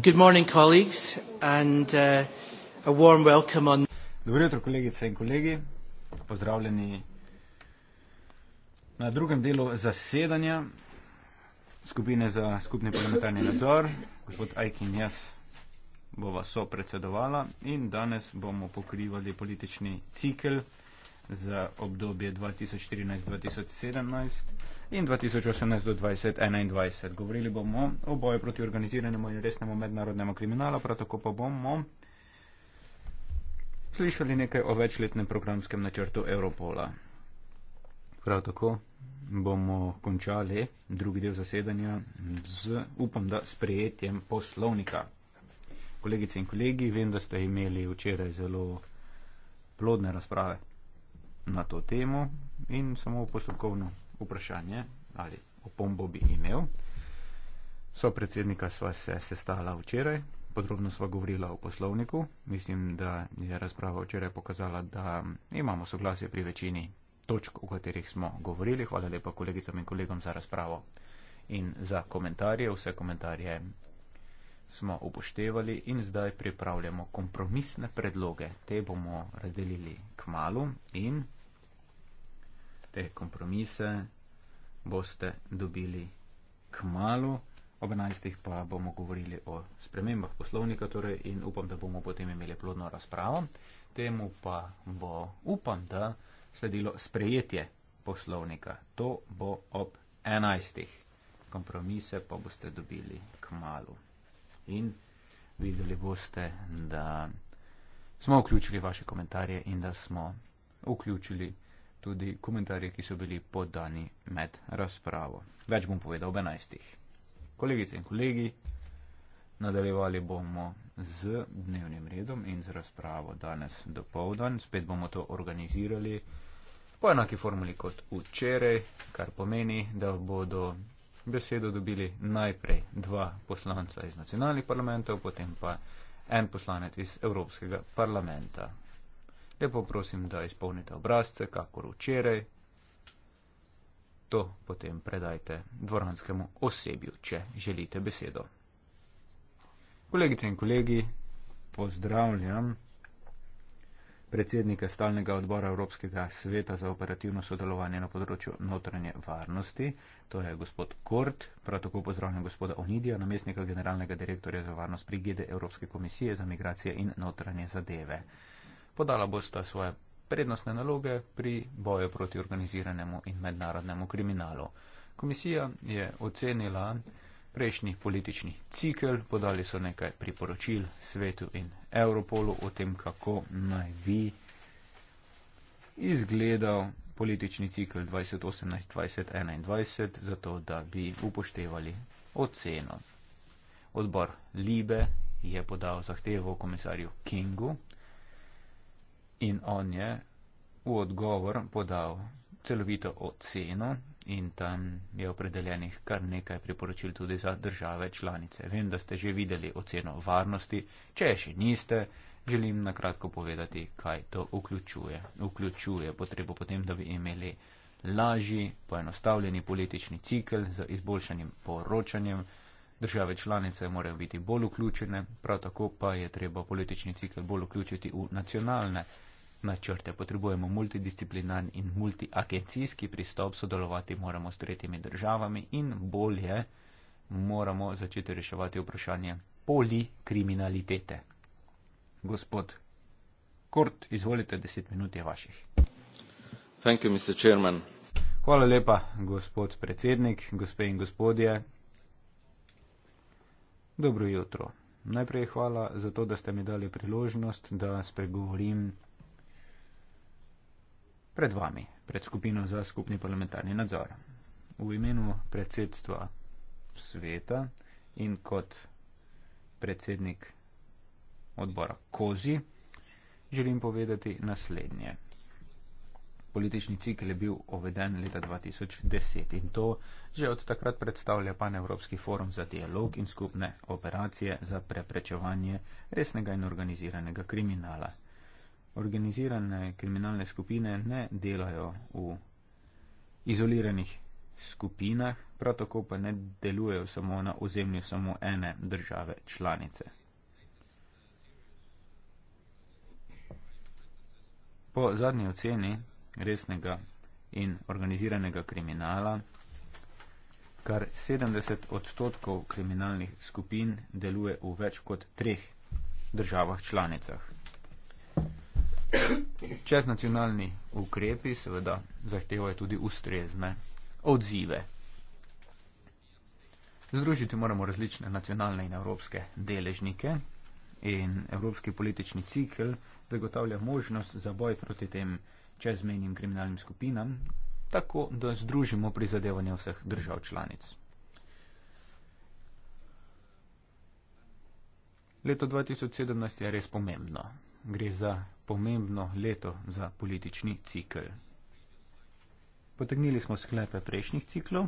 Good morning, colleagues, and uh, a warm welcome on. Dobro jutro, kolegice in kolegi. Pozdravljeni na drugem delu zasedanja skupine za skupni parlamentarni nadzor. Gospod Ajkin, jaz bova so predsedovala in danes bomo pokrivali politični cikl za obdobje 2014-2017 in 2018-2021. Govorili bomo o boju proti organiziranemu in resnemu mednarodnemu kriminalu, prav tako pa bomo slišali nekaj o večletnem programskem načrtu Europola. Prav tako bomo končali drugi del zasedanja z, upam, da sprejetjem poslovnika kolegice in kolegi, vem, da ste imeli včeraj zelo plodne razprave na to temo in samo postopkovno vprašanje ali opombo bi imel. So predsednika sva se sestala včeraj, podrobno sva govorila o poslovniku. Mislim, da je razprava včeraj pokazala, da imamo soglasje pri večini točk, o katerih smo govorili. Hvala lepa kolegicam in kolegom za razpravo in za komentarje. Vse komentarje smo upoštevali in zdaj pripravljamo kompromisne predloge. Te bomo razdelili k malu in te kompromise boste dobili k malu. Ob 11. pa bomo govorili o spremembah poslovnika torej, in upam, da bomo potem imeli plodno razpravo. Temu pa bo, upam, da sledilo sprejetje poslovnika. To bo ob 11. Kompromise pa boste dobili k malu in videli boste, da smo vključili vaše komentarje in da smo vključili tudi komentarje, ki so bili podani med razpravo. Več bom povedal ob 11. Kolegice in kolegi, nadaljevali bomo z dnevnim redom in z razpravo danes do povdan. Spet bomo to organizirali po enaki formuli kot včeraj, kar pomeni, da bodo besedo dobili najprej dva poslanca iz nacionalnih parlamentov, potem pa en poslanec iz Evropskega parlamenta. Lepo prosim, da izpolnite obrazce, kakor včeraj. To potem predajte dvoranskemu osebju, če želite besedo. Kolegice in kolegi, pozdravljam predsednika stalnega odbora Evropskega sveta za operativno sodelovanje na področju notranje varnosti, to je gospod Kort, prav tako pozdravljam gospoda Onidija, namestnika generalnega direktorja za varnost pri GD Evropske komisije za migracije in notranje zadeve. Podala bosta svoje prednostne naloge pri boju proti organiziranemu in mednarodnemu kriminalu. Komisija je ocenila, prejšnji politični cikl, podali so nekaj priporočil svetu in Evropolu o tem, kako naj bi izgledal politični cikl 2018-2021, zato da bi upoštevali oceno. Odbor Libe je podal zahtevo komisarju Kingu in on je v odgovor podal celovito oceno in tam je opredeljenih kar nekaj priporočil tudi za države članice. Vem, da ste že videli oceno varnosti, če še niste, želim na kratko povedati, kaj to vključuje. Vključuje potrebo potem, da bi imeli lažji, poenostavljeni politični cikl z izboljšanjem poročanjem. Države članice morajo biti bolj vključene, prav tako pa je treba politični cikl bolj vključiti v nacionalne načrte. Potrebujemo multidisciplinarni in multiagencijski pristop, sodelovati moramo s tretjimi državami in bolje moramo začeti reševati vprašanje polikriminalitete. Gospod Kort, izvolite, deset minut je vaših. Thank you, Mr. Chairman. Hvala lepa, gospod predsednik, gospe in gospodje. Dobro jutro. Najprej hvala za to, da ste mi dali priložnost, da spregovorim pred vami, pred skupino za skupni parlamentarni nadzor. V imenu predsedstva sveta in kot predsednik odbora Kozi želim povedati naslednje. Politični cikl je bil oveden leta 2010 in to že od takrat predstavlja Panevropski forum za dialog in skupne operacije za preprečevanje resnega in organiziranega kriminala organizirane kriminalne skupine ne delajo v izoliranih skupinah, prav tako pa ne delujejo samo na ozemlju samo ene države članice. Po zadnji oceni resnega in organiziranega kriminala, kar 70 odstotkov kriminalnih skupin deluje v več kot treh državah članicah čeznacionalni ukrepi seveda zahtevajo tudi ustrezne odzive. Združiti moramo različne nacionalne in evropske deležnike in evropski politični cikl zagotavlja možnost za boj proti tem čezmenjim kriminalnim skupinam, tako da združimo prizadevanje vseh držav članic. Leto 2017 je res pomembno. Gre za pomembno leto za politični cikl. Potegnili smo sklepe prejšnjih ciklov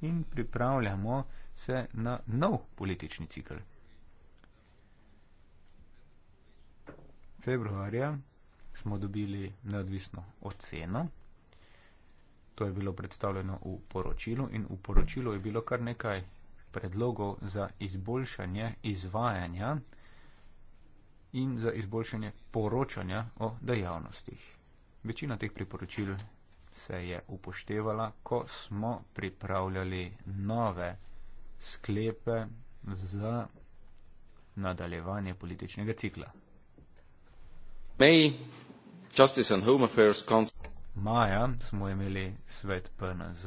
in pripravljamo se na nov politični cikl. Februarja smo dobili neodvisno oceno. To je bilo predstavljeno v poročilu in v poročilu je bilo kar nekaj predlogov za izboljšanje izvajanja in za izboljšanje poročanja o dejavnostih. Večina teh priporočil se je upoštevala, ko smo pripravljali nove sklepe za nadaljevanje političnega cikla. May, Maja smo imeli svet PNZ,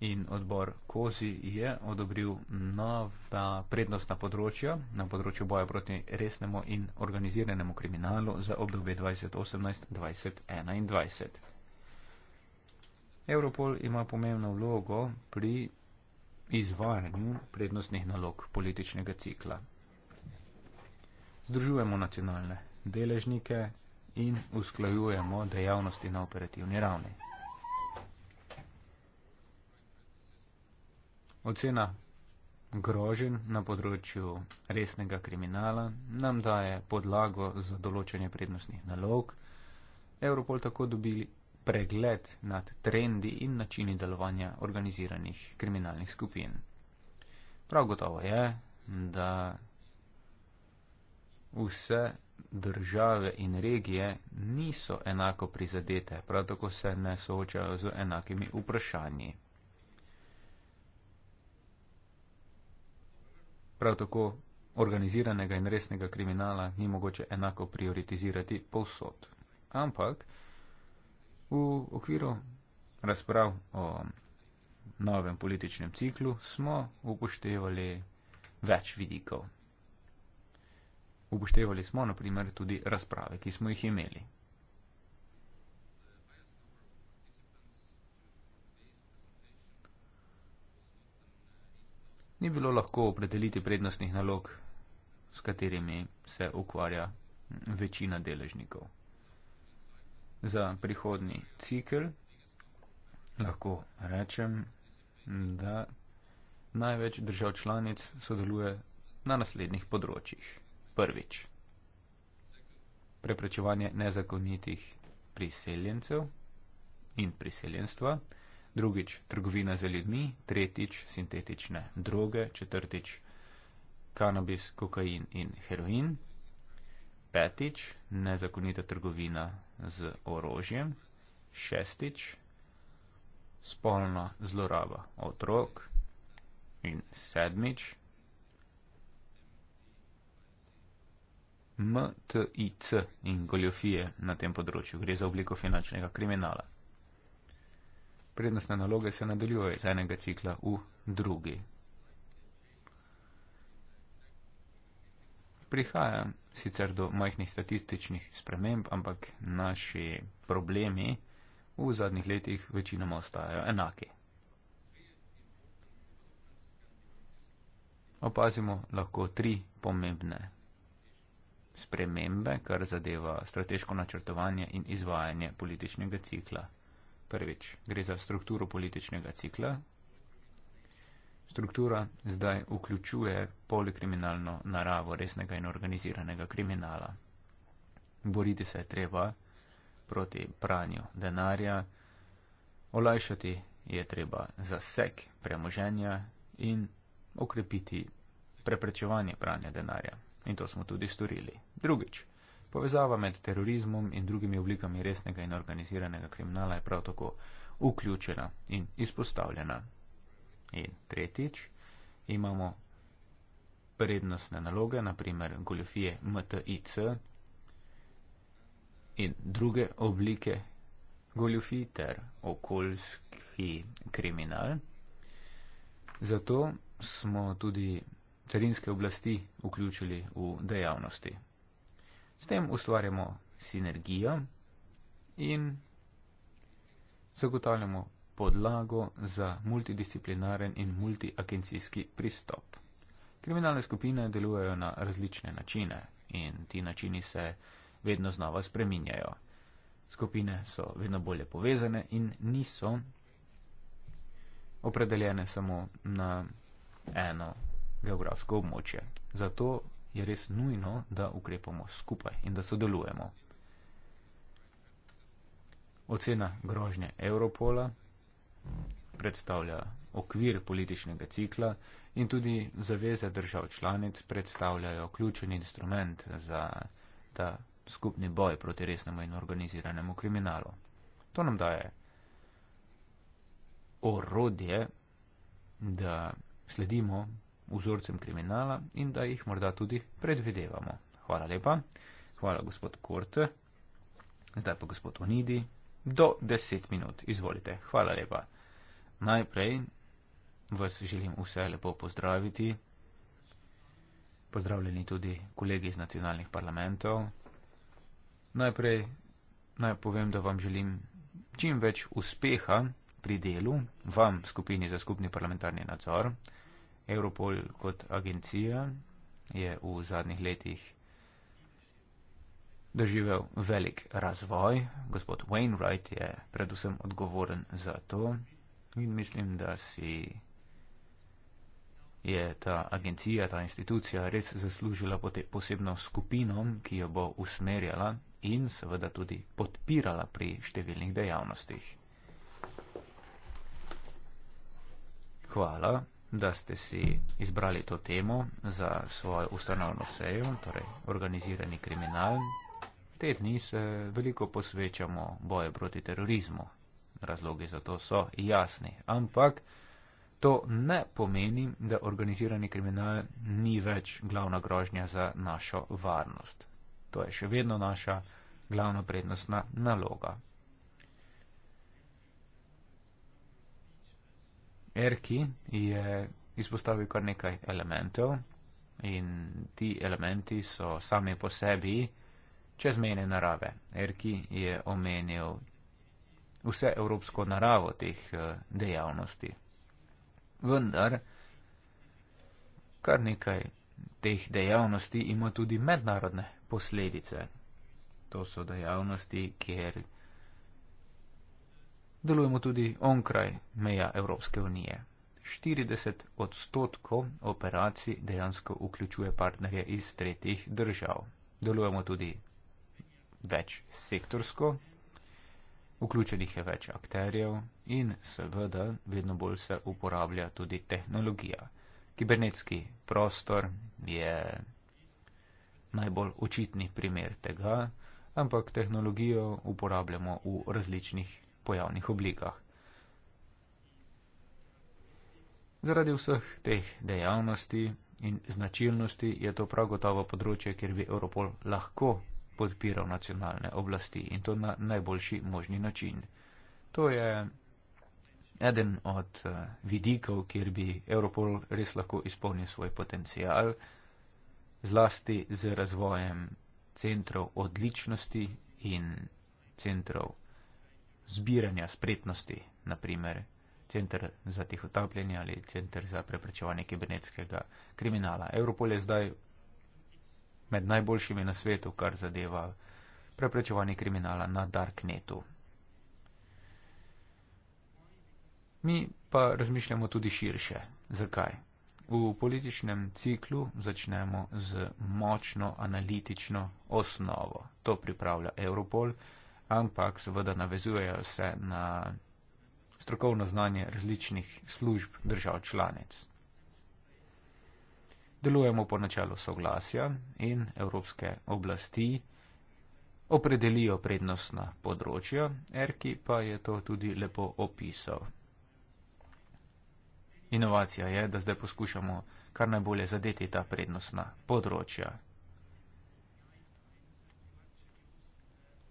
in odbor Kozi je odobril nova prednostna področja na področju boja proti resnemu in organiziranemu kriminalu za obdobje 2018-2021. Europol ima pomembno vlogo pri izvajanju prednostnih nalog političnega cikla. Združujemo nacionalne deležnike in usklajujemo dejavnosti na operativni ravni. Ocena grožen na področju resnega kriminala nam daje podlago za določanje prednostnih nalog. Europol tako dobi pregled nad trendi in načini delovanja organiziranih kriminalnih skupin. Prav gotovo je, da vse države in regije niso enako prizadete, prav tako se ne soočajo z enakimi vprašanji. Prav tako organiziranega in resnega kriminala ni mogoče enako prioritizirati povsod. Ampak v okviru razprav o novem političnem ciklu smo upoštevali več vidikov. Upoštevali smo naprimer tudi razprave, ki smo jih imeli. ni bilo lahko opredeliti prednostnih nalog, s katerimi se ukvarja večina deležnikov. Za prihodni cikl lahko rečem, da največ držav članic sodeluje na naslednjih področjih. Prvič. Preprečevanje nezakonitih priseljencev in priseljenstva drugič trgovina za ljudmi, tretjič sintetične droge, četrtič kanabis, kokain in heroin, petič nezakonita trgovina z orožjem, šestič spolna zloraba otrok in sedmič MTIC in goljofije na tem področju. Gre za obliko finančnega kriminala prednostne naloge se nadaljuje iz enega cikla v drugi. Prihaja sicer do majhnih statističnih sprememb, ampak naši problemi v zadnjih letih večinoma ostajajo enaki. Opazimo lahko tri pomembne spremembe, kar zadeva strateško načrtovanje in izvajanje političnega cikla. Prvič, gre za strukturo političnega cikla. Struktura zdaj vključuje polikriminalno naravo resnega in organiziranega kriminala. Boriti se je treba proti pranju denarja, olajšati je treba zasek premoženja in okrepiti preprečevanje pranja denarja. In to smo tudi storili. Drugič. Povezava med terorizmom in drugimi oblikami resnega in organiziranega kriminala je prav tako vključena in izpostavljena. In tretjič, imamo prednostne naloge, naprimer goljofije MTIC in druge oblike goljofij ter okoljski kriminal. Zato smo tudi carinske oblasti vključili v dejavnosti. S tem ustvarjamo sinergijo in zagotavljamo podlago za multidisciplinaren in multiagencijski pristop. Kriminalne skupine delujejo na različne načine in ti načini se vedno znova spreminjajo. Skupine so vedno bolje povezane in niso opredeljene samo na eno geografsko območje. Zato je res nujno, da ukrepamo skupaj in da sodelujemo. Ocena grožnje Evropola predstavlja okvir političnega cikla in tudi zaveze držav članic predstavljajo ključen instrument za ta skupni boj proti resnemu in organiziranemu kriminalu. To nam daje orodje, da sledimo vzorcem kriminala in da jih morda tudi predvidevamo. Hvala lepa, hvala gospod Korte, zdaj pa gospod Onidi, do 10 minut, izvolite, hvala lepa. Najprej vas želim vse lepo pozdraviti, pozdravljeni tudi kolegi iz nacionalnih parlamentov. Najprej naj povem, da vam želim čim več uspeha pri delu, vam skupini za skupni parlamentarni nadzor. Europol kot agencija je v zadnjih letih doživel velik razvoj. Gospod Wainwright je predvsem odgovoren za to in mislim, da si je ta agencija, ta institucija res zaslužila posebno skupino, ki jo bo usmerjala in seveda tudi podpirala pri številnih dejavnostih. Hvala da ste si izbrali to temo za svojo ustanovno sejo, torej organizirani kriminal. Te dni se veliko posvečamo boju proti terorizmu. Razlogi za to so jasni, ampak to ne pomeni, da organizirani kriminal ni več glavna grožnja za našo varnost. To je še vedno naša glavna prednostna naloga. Erki je izpostavil kar nekaj elementov in ti elementi so sami po sebi čezmejne narave. Erki je omenil vse evropsko naravo teh eh, dejavnosti. Vendar, kar nekaj teh dejavnosti ima tudi mednarodne posledice. To so dejavnosti, kjer delujemo tudi onkraj meja Evropske unije. 40 odstotkov operacij dejansko vključuje partnerje iz tretjih držav. Delujemo tudi več sektorsko, vključenih je več akterjev in seveda vedno bolj se uporablja tudi tehnologija. Kibernetski prostor je najbolj očitni primer tega, ampak tehnologijo uporabljamo v različnih po javnih oblikah. Zaradi vseh teh dejavnosti in značilnosti je to prav gotovo področje, kjer bi Europol lahko podpiral nacionalne oblasti in to na najboljši možni način. To je eden od eh, vidikov, kjer bi Europol res lahko izpolnil svoj potencial, zlasti z razvojem centrov odličnosti in centrov zbiranja spretnosti, naprimer Center za tihotapljenje ali Center za preprečevanje kibernetskega kriminala. Evropol je zdaj med najboljšimi na svetu, kar zadeva preprečevanje kriminala na darknetu. Mi pa razmišljamo tudi širše. Zakaj? V političnem ciklu začnemo z močno analitično osnovo. To pripravlja Evropol ampak seveda navezujejo se na strokovno znanje različnih služb držav članic. Delujemo po načelu soglasja in evropske oblasti opredelijo prednostna področja, Erki pa je to tudi lepo opisal. Inovacija je, da zdaj poskušamo kar najbolje zadeti ta prednostna področja.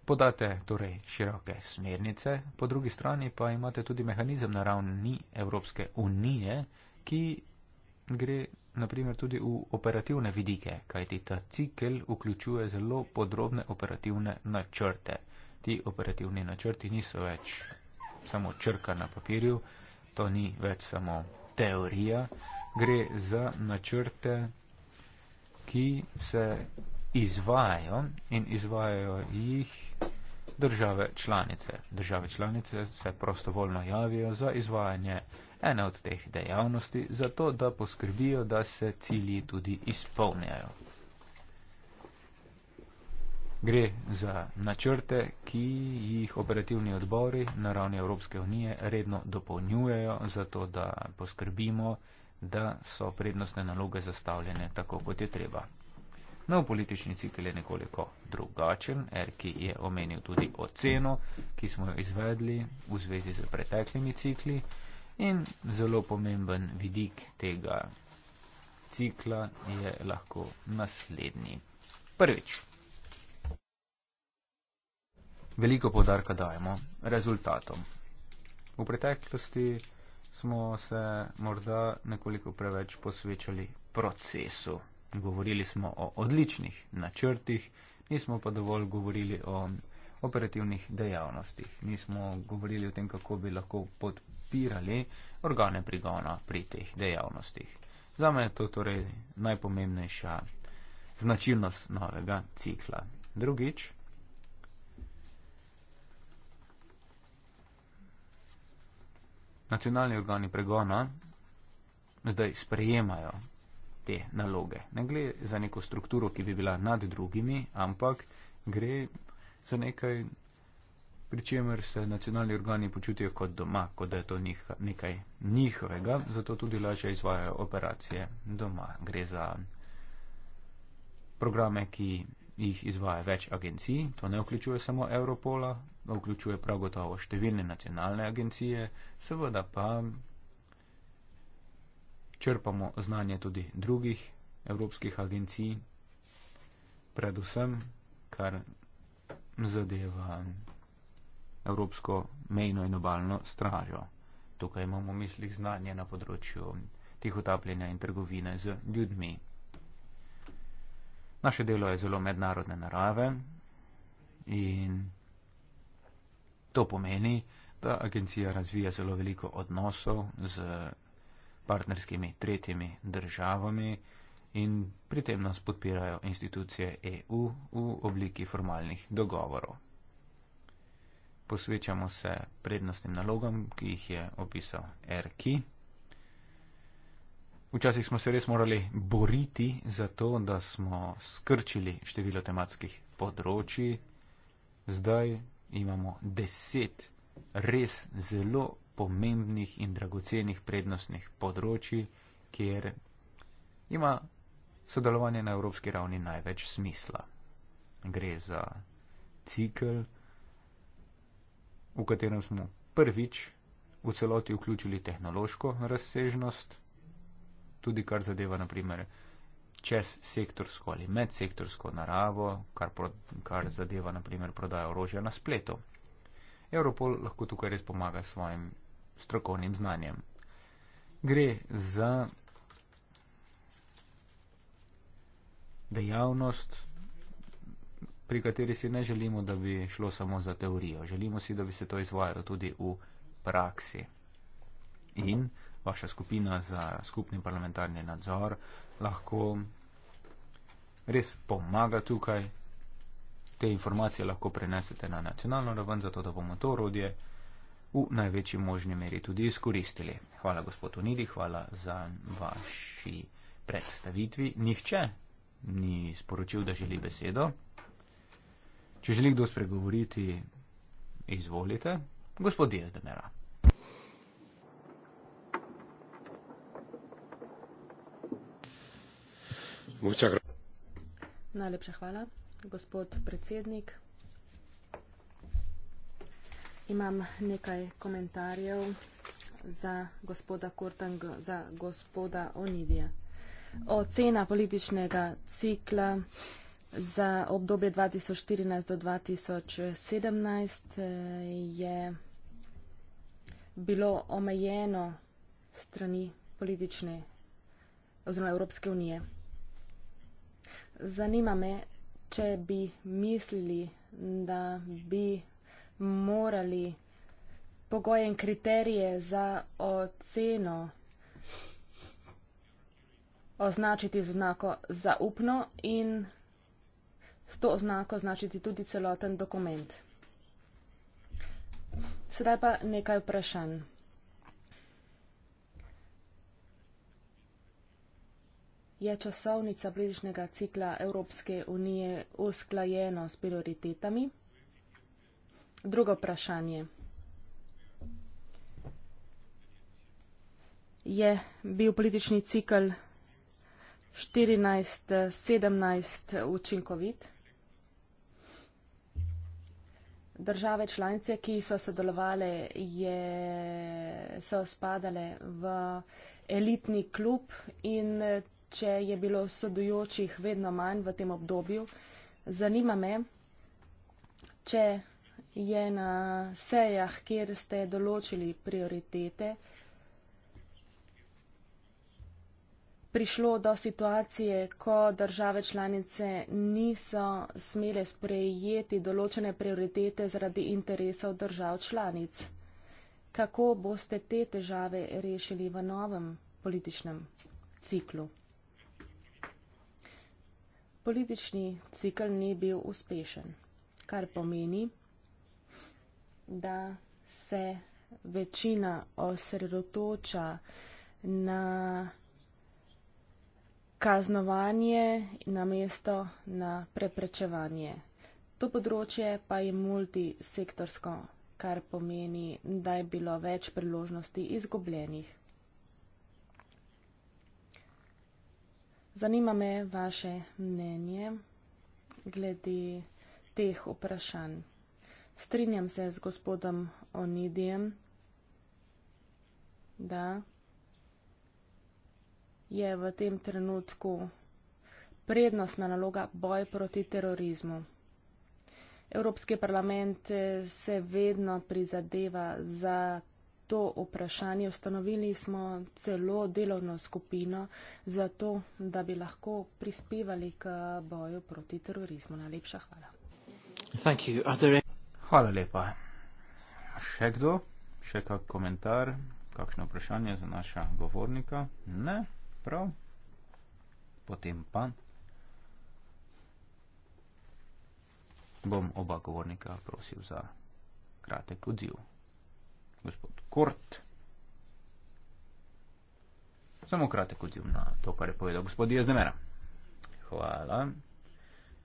Podate torej široke smernice, po drugi strani pa imate tudi mehanizem na ravni Evropske unije, ki gre naprimer tudi v operativne vidike, kajti ta cikl vključuje zelo podrobne operativne načrte. Ti operativni načrti niso več samo črka na papirju, to ni več samo teorija, gre za načrte, ki se izvajajo in izvajajo jih države članice. Države članice se prostovoljno javijo za izvajanje ene od teh dejavnosti, zato da poskrbijo, da se cilji tudi izpolnjajo. Gre za načrte, ki jih operativni odbori na ravni Evropske unije redno dopolnjujejo, zato da poskrbimo, da so prednostne naloge zastavljene tako, kot je treba. Nov politični cikl je nekoliko drugačen. Erki je omenil tudi oceno, ki smo jo izvedli v zvezi z preteklimi cikli. In zelo pomemben vidik tega cikla je lahko naslednji. Prvič. Veliko podarka dajemo rezultatom. V preteklosti smo se morda nekoliko preveč posvečali procesu Govorili smo o odličnih načrtih, nismo pa dovolj govorili o operativnih dejavnostih. Nismo govorili o tem, kako bi lahko podpirali organe prigona pri teh dejavnostih. Za me je to torej najpomembnejša značilnost novega cikla. Drugič, nacionalni organi pregona zdaj sprejemajo te naloge. Ne gre za neko strukturo, ki bi bila nad drugimi, ampak gre za nekaj, pri čemer se nacionalni organi počutijo kot doma, kot da je to njih, nekaj njihovega, zato tudi lažje izvajajo operacije doma. Gre za programe, ki jih izvaja več agencij, to ne vključuje samo Europola, vključuje prav gotovo številne nacionalne agencije, seveda pa črpamo znanje tudi drugih evropskih agencij, predvsem kar zadeva Evropsko mejno in obaljno stražo. Tukaj imamo v mislih znanje na področju tihotapljenja in trgovine z ljudmi. Naše delo je zelo mednarodne narave in to pomeni, da agencija razvija zelo veliko odnosov z partnerskimi tretjimi državami in pri tem nas podpirajo institucije EU v obliki formalnih dogovorov. Posvečamo se prednostnim nalogam, ki jih je opisal RK. Včasih smo se res morali boriti za to, da smo skrčili število tematskih področji. Zdaj imamo deset res zelo pomembnih in dragocenih prednostnih področji, kjer ima sodelovanje na evropski ravni največ smisla. Gre za cikl, v katerem smo prvič v celoti vključili tehnološko razsežnost, tudi kar zadeva naprimer čez sektorsko ali medsektorsko naravo, kar, pro, kar zadeva naprimer prodajo orožja na spletu. Europol lahko tukaj res pomaga svojim strokovnim znanjem. Gre za dejavnost, pri kateri si ne želimo, da bi šlo samo za teorijo. Želimo si, da bi se to izvajalo tudi v praksi. In vaša skupina za skupni parlamentarni nadzor lahko res pomaga tukaj. Te informacije lahko prenesete na nacionalno raven, zato da bomo to rodje v največji možni meri tudi izkoristili. Hvala gospodu Nidi, hvala za vaši predstavitvi. Nihče ni sporočil, da želi besedo. Če želi kdo spregovoriti, izvolite. Gospod Dijez Demera. Najlepša hvala, gospod predsednik, Imam nekaj komentarjev za gospoda Kurtang, za gospoda Onivija. Ocena političnega cikla za obdobje 2014 do 2017 eh, je bilo omejeno strani politične oziroma Evropske unije. Zanima me, če bi mislili, da bi morali pogoje in kriterije za oceno označiti z znako zaupno in s to znako označiti tudi celoten dokument. Sedaj pa nekaj vprašanj. Je časovnica bližnjega cikla Evropske unije usklajena s prioritetami? Drugo vprašanje. Je bil politični cikl 14-17 učinkovit? Države članice, ki so sodelovali, je, so spadale v elitni klub in če je bilo sodujočih vedno manj v tem obdobju, zanima me, če je na sejah, kjer ste določili prioritete, prišlo do situacije, ko države članice niso smele sprejeti določene prioritete zaradi interesov držav članic. Kako boste te težave rešili v novem političnem ciklu? Politični cikl ni bil uspešen, kar pomeni, da se večina osredotoča na kaznovanje na mesto na preprečevanje. To področje pa je multisektorsko, kar pomeni, da je bilo več priložnosti izgubljenih. Zanima me vaše mnenje glede teh vprašanj. Strinjam se z gospodom Onidijem, da je v tem trenutku prednostna naloga boj proti terorizmu. Evropski parlament se vedno prizadeva za to vprašanje. Ustanovili smo celo delovno skupino za to, da bi lahko prispevali k boju proti terorizmu. Najlepša hvala. Thank you. Are there any... Hvala lepa. Še kdo? Še kak komentar? Kakšno vprašanje za naša govornika? Ne? Prav? Potem pa bom oba govornika prosil za kratek odziv. Gospod Kurt. Samo kratek odziv na to, kar je povedal gospod Jezdemera. Hvala.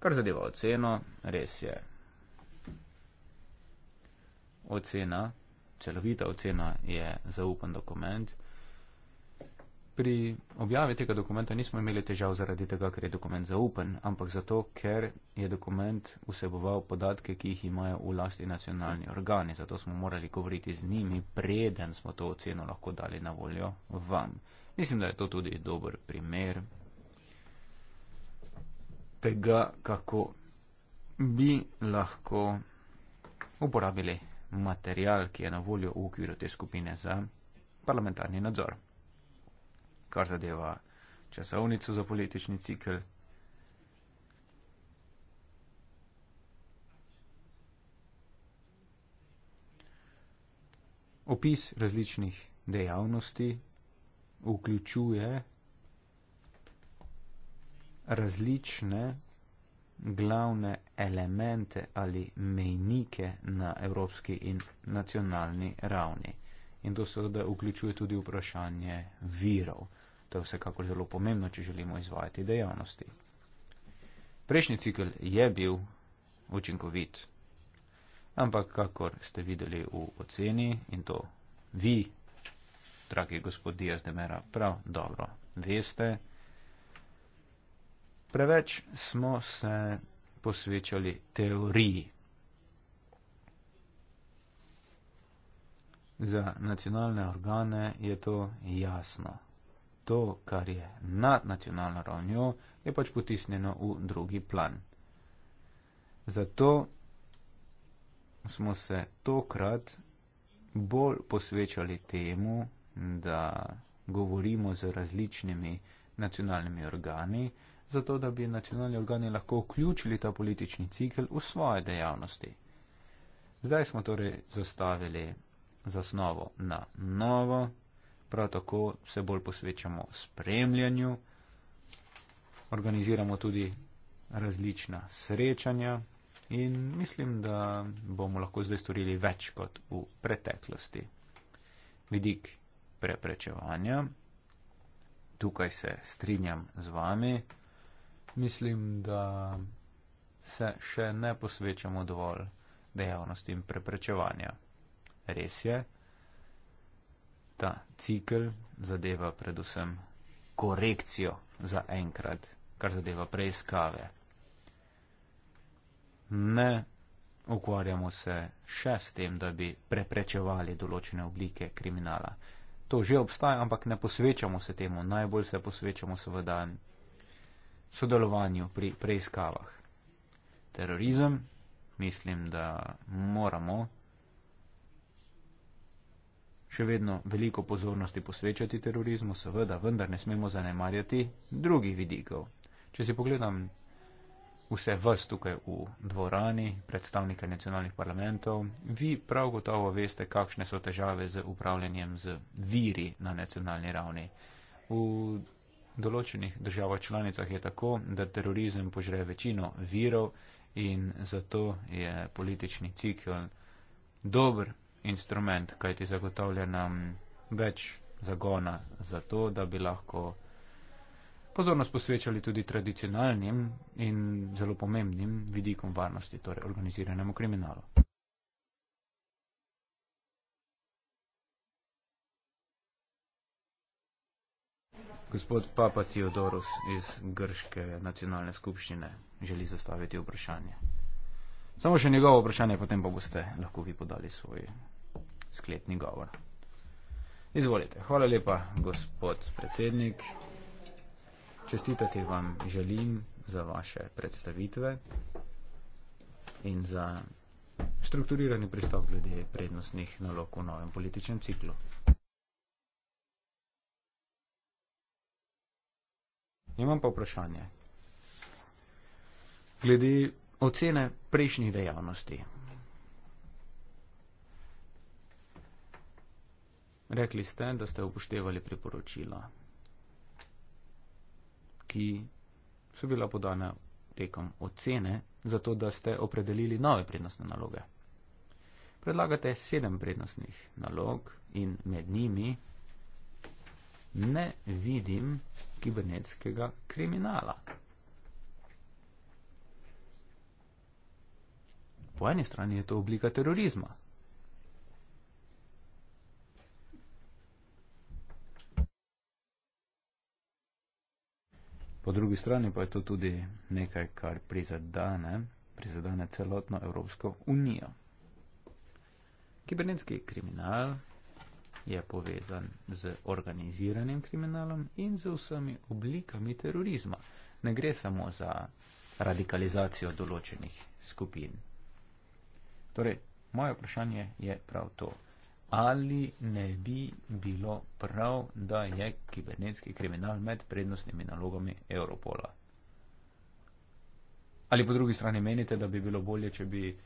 Kar zadeva oceno, res je ocena, celovita ocena je zaupen dokument. Pri objavi tega dokumenta nismo imeli težav zaradi tega, ker je dokument zaupen, ampak zato, ker je dokument vseboval podatke, ki jih imajo v lasti nacionalni organi. Zato smo morali govoriti z njimi, preden smo to oceno lahko dali na voljo vam. Mislim, da je to tudi dober primer tega, kako bi lahko uporabili material, ki je na voljo v okviru te skupine za parlamentarni nadzor. Kar zadeva časovnico za politični cikl, opis različnih dejavnosti vključuje različne glavne elemente ali mejnike na evropski in nacionalni ravni. In to seveda vključuje tudi vprašanje virov. To je vsekakor zelo pomembno, če želimo izvajati dejavnosti. Prejšnji cikl je bil učinkovit, ampak kakor ste videli v oceni in to vi, dragi gospod Diaz de Mera, prav dobro veste, Preveč smo se posvečali teoriji. Za nacionalne organe je to jasno. To, kar je nad nacionalno ravnjo, je pač potisnjeno v drugi plan. Zato smo se tokrat bolj posvečali temu, da govorimo z različnimi nacionalnimi organi, zato da bi nacionalni organi lahko vključili ta politični cikl v svoje dejavnosti. Zdaj smo torej zastavili zasnovo na novo, prav tako se bolj posvečamo spremljanju, organiziramo tudi različna srečanja in mislim, da bomo lahko zdaj storili več kot v preteklosti. Vidik preprečevanja. Tukaj se strinjam z vami. Mislim, da se še ne posvečamo dovolj dejavnostim preprečevanja. Res je, ta cikl zadeva predvsem korekcijo za enkrat, kar zadeva preiskave. Ne ukvarjamo se še s tem, da bi preprečevali določene oblike kriminala. To že obstaja, ampak ne posvečamo se temu. Najbolj se posvečamo seveda sodelovanju pri preiskavah. Terorizem, mislim, da moramo še vedno veliko pozornosti posvečati terorizmu, seveda, vendar ne smemo zanemarjati drugih vidikov. Če si pogledam vse vrst tukaj v dvorani, predstavnike nacionalnih parlamentov, vi prav gotovo veste, kakšne so težave z upravljanjem z viri na nacionalni ravni. V določenih državah članicah je tako, da terorizem požre večino virov in zato je politični cikl dober instrument, kajti zagotavlja nam več zagona za to, da bi lahko pozornost posvečali tudi tradicionalnim in zelo pomembnim vidikom varnosti, torej organiziranemu kriminalu. Gospod Papa Teodorus iz Grške nacionalne skupščine želi zastaviti vprašanje. Samo še njegovo vprašanje, potem pa boste lahko vi podali svoj sklepni govor. Izvolite. Hvala lepa, gospod predsednik. Čestitati vam želim za vaše predstavitve in za strukturirani pristop glede prednostnih nalog v novem političnem ciklu. Imam pa vprašanje. Glede ocene prejšnjih dejavnosti. Rekli ste, da ste upoštevali priporočila, ki so bila podana tekom ocene, zato da ste opredelili nove prednostne naloge. Predlagate sedem prednostnih nalog in med njimi ne vidim kibernetskega kriminala. Po eni strani je to oblika terorizma. Po drugi strani pa je to tudi nekaj, kar prizadane, prizadane celotno Evropsko unijo. Kibernetski kriminal je povezan z organiziranim kriminalom in z vsemi oblikami terorizma. Ne gre samo za radikalizacijo določenih skupin. Torej, moje vprašanje je prav to. Ali ne bi bilo prav, da je kibernetski kriminal med prednostnimi nalogami Europola? Ali po drugi strani menite, da bi bilo bolje, če bi uh,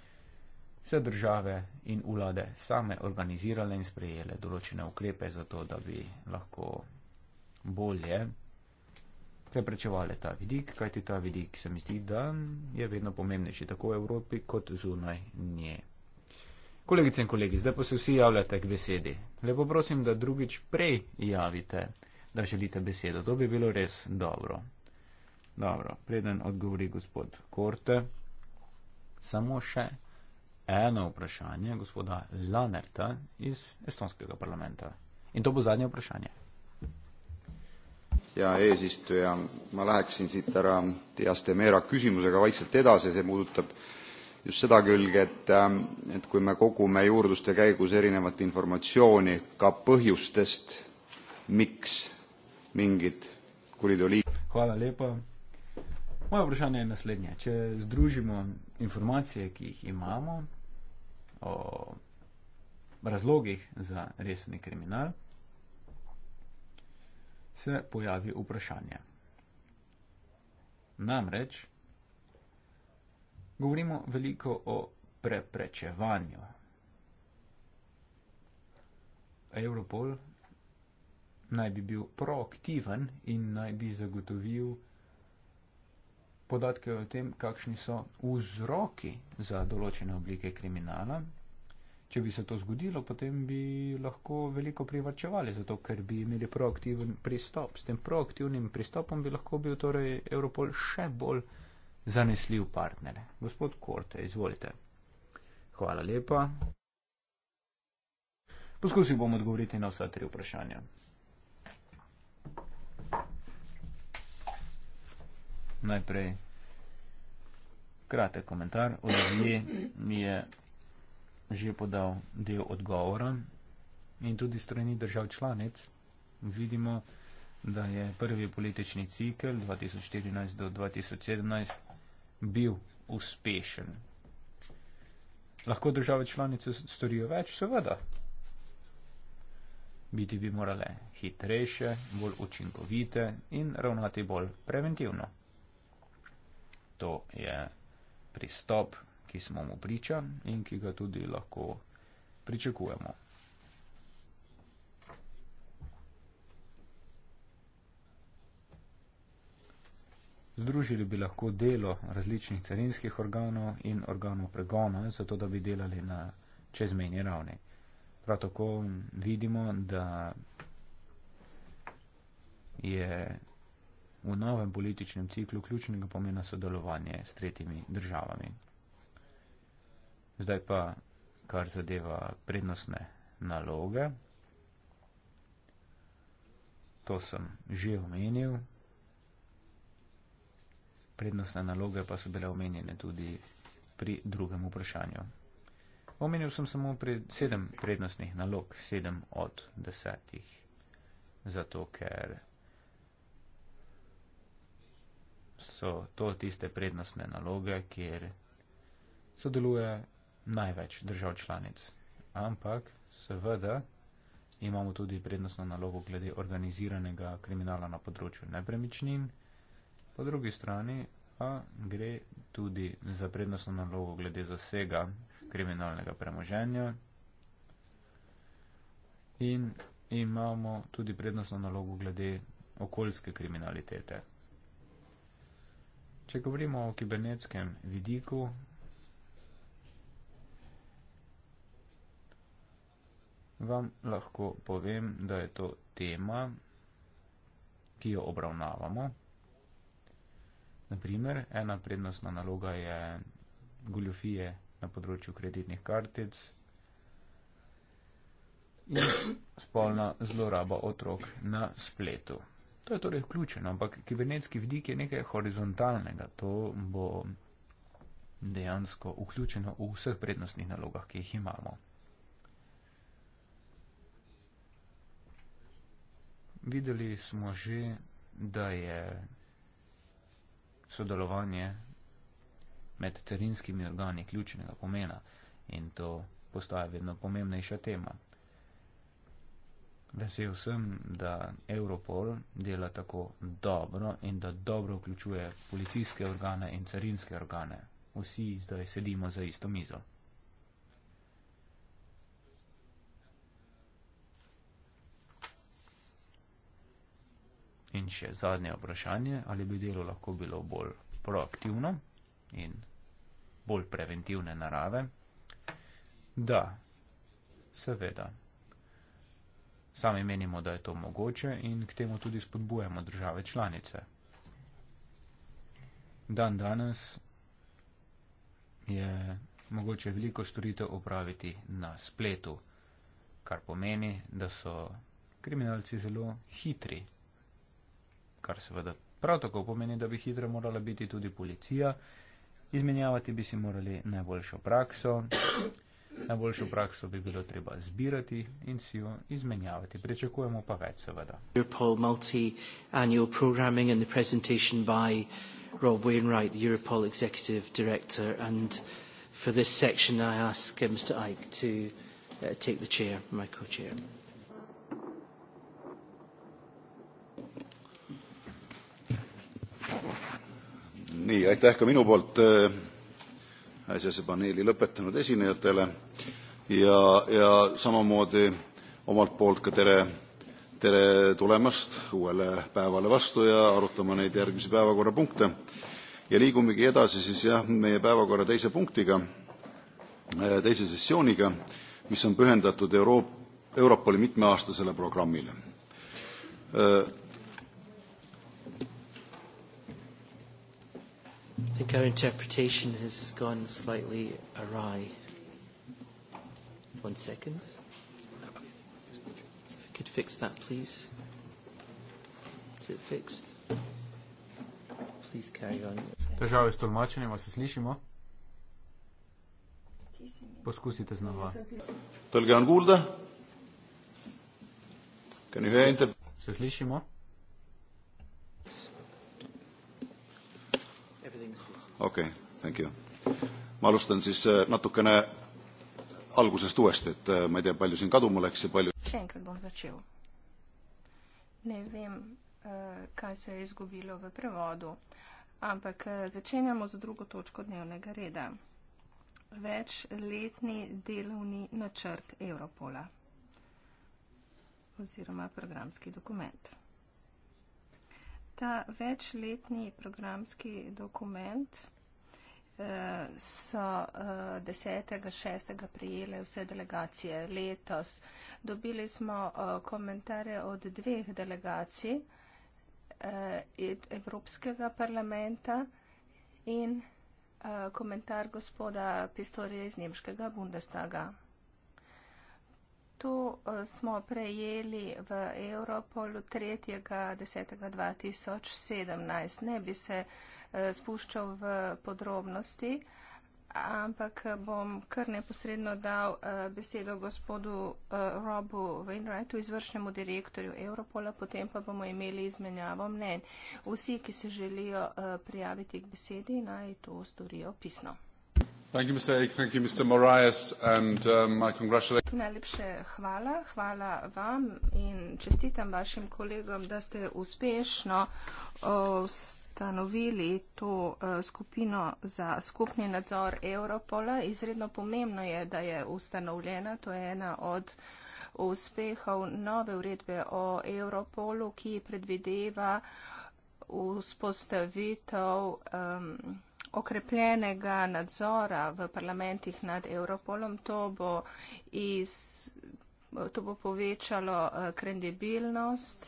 se države in vlade same organizirale in sprejele določene ukrepe za to, da bi lahko bolje preprečevali ta vidik, kajti ta vidik se mi zdi, da je vedno pomembnejši tako v Evropi kot zunaj nje. Kolegice in kolegi, zdaj pa se vsi javljate k besedi. Lepo prosim, da drugič prej javite, da želite besedo. To bi bilo res dobro. Dobro, preden odgovori gospod Korte, samo še eno vprašanje gospoda Lanerta iz estonskega parlamenta. In to bo zadnje vprašanje. ja eesistuja, ma läheksin siit ära Tiaste Meera küsimusega vaikselt edasi, see puudutab just seda külge, et ähm,, et kui me kogume juurdluste käigus erinevat informatsiooni ka põhjustest, miks mingid kuriteoliik-. Hvala lepa. Moje vprašanje je naslednje, če združimo informacije, ki jih imamo o razlogih za resni kriminal, se pojavi vprašanje. Namreč, govorimo veliko o preprečevanju. Europol naj bi bil proaktiven in naj bi zagotovil, da podatke o tem, kakšni so vzroki za določene oblike kriminala. Če bi se to zgodilo, potem bi lahko veliko privačevali, zato ker bi imeli proaktiven pristop. S tem proaktivnim pristopom bi lahko bil torej Europol še bolj zanesljiv partner. Gospod Korte, izvolite. Hvala lepa. Poskusil bom odgovoriti na vsa tri vprašanja. najprej kratek komentar. Olivier mi je že podal del odgovora in tudi strani držav članic vidimo, da je prvi politični cikl 2014 do 2017 bil uspešen. Lahko države članice storijo več? Seveda. Biti bi morale hitrejše, bolj učinkovite in ravnati bolj preventivno to je pristop, ki smo mu priča in ki ga tudi lahko pričakujemo. Združili bi lahko delo različnih carinskih organov in organov pregona, zato da bi delali na čezmejni ravni. Prav tako vidimo, da je v novem političnem ciklu ključnega pomena sodelovanje s tretjimi državami. Zdaj pa, kar zadeva prednostne naloge, to sem že omenil. Prednostne naloge pa so bile omenjene tudi pri drugem vprašanju. Omenil sem samo pre sedem prednostnih nalog, sedem od desetih, zato ker so to tiste prednostne naloge, kjer sodeluje največ držav članic. Ampak seveda imamo tudi prednostno nalogo glede organiziranega kriminala na področju nepremičnin, po drugi strani pa gre tudi za prednostno nalogo glede zasega kriminalnega premoženja in imamo tudi prednostno nalogo glede okoljske kriminalitete. Če govorimo o kibernetskem vidiku, vam lahko povem, da je to tema, ki jo obravnavamo. Naprimer, ena prednostna naloga je goljofije na področju kreditnih kartic in spolna zloraba otrok na spletu. To je torej ključno, ampak kibernetski vidik je nekaj horizontalnega. To bo dejansko vključeno v vseh prednostnih nalogah, ki jih imamo. Videli smo že, da je sodelovanje med terinskimi organi ključnega pomena in to postaja vedno pomembnejša tema. Vesel sem, da Europol dela tako dobro in da dobro vključuje policijske organe in carinske organe. Vsi zdaj sedimo za isto mizo. In še zadnje vprašanje, ali bi delo lahko bilo bolj proaktivno in bolj preventivne narave? Da, seveda. Sami menimo, da je to mogoče in k temu tudi spodbujamo države članice. Dan danes je mogoče veliko storitev opraviti na spletu, kar pomeni, da so kriminalci zelo hitri. Kar seveda prav tako pomeni, da bi hitra morala biti tudi policija, izmenjavati bi si morali najboljšo prakso. Najboljšo prakso bi bilo treba zbirati in si jo izmenjavati. Pričakujemo pa več, seveda. Europol multi-annual programming and the presentation by Rob Wainwright, the Europol executive director. And for this section I ask uh, Mr. Ike to uh, take the chair, my co-chair. nii, aitäh ka minu poolt äh, äsjase paneeli lõpetanud esinejatele ja, ja samamoodi omalt poolt ka tere, tere tulemast uuele päevale vastu ja arutama neid järgmisi päevakorrapunkte. ja liigumegi edasi siis jah, meie päevakorra teise punktiga äh,, teise sessiooniga, mis on pühendatud Euroop-, Europoli mitmeaastasele programmile äh, I think our interpretation has gone slightly awry. One second. If I could fix that, please. Is it fixed? Please carry on. Težava je s tolmačenjem, se slišimo? Poskusite znova. Tolgan Gulda? Can you hear inter- Se slišimo? Okei, thank you. Ma alustan siis äh, natukene algusest uuesti, et äh, ma ei tea, palju siin kaduma läks ja palju... Schenkel, bom začel. Ne vem, äh, kaj se je izgubilo v prevodu, ampak začenjamo za drugo točko dnevnega reda. Večletni delovni načrt Europola oziroma programski dokument. Ta večletni programski dokument so 10. Eh, 6. prijele vse delegacije letos. Dobili smo eh, komentarje od dveh delegacij eh, Evropskega parlamenta in komentar gospoda Pistorija iz Nemškega Bundestaga. To smo prejeli v Europolu 3. 10. 2017. Ne bi se Eh, spuščal v podrobnosti, ampak bom kar neposredno dal eh, besedo gospodu eh, Robu Wainwrightu, izvršnemu direktorju Europola, potem pa bomo imeli izmenjavo mnen. Vsi, ki se želijo prijaviti k besedi, naj to storijo pisno. Um, Najlepše hvala, hvala vam in čestitam vašim kolegom, da ste uspešno ustanovili to skupino za skupni nadzor Europola. Izredno pomembno je, da je ustanovljena, to je ena od uspehov nove uredbe o Europolu, ki predvideva vzpostavitev um, okrepljenega nadzora v parlamentih nad Europolom, to bo, iz, to bo povečalo eh, kredibilnost,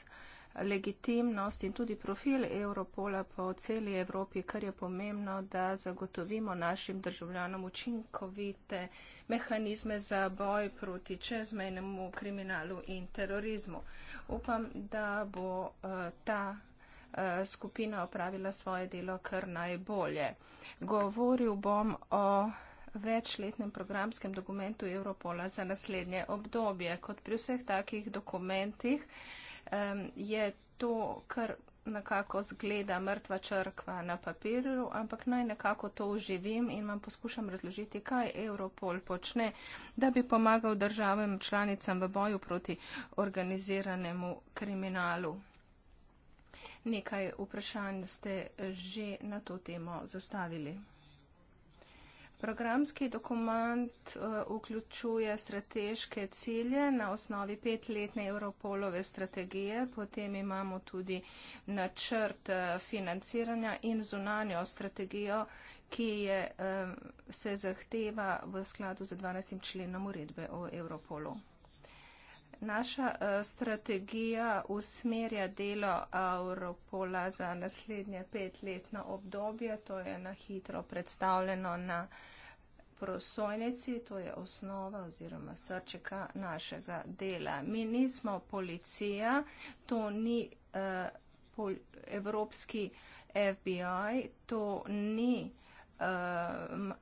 legitimnost in tudi profil Europola po celi Evropi, kar je pomembno, da zagotovimo našim državljanom učinkovite mehanizme za boj proti čezmejnemu kriminalu in terorizmu. Upam, da bo eh, ta uh, skupina opravila svoje delo kar najbolje. Govoril bom o večletnem programskem dokumentu Europola za naslednje obdobje. Kot pri vseh takih dokumentih um, je to kar nekako zgleda mrtva črkva na papirju, ampak naj nekako to uživim in vam poskušam razložiti, kaj Europol počne, da bi pomagal državam članicam v boju proti organiziranemu kriminalu nekaj vprašanj ste že na to temo zastavili. Programski dokument eh, vključuje strateške cilje na osnovi petletne Europolove strategije, potem imamo tudi načrt eh, financiranja in zunanjo strategijo, ki je, eh, se zahteva v skladu z 12. členom uredbe o Europolu naša uh, strategija usmerja delo Europola za naslednje petletno obdobje. To je na hitro predstavljeno na prosojnici, to je osnova oziroma srčeka našega dela. Mi nismo policija, to ni uh, pol evropski FBI, to ni. Uh,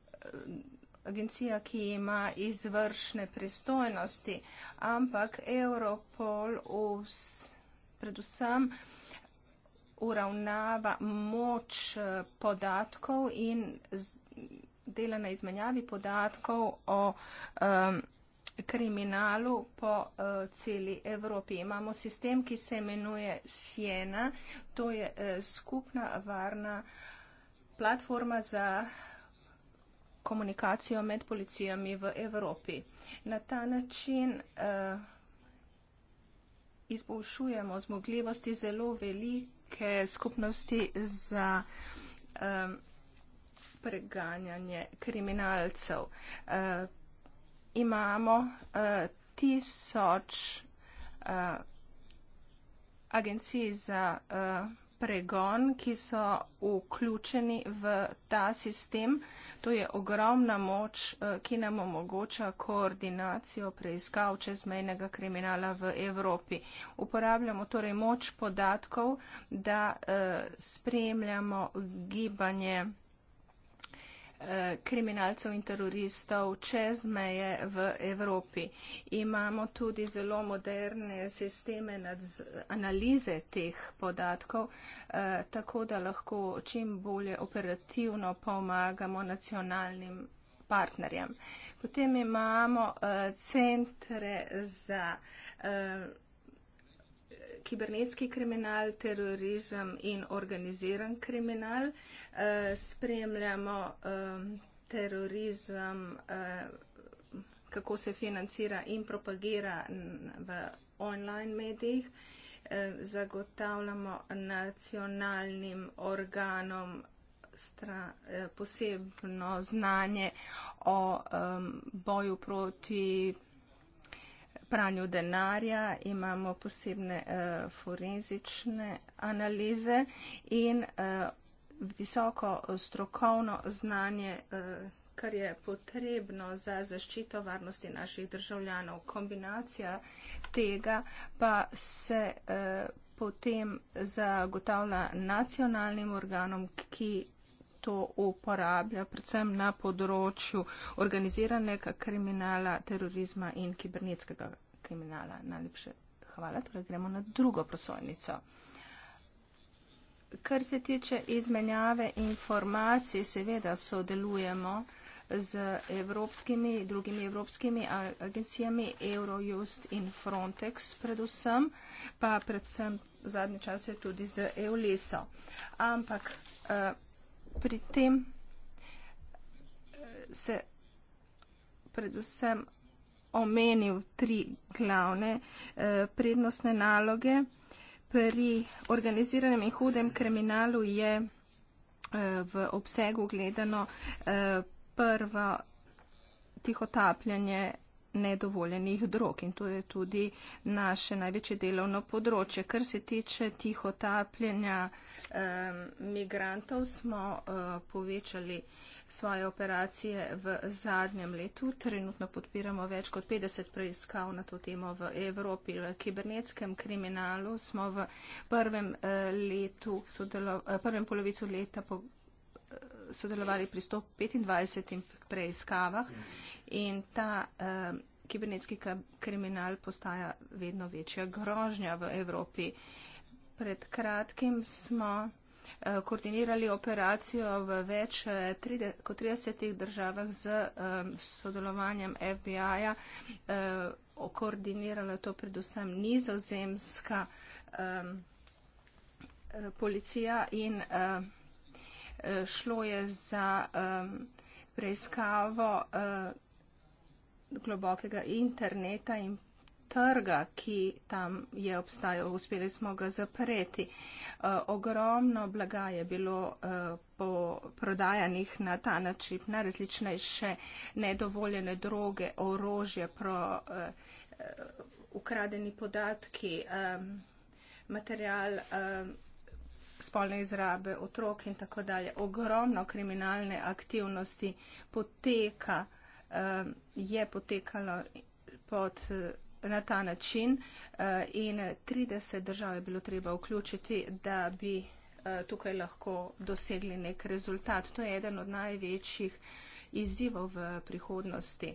agencija, ki ima izvršne pristojnosti, ampak Europol us, predvsem uravnava moč eh, podatkov in dela na izmenjavi podatkov o um, kriminalu po uh, celi Evropi. Imamo sistem, ki se imenuje Siena. To je uh, skupna varna platforma za uh, komunikacijo med policijami v Evropi. Na ta način uh, izboljšujemo zmogljivosti zelo velike skupnosti za um, preganjanje kriminalcev. Uh, imamo uh, tisoč uh, agencij za uh, pregon, ki so vključeni v ta sistem. To je ogromna moč, eh, ki nam omogoča koordinacijo preiskav čezmejnega kriminala v Evropi. Uporabljamo torej moč podatkov, da eh, spremljamo gibanje Eh, kriminalcev in teroristov čez meje v Evropi. Imamo tudi zelo moderne sisteme nad analize teh podatkov, eh, tako da lahko čim bolje operativno pomagamo nacionalnim partnerjem. Potem imamo eh, centre za kibernetski kriminal, terorizem in organiziran kriminal. Eh, spremljamo terorizem, eh, kako se financira in propagira v online medijih. Eh, zagotavljamo nacionalnim organom stra, posebno znanje o um, boju proti pranju denarja, imamo posebne uh, forenzične analize in uh, visoko eh, strokovno znanje, uh, kar je potrebno za zaščito varnosti naših državljanov. Kombinacija tega pa se. Uh, potem zagotavlja nacionalnim organom, ki to uporablja, predvsem na področju organiziranega kriminala, terorizma in kibernetskega kriminala. Najlepše hvala. Torej gremo na drugo prosojnico. Kar se tiče izmenjave informacij, seveda sodelujemo z evropskimi, drugimi evropskimi agencijami Eurojust in Frontex predvsem, pa predvsem zadnji čas je tudi z EULESO. Ampak pri tem se predvsem omenil tri glavne eh, prednostne naloge. Pri organiziranem in hudem kriminalu je eh, v obsegu gledano eh, prvo tihotapljanje nedovoljenih drog in to je tudi naše največje delovno področje. Kar se tiče tiho tapljenja um, migrantov, smo uh, povečali svoje operacije v zadnjem letu. Trenutno podpiramo več kot 50 preiskav na to temo v Evropi. V kibernetskem kriminalu smo v prvem, uh, letu sodelo, uh, eh, prvem polovicu leta po, sodelovali pri 125 preiskavah in ta uh, kibernetski kriminal postaja vedno večja grožnja v Evropi. Pred kratkim smo eh, koordinirali operacijo v več eh, kot 30 državah z um, sodelovanjem FBI-ja. Um, koordinirala to predvsem nizozemska um, policija in um, Eh, šlo je za preiskavo eh, globokega interneta in trga, ki tam je obstajal, uspeli smo ga zapreti. Eh, ogromno blaga je bilo po prodajanih na ta način, na različnejše nedovoljene droge, orožje, pro, ukradeni podatki, material spolne izrabe otrok in tako dalje. Ogromno kriminalne aktivnosti poteka, eh, je potekalo pod, eh, na ta način eh, in 30 držav je bilo treba vključiti, da bi tukaj lahko dosegli nek rezultat. To je eden od največjih izzivov v prihodnosti.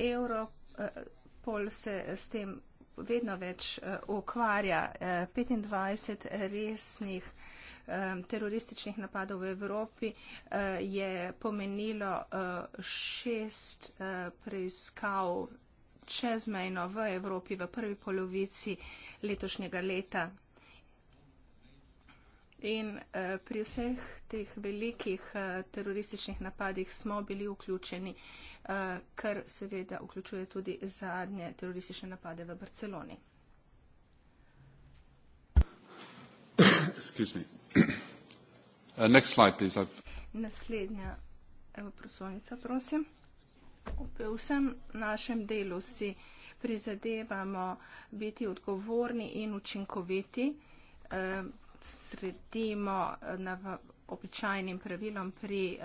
Europol se s tem vedno več ukvarja. 25 resnih terorističnih napadov v Evropi eh, je pomenilo eh, šest eh, preiskav čezmejno v Evropi v prvi polovici letošnjega leta. In pri vseh teh velikih terorističnih napadih smo bili vključeni, kar seveda vključuje tudi zadnje teroristične napade v Barceloni. Excuse me. Uh, Naslednja eh, prosojnica, prosim. V vsem našem delu si prizadevamo biti odgovorni in učinkoviti, eh, sredimo eh, na običajnim pravilom pri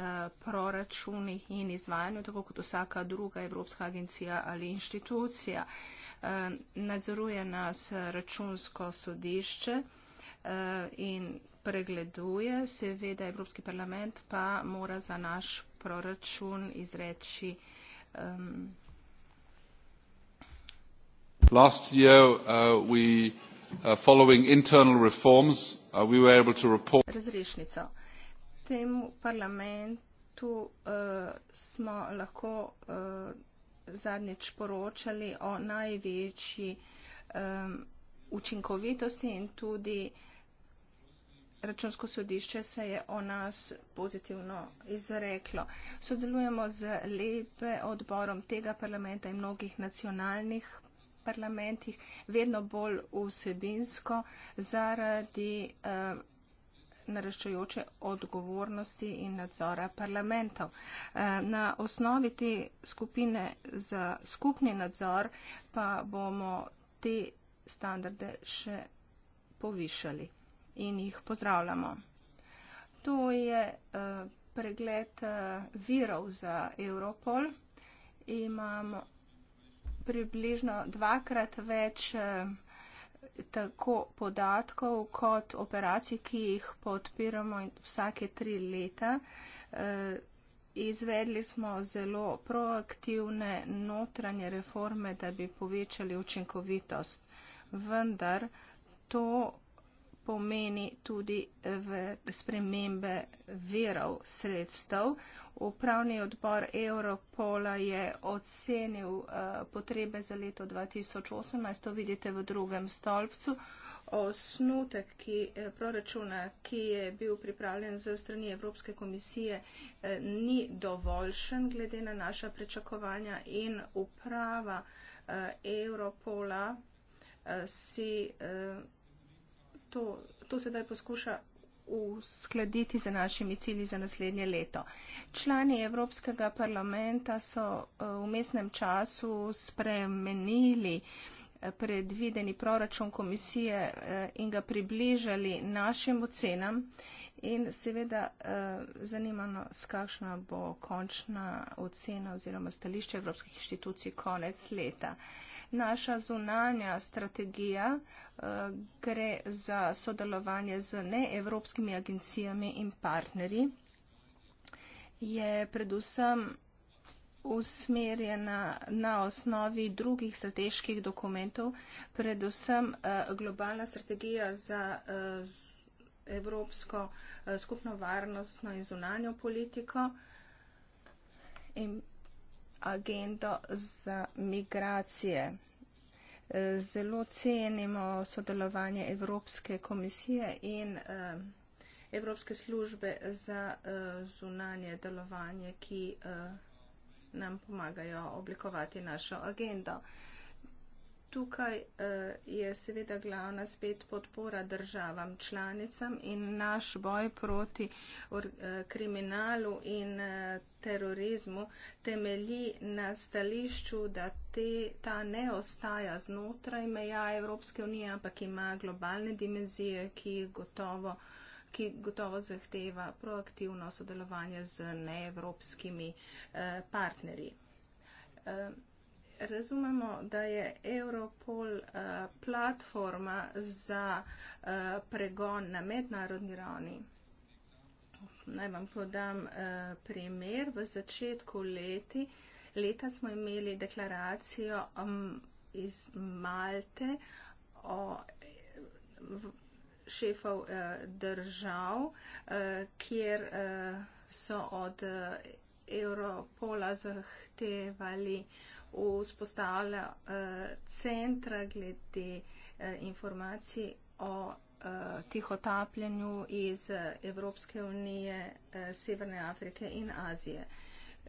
proračunih in izvajanju, tako kot vsaka druga Evropska agencija ali inštitucija. Nadzoruje nas računsko sodišče in spregleduje, seveda Evropski parlament pa mora za naš proračun izreči. Um, Last year uh, we, uh, following internal reforms, uh, we were able to report. Razrešnico. Temu parlamentu uh, smo lahko uh, zadnjič poročali o največji um, učinkovitosti in tudi uh, Računsko sodišče se je o nas pozitivno izreklo. Sodelujemo z lepe odborom tega parlamenta in mnogih nacionalnih parlamentih, vedno bolj vsebinsko zaradi eh, naraščajoče odgovornosti in nadzora parlamentov. Eh, na osnovi te skupine za skupni nadzor pa bomo te standarde še povišali in jih pozdravljamo. To je eh, pregled eh, virov za Europol. Imamo približno dvakrat več eh, tako podatkov kot operacij, ki jih podpiramo vsake tri leta. Izvedli smo zelo proaktivne notranje reforme, da bi povečali učinkovitost. Vendar to pomeni tudi eh, v spremembe verov sredstev. Upravni odbor Europola je ocenil uh, potrebe za leto 2018, to vidite v drugem stolpcu. Osnutek ki, eh, proračuna, ki je bil pripravljen za strani Evropske komisije, ni dovoljšen glede na naša prečakovanja in uprava Europola si to, to sedaj poskuša uskladiti z našimi cilji za naslednje leto. Člani Evropskega parlamenta so eh, v mestnem času spremenili eh, predvideni proračun komisije eh, in ga približali našim ocenam in seveda zanimano, s kakšna bo končna ocena oziroma stališče Evropskih inštitucij konec leta naša zunanja strategija eh, gre za sodelovanje z neevropskimi agencijami in partnerji, je predvsem usmerjena na osnovi drugih strateških dokumentov, predvsem eh, globalna strategija za eh, evropsko skupno varnostno in zunanjo politiko in agendo za migracije. Zelo cenimo sodelovanje Evropske komisije in eh, Evropske službe za eh, zunanje delovanje, ki eh, nam pomagajo oblikovati našo agendo tukaj uh, je seveda glavna spet podpora državam članicam in naš boj proti or, uh, kriminalu in uh, terorizmu temelji na stališču, da te, ta ne ostaja znotraj meja Evropske unije, ampak ima globalne dimenzije, ki gotovo ki gotovo zahteva proaktivno sodelovanje z neevropskimi eh, partnerji. Eh razumemo, da je Europol uh, platforma za uh, pregon na mednarodni ravni. Naj vam podam uh, primer. V začetku leti, leta smo imeli deklaracijo um, iz Malte o v, šefov uh, držav, uh, kjer uh, so od uh, Europola zahtevali uh, vzpostavlja eh, centra glede eh, informacij o eh, tihotapljenju iz eh, Evropske unije, eh, Severne Afrike in Azije.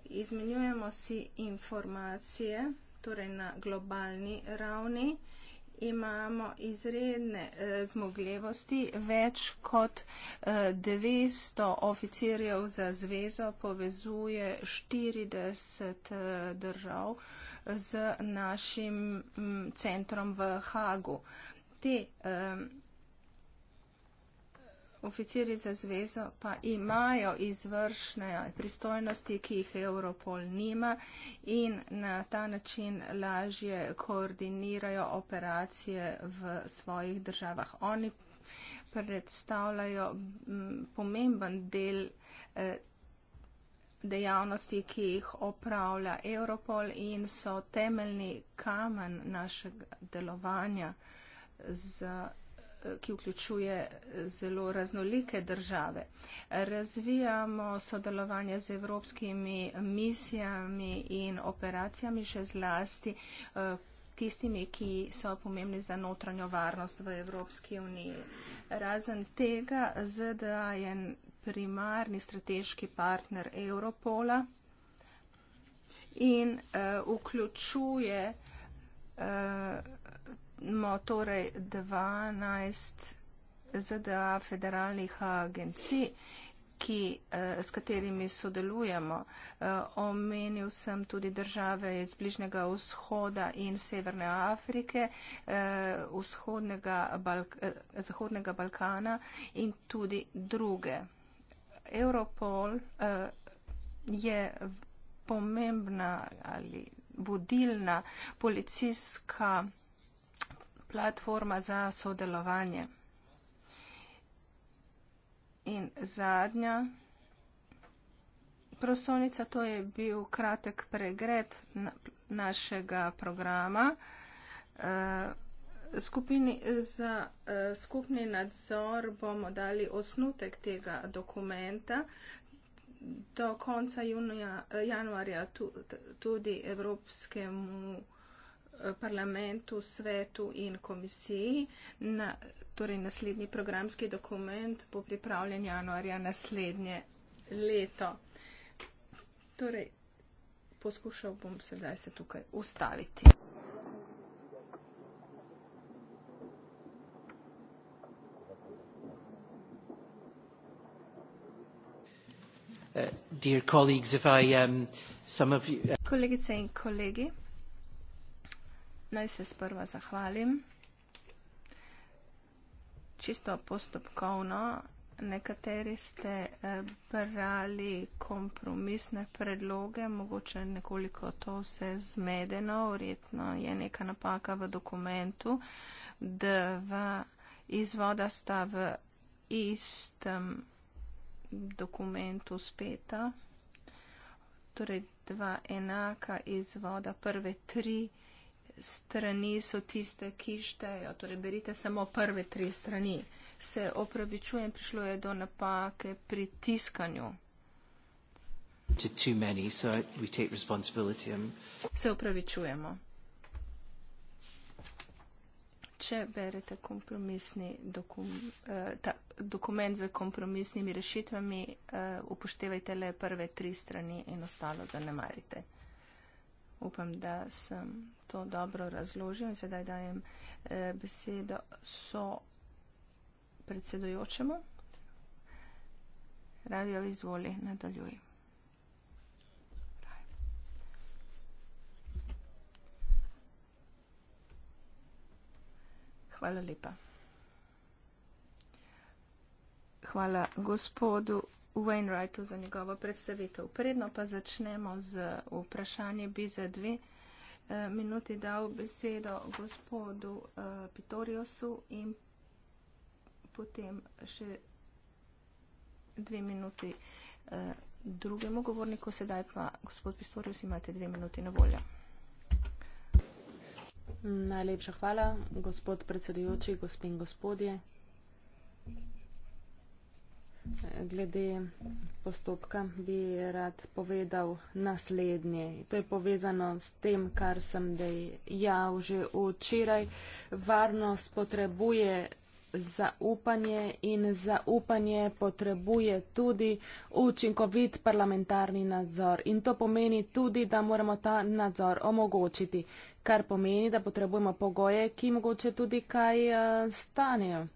Izmenjujemo si informacije, torej na globalni ravni. Imamo izredne eh, zmogljivosti, več kot eh, 900 oficirjev za zvezo povezuje 40 eh, držav. Eh, z našim mm, centrom v Hagu. Te um, oficiri za zvezo pa imajo izvršne pristojnosti, ki jih Europol nima in na ta način lažje koordinirajo operacije v svojih državah. Oni predstavljajo m, mm, pomemben del eh, dejavnosti, ki jih opravlja Europol in so temeljni kamen našega delovanja, z, ki vključuje zelo raznolike države. Razvijamo sodelovanje z evropskimi misijami in operacijami še zlasti eh, tistimi, ki so pomembni za notranjo varnost v Evropski uniji. Razen tega ZDA je primarni strateški partner Europola in uh, vključuje uh, torej 12 ZDA federalnih agencij, ki, uh, s katerimi sodelujemo. Uh, omenil sem tudi države iz Bližnjega vzhoda in Severne Afrike, uh, Balk Zahodnega Balkana in tudi druge. Europol uh, je pomembna ali budilna policijska platforma za sodelovanje. In zadnja prosonica, to je bil kratek pregred na, našega programa. Uh, skupini, za uh, skupni nadzor bomo dali osnutek tega dokumenta. Do konca junija, eh, januarja tudi Evropskemu eh, parlamentu, svetu in komisiji. Na, torej naslednji programski dokument bo pripravljen januarja naslednje leto. Torej, poskušal bom sedaj se tukaj ustaviti. dear colleagues, if I, um, some of you... Uh, Kolegice in kolegi, naj se sprva zahvalim. Čisto postopkovno, nekateri ste eh, brali kompromisne predloge, mogoče nekoliko to vse zmedeno, vredno je neka napaka v dokumentu, da v izvoda sta v istem predlogu, dokumentu speta. Torej, dva enaka izvoda, prve tri strani so tiste, ki štejo. Torej, berite samo prve tri strani. Se opravičujem, prišlo je do napake pri tiskanju. Many, so Se opravičujemo če berete kompromisni dokum, uh, ta, dokument z kompromisnimi rešitvami, uh, upoštevajte le prve tri strani in ostalo, da ne marite. Upam, da sem to dobro razložil in sedaj dajem eh, besedo so predsedujočemu. Radio izvoli, nadaljujem. Hvala lepa. Hvala gospodu Wainwrightu za njegovo predstavitev. Predno pa začnemo z vprašanje, bi za dve eh, minuti dal besedo gospodu eh, Pitoriosu in potem še dve minuti eh, drugemu govorniku, sedaj pa gospod Pistorius imate dve minuti na voljo. Najlepša hvala, gospod predsedujoči, gospe in gospodje. Glede postopka bi rad povedal naslednje. To je povezano s tem, kar sem dejal že včeraj. Varnost potrebuje zaupanje in zaupanje potrebuje tudi učinkovit parlamentarni nadzor. In to pomeni tudi, da moramo ta nadzor omogočiti, kar pomeni, da potrebujemo pogoje, ki mogoče tudi kaj eh, stanejo.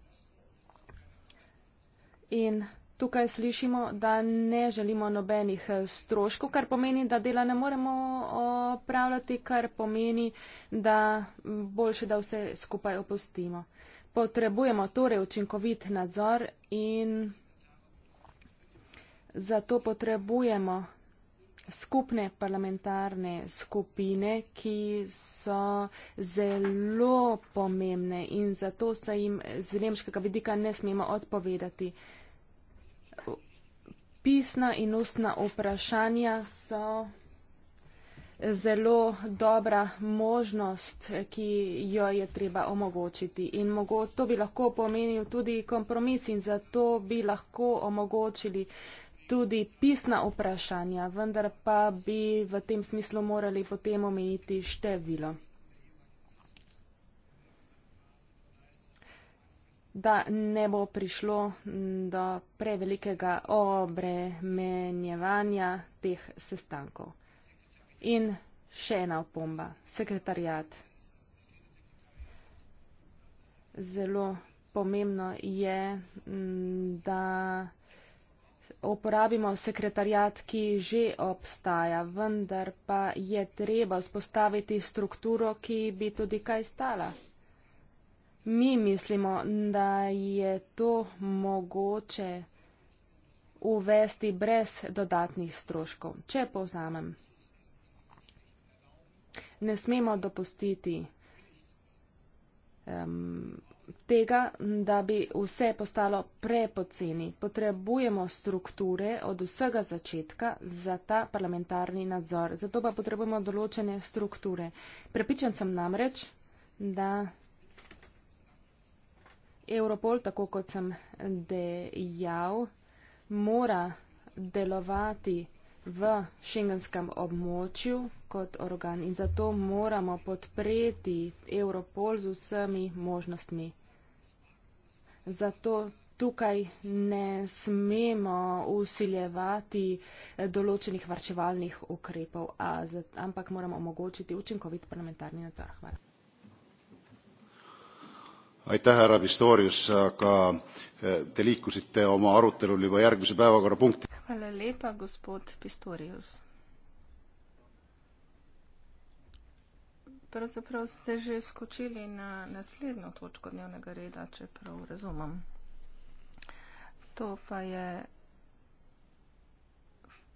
In tukaj slišimo, da ne želimo nobenih eh, stroškov, kar pomeni, da dela ne moremo opravljati, kar pomeni, da boljše, da vse skupaj opustimo. Potrebujemo torej učinkovit nadzor in zato potrebujemo skupne parlamentarne skupine, ki so zelo pomembne in zato se jim z nemškega vidika ne smemo odpovedati. Pisna in ustna vprašanja so zelo dobra možnost, ki jo je treba omogočiti. In mogo, to bi lahko pomenil tudi kompromis in zato bi lahko omogočili tudi pisna vprašanja, vendar pa bi v tem smislu morali potem omejiti število. da ne bo prišlo do prevelikega obremenjevanja teh sestankov. In še ena opomba, sekretarjat. Zelo pomembno je, da uporabimo sekretarjat, ki že obstaja, vendar pa je treba vzpostaviti strukturo, ki bi tudi kaj stala. Mi mislimo, da je to mogoče uvesti brez dodatnih stroškov. Če povzamem, ne smemo dopustiti um, tega, da bi vse postalo prepoceni. Potrebujemo strukture od vsega začetka za ta parlamentarni nadzor. Zato pa potrebujemo določene strukture. Prepičen sem namreč, da. Europol, tako kot sem dejal, mora delovati v šengenskem območju, kot organ in zato moramo podpreti Europol z vsemi možnostmi. Zato tukaj ne smemo usiljevati določenih varčevalnih ukrepov, a, ampak moramo omogočiti učinkovit parlamentarni nadzor. Hvala. aitäh, härra Pistorius, aga eh, te liikusite oma arutelul juba järgmise päevakorrapunkti. pravzaprav ste že skočili na naslednjo točko dnevnega reda, če prav razumem. To pa je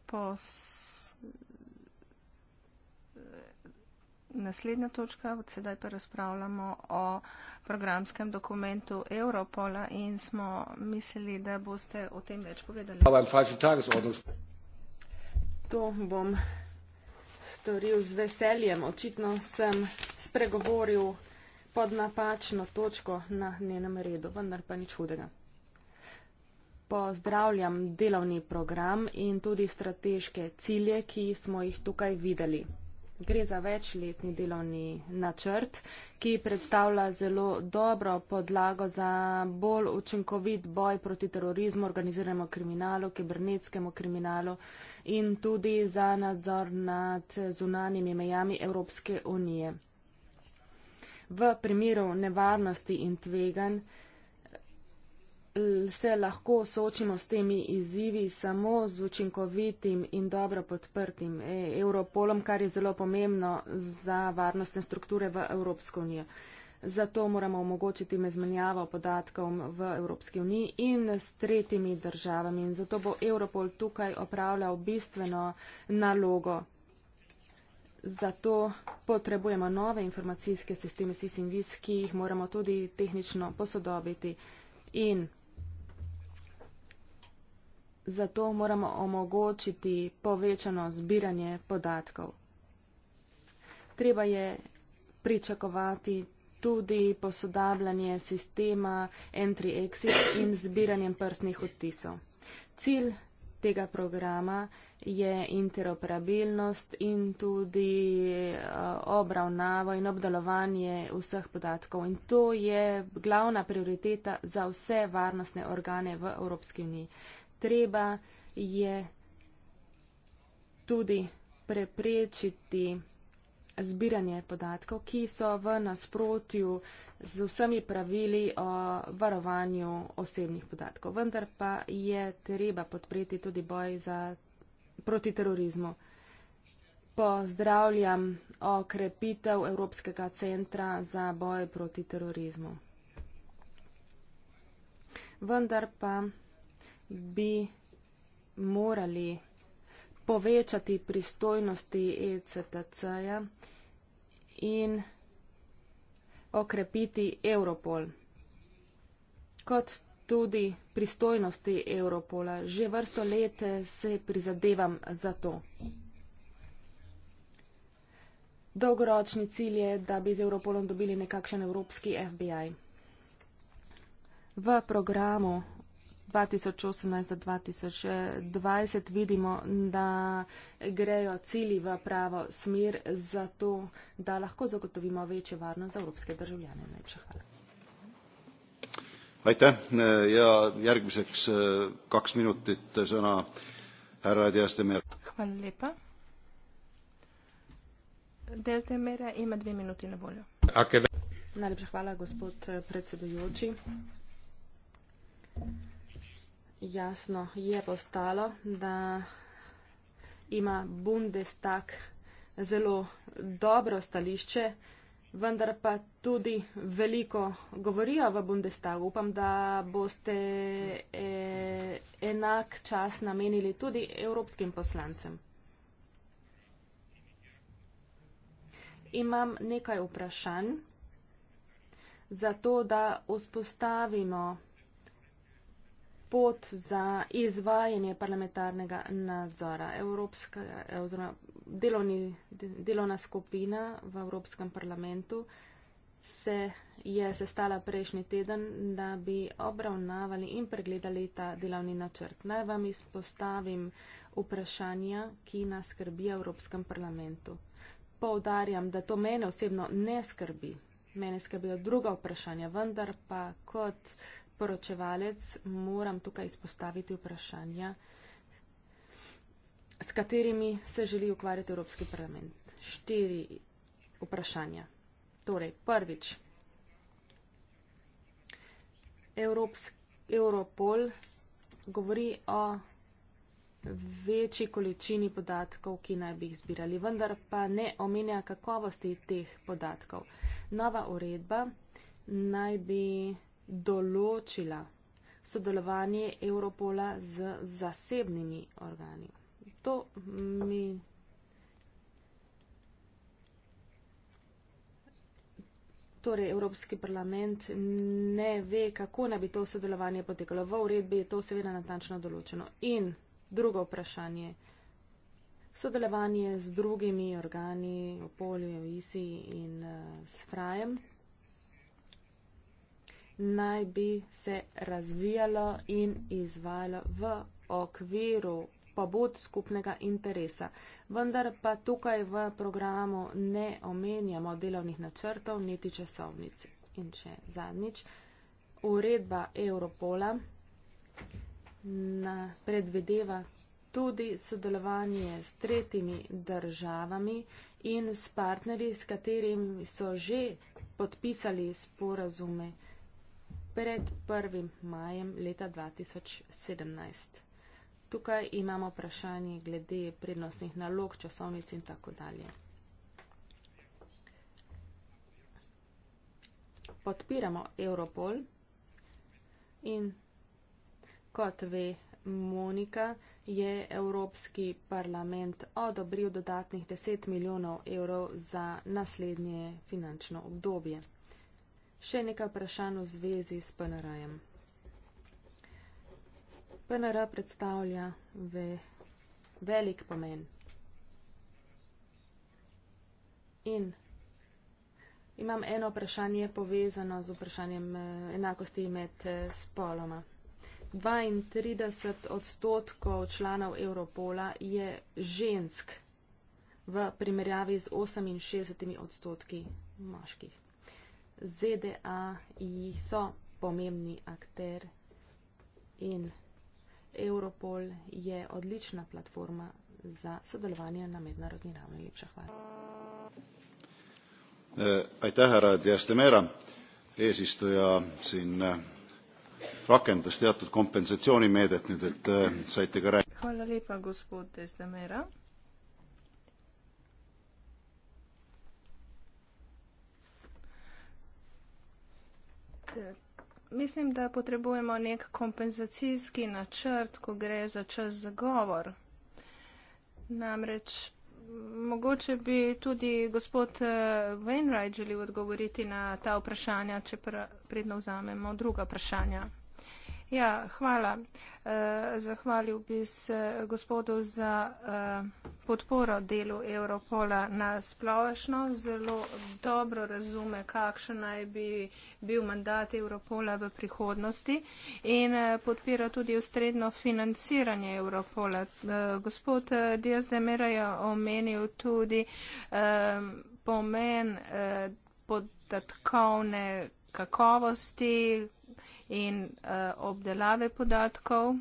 pos... naslednja točka, od sedaj pa razpravljamo o programskem dokumentu Europola in smo mislili, da boste o tem več povedali. To bom storil z veseljem. Očitno sem spregovoril pod napačno točko na njenem redu, vendar pa nič hudega. Pozdravljam delovni program in tudi strateške cilje, ki smo jih tukaj videli. Gre za večletni delovni načrt, ki predstavlja zelo dobro podlago za bolj učinkovit boj proti terorizmu, organiziranemu kriminalu, kibernetskemu kriminalu in tudi za nadzor nad zunanimi mejami Evropske unije. V primeru nevarnosti in tveganj se lahko soočimo s temi izzivi samo z učinkovitim in dobro podprtim e, Europolom, kar je zelo pomembno za varnostne strukture v Evropsko unijo. Zato moramo omogočiti mezmenjavo podatkov v Evropski uniji in s tretjimi državami. In zato bo Europol tukaj opravljal bistveno nalogo. Zato potrebujemo nove informacijske sisteme SIS in VIS, ki jih moramo tudi tehnično posodobiti in Zato moramo omogočiti povečano zbiranje podatkov. Treba je pričakovati tudi posodabljanje sistema Entry Exit in zbiranjem prstnih odtisov. Cilj tega programa je interoperabilnost in tudi eh, obravnavo in obdelovanje vseh podatkov. In to je glavna prioriteta za vse varnostne organe v Evropski uniji treba je tudi preprečiti zbiranje podatkov, ki so v nasprotju z vsemi pravili o varovanju osebnih podatkov. Vendar pa je treba podpreti tudi boj za, proti terorizmu. Pozdravljam okrepitev Evropskega centra za boj proti terorizmu. Vendar pa bi morali povečati pristojnosti ECTC-ja in okrepiti Europol, kot tudi pristojnosti Europola. Že vrsto let se prizadevam za to. Dolgoročni cilj je, da bi z Europolom dobili nekakšen evropski FBI. V programu 2018-2020 vidimo, da grejo cili v pravo smer za to, da lahko zagotovimo večjo varnost za evropske državljane. Najlepša hvala. Aitäh ja järgmiseks eh, kaks minutit sõna härra Diastemer. Hvala lepa. Diastemer ima dve minuti na voljo. Najlepša hvala, gospod eh, predsedujoči jasno je postalo, da ima Bundestag zelo dobro stališče, vendar pa tudi veliko govorijo v Bundestagu. Upam, da boste e, enak čas namenili tudi evropskim poslancem. Imam nekaj vprašanj za to, da vzpostavimo pot za izvajanje parlamentarnega nadzora. Evropska, oziroma delovni, delovna skupina v Evropskem parlamentu se je sestala prejšnji teden, da bi obravnavali in pregledali ta delovni načrt. Naj vam izpostavim vprašanja, ki nas skrbi v Evropskem parlamentu. Poudarjam, da to mene osebno ne skrbi. Mene skrbijo druga vprašanja, vendar pa kot poročevalec moram tukaj izpostaviti vprašanja, s katerimi se želi ukvarjati Evropski parlament. Štiri vprašanja. Torej, prvič, Evropsk, Europol govori o večji količini podatkov, ki naj bi jih zbirali, vendar pa ne omenja kakovosti teh podatkov. Nova uredba naj bi določila sodelovanje Europola z zasebnimi organi. To mi. Torej, Evropski parlament ne ve, kako naj bi to sodelovanje potekalo. V uredbi je to seveda natančno določeno. In drugo vprašanje. Sodelovanje z drugimi organi, opolju, visi in uh, s frajem naj bi se razvijalo in izvajalo v okviru pobud skupnega interesa. Vendar pa tukaj v programu ne omenjamo delovnih načrtov, niti časovnic. In še zadnjič, uredba Europola predvideva tudi sodelovanje s tretjimi državami in s partnerji, s katerimi so že podpisali sporazume pred 1. majem leta 2017. Tukaj imamo vprašanje glede prednostnih nalog, časovnic in tako dalje. Podpiramo Europol in kot ve Monika, je Evropski parlament odobril dodatnih 10 milijonov evrov za naslednje finančno obdobje. Še nekaj vprašanj v zvezi s PNR-jem. PNR predstavlja ve velik pomen. In imam eno vprašanje povezano z vprašanjem eh, enakosti med eh, spoloma. 32 odstotkov članov Europola je žensk v primerjavi z 68 odstotki moških. ZDA so pomembni akter in Europol je odlična platforma za sodelovanje na mednarodni ravni. Lepša hvala. Eh, aitäh, härra Diastemera, eesistuja siin eh, rakendas teatud kompensatsioonimeedet nüüd, et eh, saite ka rää-. hvala lepa, gospod Diastemera. Mislim, da potrebujemo nek kompenzacijski načrt, ko gre za čas za govor. Namreč, mogoče bi tudi gospod eh, Wainwright želel odgovoriti na ta vprašanja, če predno vzamemo druga vprašanja. Ja, hvala. Eh, zahvalil bi se gospodu za eh, podporo delu Europola na splošno. Zelo dobro razume, kakšen naj bi bil mandat Europola v prihodnosti in eh, podpira tudi ustredno financiranje Europola. Gospod Diaz de Mera je omenil tudi pomen podatkovne kakovosti, in eh, obdelave podatkov.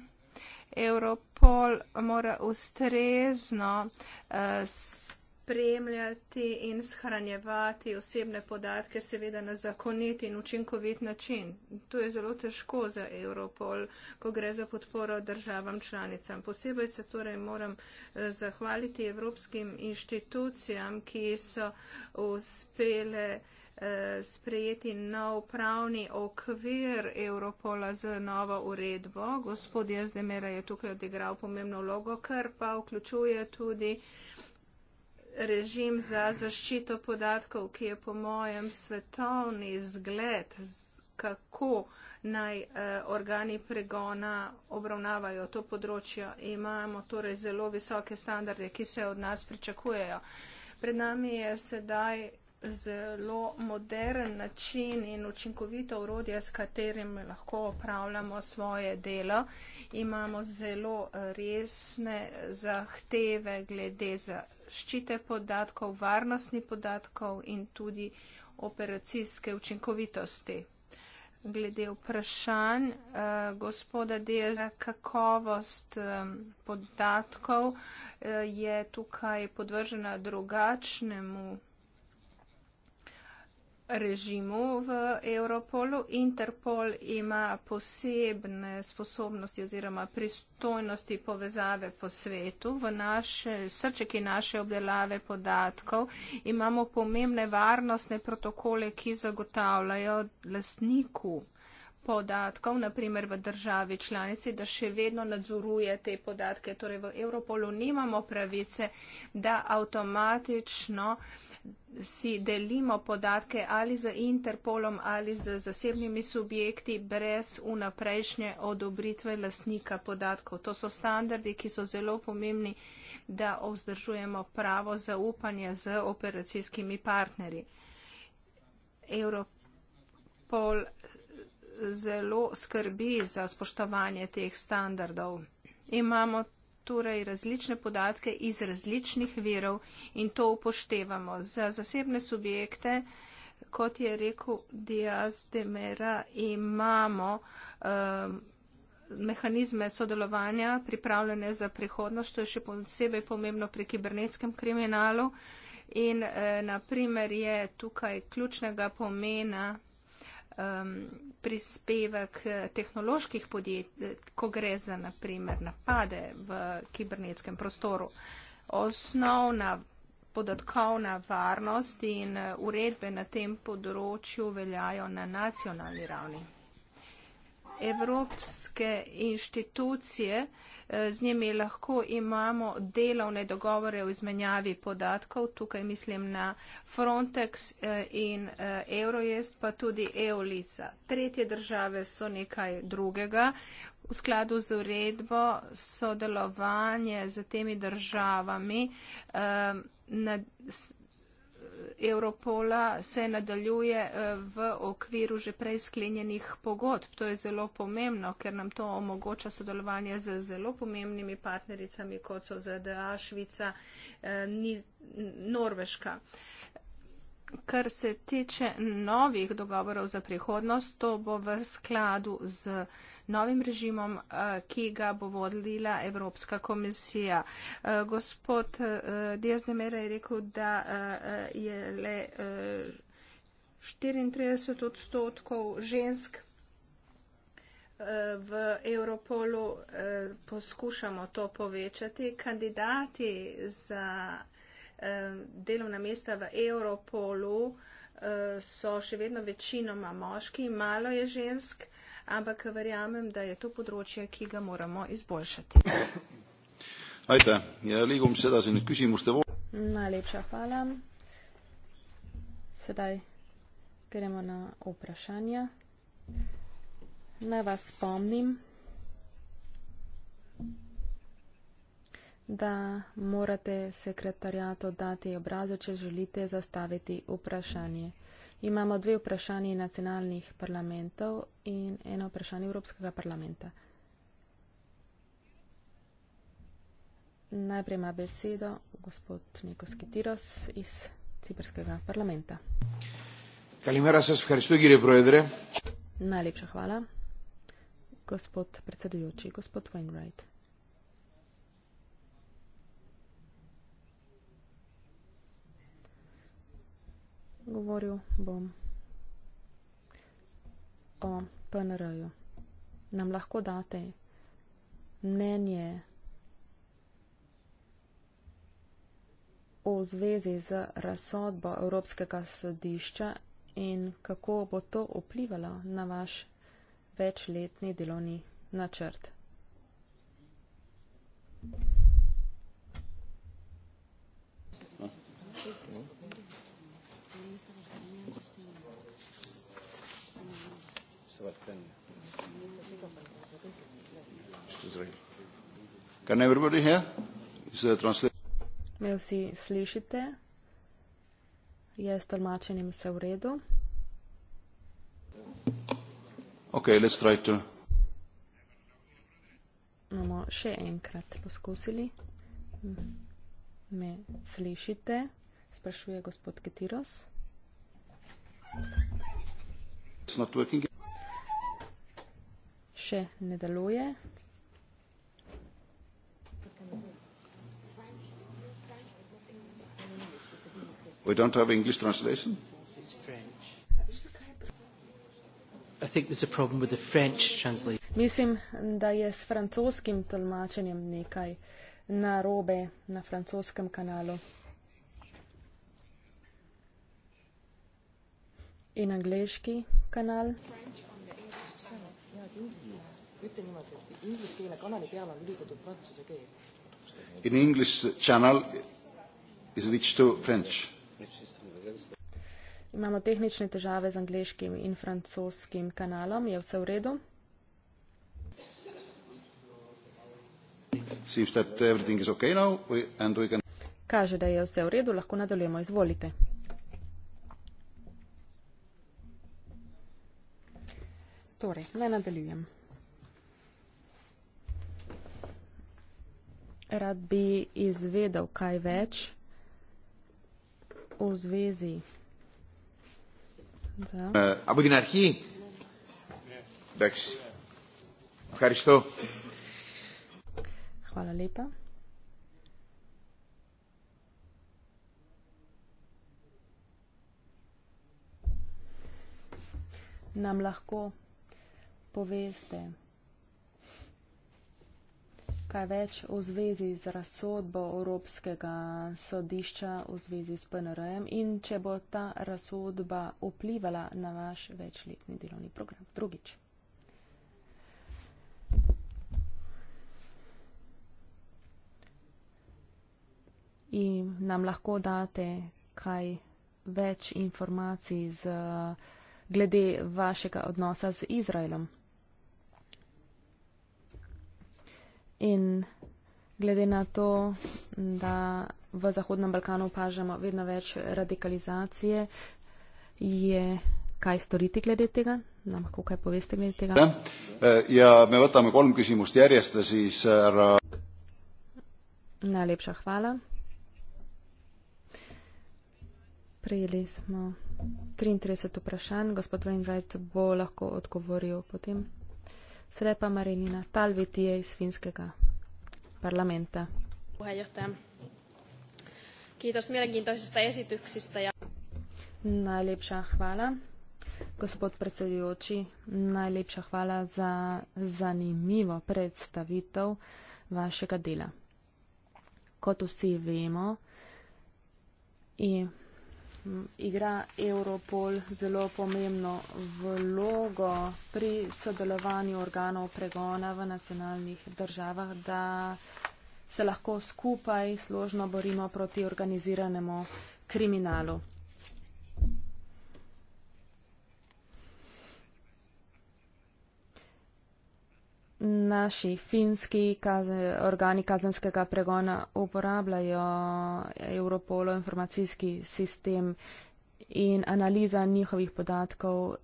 Europol mora ustrezno eh, spremljati in shranjevati osebne podatke, seveda na zakonit in učinkovit način. To je zelo težko za Europol, ko gre za podporo državam članicam. Posebej se torej moram eh, zahvaliti evropskim inštitucijam, ki so uspele uh, Eh, sprejeti nov pravni okvir Europola z novo uredbo. Gospod Jezdemera je tukaj odigral pomembno vlogo, kar pa vključuje tudi režim za zaščito podatkov, ki je po mojem svetovni zgled, kako naj eh, organi pregona obravnavajo to področje. Imamo torej zelo visoke standarde, ki se od nas pričakujejo. Pred nami je sedaj zelo modern način in učinkovito urodje, s katerim lahko opravljamo svoje delo. Imamo zelo eh, resne zahteve glede zaščite podatkov, varnostni podatkov in tudi operacijske učinkovitosti. Glede vprašanj eh, gospoda Deza, kakovost eh, podatkov eh, je tukaj podvržena drugačnemu režimu v Europolu. Interpol ima posebne sposobnosti oziroma pristojnosti povezave po svetu. V naše, srčeki naše obdelave podatkov imamo pomembne varnostne protokole, ki zagotavljajo lasniku podatkov, naprimer v državi članici, da še vedno nadzoruje te podatke. Torej v Europolu nimamo pravice, da avtomatično uh, si delimo podatke ali z Interpolom ali z zasebnimi subjekti brez unaprejšnje odobritve lasnika podatkov. To so standardi, ki so zelo pomembni, da vzdržujemo pravo zaupanje z operacijskimi partnerji. Europol zelo skrbi za spoštovanje teh standardov. Imamo torej različne podatke iz različnih verov in to upoštevamo. Za zasebne subjekte, kot je rekel Diaz de Mera, imamo um, mehanizme sodelovanja pripravljene za prihodnost, to je še posebej pomembno pri kibernetskem kriminalu. In eh, naprimer je tukaj ključnega pomena um, prispevek tehnoloških podjetij, ko gre za naprimer napade v kibernetskem prostoru. Osnovna podatkovna varnost in uh, uredbe na tem področju veljajo na nacionalni ravni. Evropske inštitucije uh, Eh, z njimi lahko imamo delovne dogovore o izmenjavi podatkov. Tukaj mislim na Frontex eh, in eh, Eurojest, pa tudi EOLICA. Tretje države so nekaj drugega. V skladu z uredbo sodelovanje z temi državami eh, na, Europola se nadaljuje eh, v okviru že prej sklenjenih pogodb. To je zelo pomembno, ker nam to omogoča sodelovanje z zelo pomembnimi partnericami, kot so ZDA, Švica, eh, Niz, Norveška. Kar se tiče novih dogovorov za prihodnost, to bo v skladu z novim režimom, eh, ki ga bo vodila Evropska komisija. Eh, gospod eh, Dias de Mera je rekel, da je le 34 odstotkov žensk v Europolu poskušamo to povečati. Kandidati za delovna mesta v Europolu so še vedno večinoma moški, malo je žensk, ampak verjamem, da je to področje, ki ga moramo izboljšati. Aitäh ja liigume siis edasi nüüd küsimuste vo-. Najlepša hvala. Sedaj gremo na vprašanja. Naj vas spomnim, da morate sekretarjato dati obrazo, če želite zastaviti vprašanje imamo dve vprašanji nacionalnih parlamentov in eno vprašanje Evropskega parlamenta. Najprej ima besedo gospod Nikos Kitiros iz Ciprskega parlamenta. Najlepša hvala. Gospod predsedujoči, gospod Wainwright. govoril bom o PNR-ju. Nam lahko date mnenje o zvezi z razsodbo Evropskega sodišča in kako bo to vplivalo na vaš večletni delovni načrt. Thank you. Can everybody hear? Is there a translation? Me vsi slišite? Je s tolmačenjem vse v redu? Ok, let's try to. Bomo še enkrat poskusili. Me slišite? Sprašuje gospod Getiros. It's not working še ne deluje. We don't have English translation. It's French. I think there's a problem with the French translation. Mislim, da je s francoskim tolmačenjem nekaj narobe na francoskem kanalu. In angleški kanal. French ütle niimoodi, et ingliskeelne kanali peale on lülitatud prantsuse keel. In English channel is which to French. imamo tehnične težave z angliškim in francoskim kanalom, je vse v redu? Seems that everything is okay now we, and we can kaže, da je vse v redu, lahko nadaljujemo, izvolite. Torej, naj nadaljujem. rad bi izvedel kaj več v zvezi. Uh, Abu Dinarhi, kar je to? Hvala lepa. Nam lahko poveste, kaj več v zvezi z razsodbo Evropskega sodišča v zvezi s PNR-jem in če bo ta razsodba vplivala na vaš večletni delovni program. Drugič. In nam lahko date kaj več informacij z, glede vašega odnosa z Izraelom. In glede na to, da v Zahodnem Balkanu opažamo vedno več radikalizacije, je kaj storiti glede tega? Nam lahko kaj poveste glede tega? Ja, eh, ja me vrtame kolm küsimust järjest, siis... Eh, Ära... Najlepša hvala. Prijeli smo 33 vprašanj. Gospod Wainwright bo lahko odgovoril potem. Srepa Marinina Talvitije iz finskega parlamenta. Puheenjohtaja. Kiitos mielenkiintoisista esityksistä. Ja... Najlepša hvala. Gospod predsedujoči, najlepša hvala za zanimivo predstavitev vašega dela. Kot vsi vemo, igra Europol zelo pomembno vlogo pri sodelovanju organov pregona v nacionalnih državah, da se lahko skupaj složno borimo proti organiziranemu kriminalu. naši finski organi kazenskega pregona uporabljajo Europolo informacijski sistem in analiza njihovih podatkov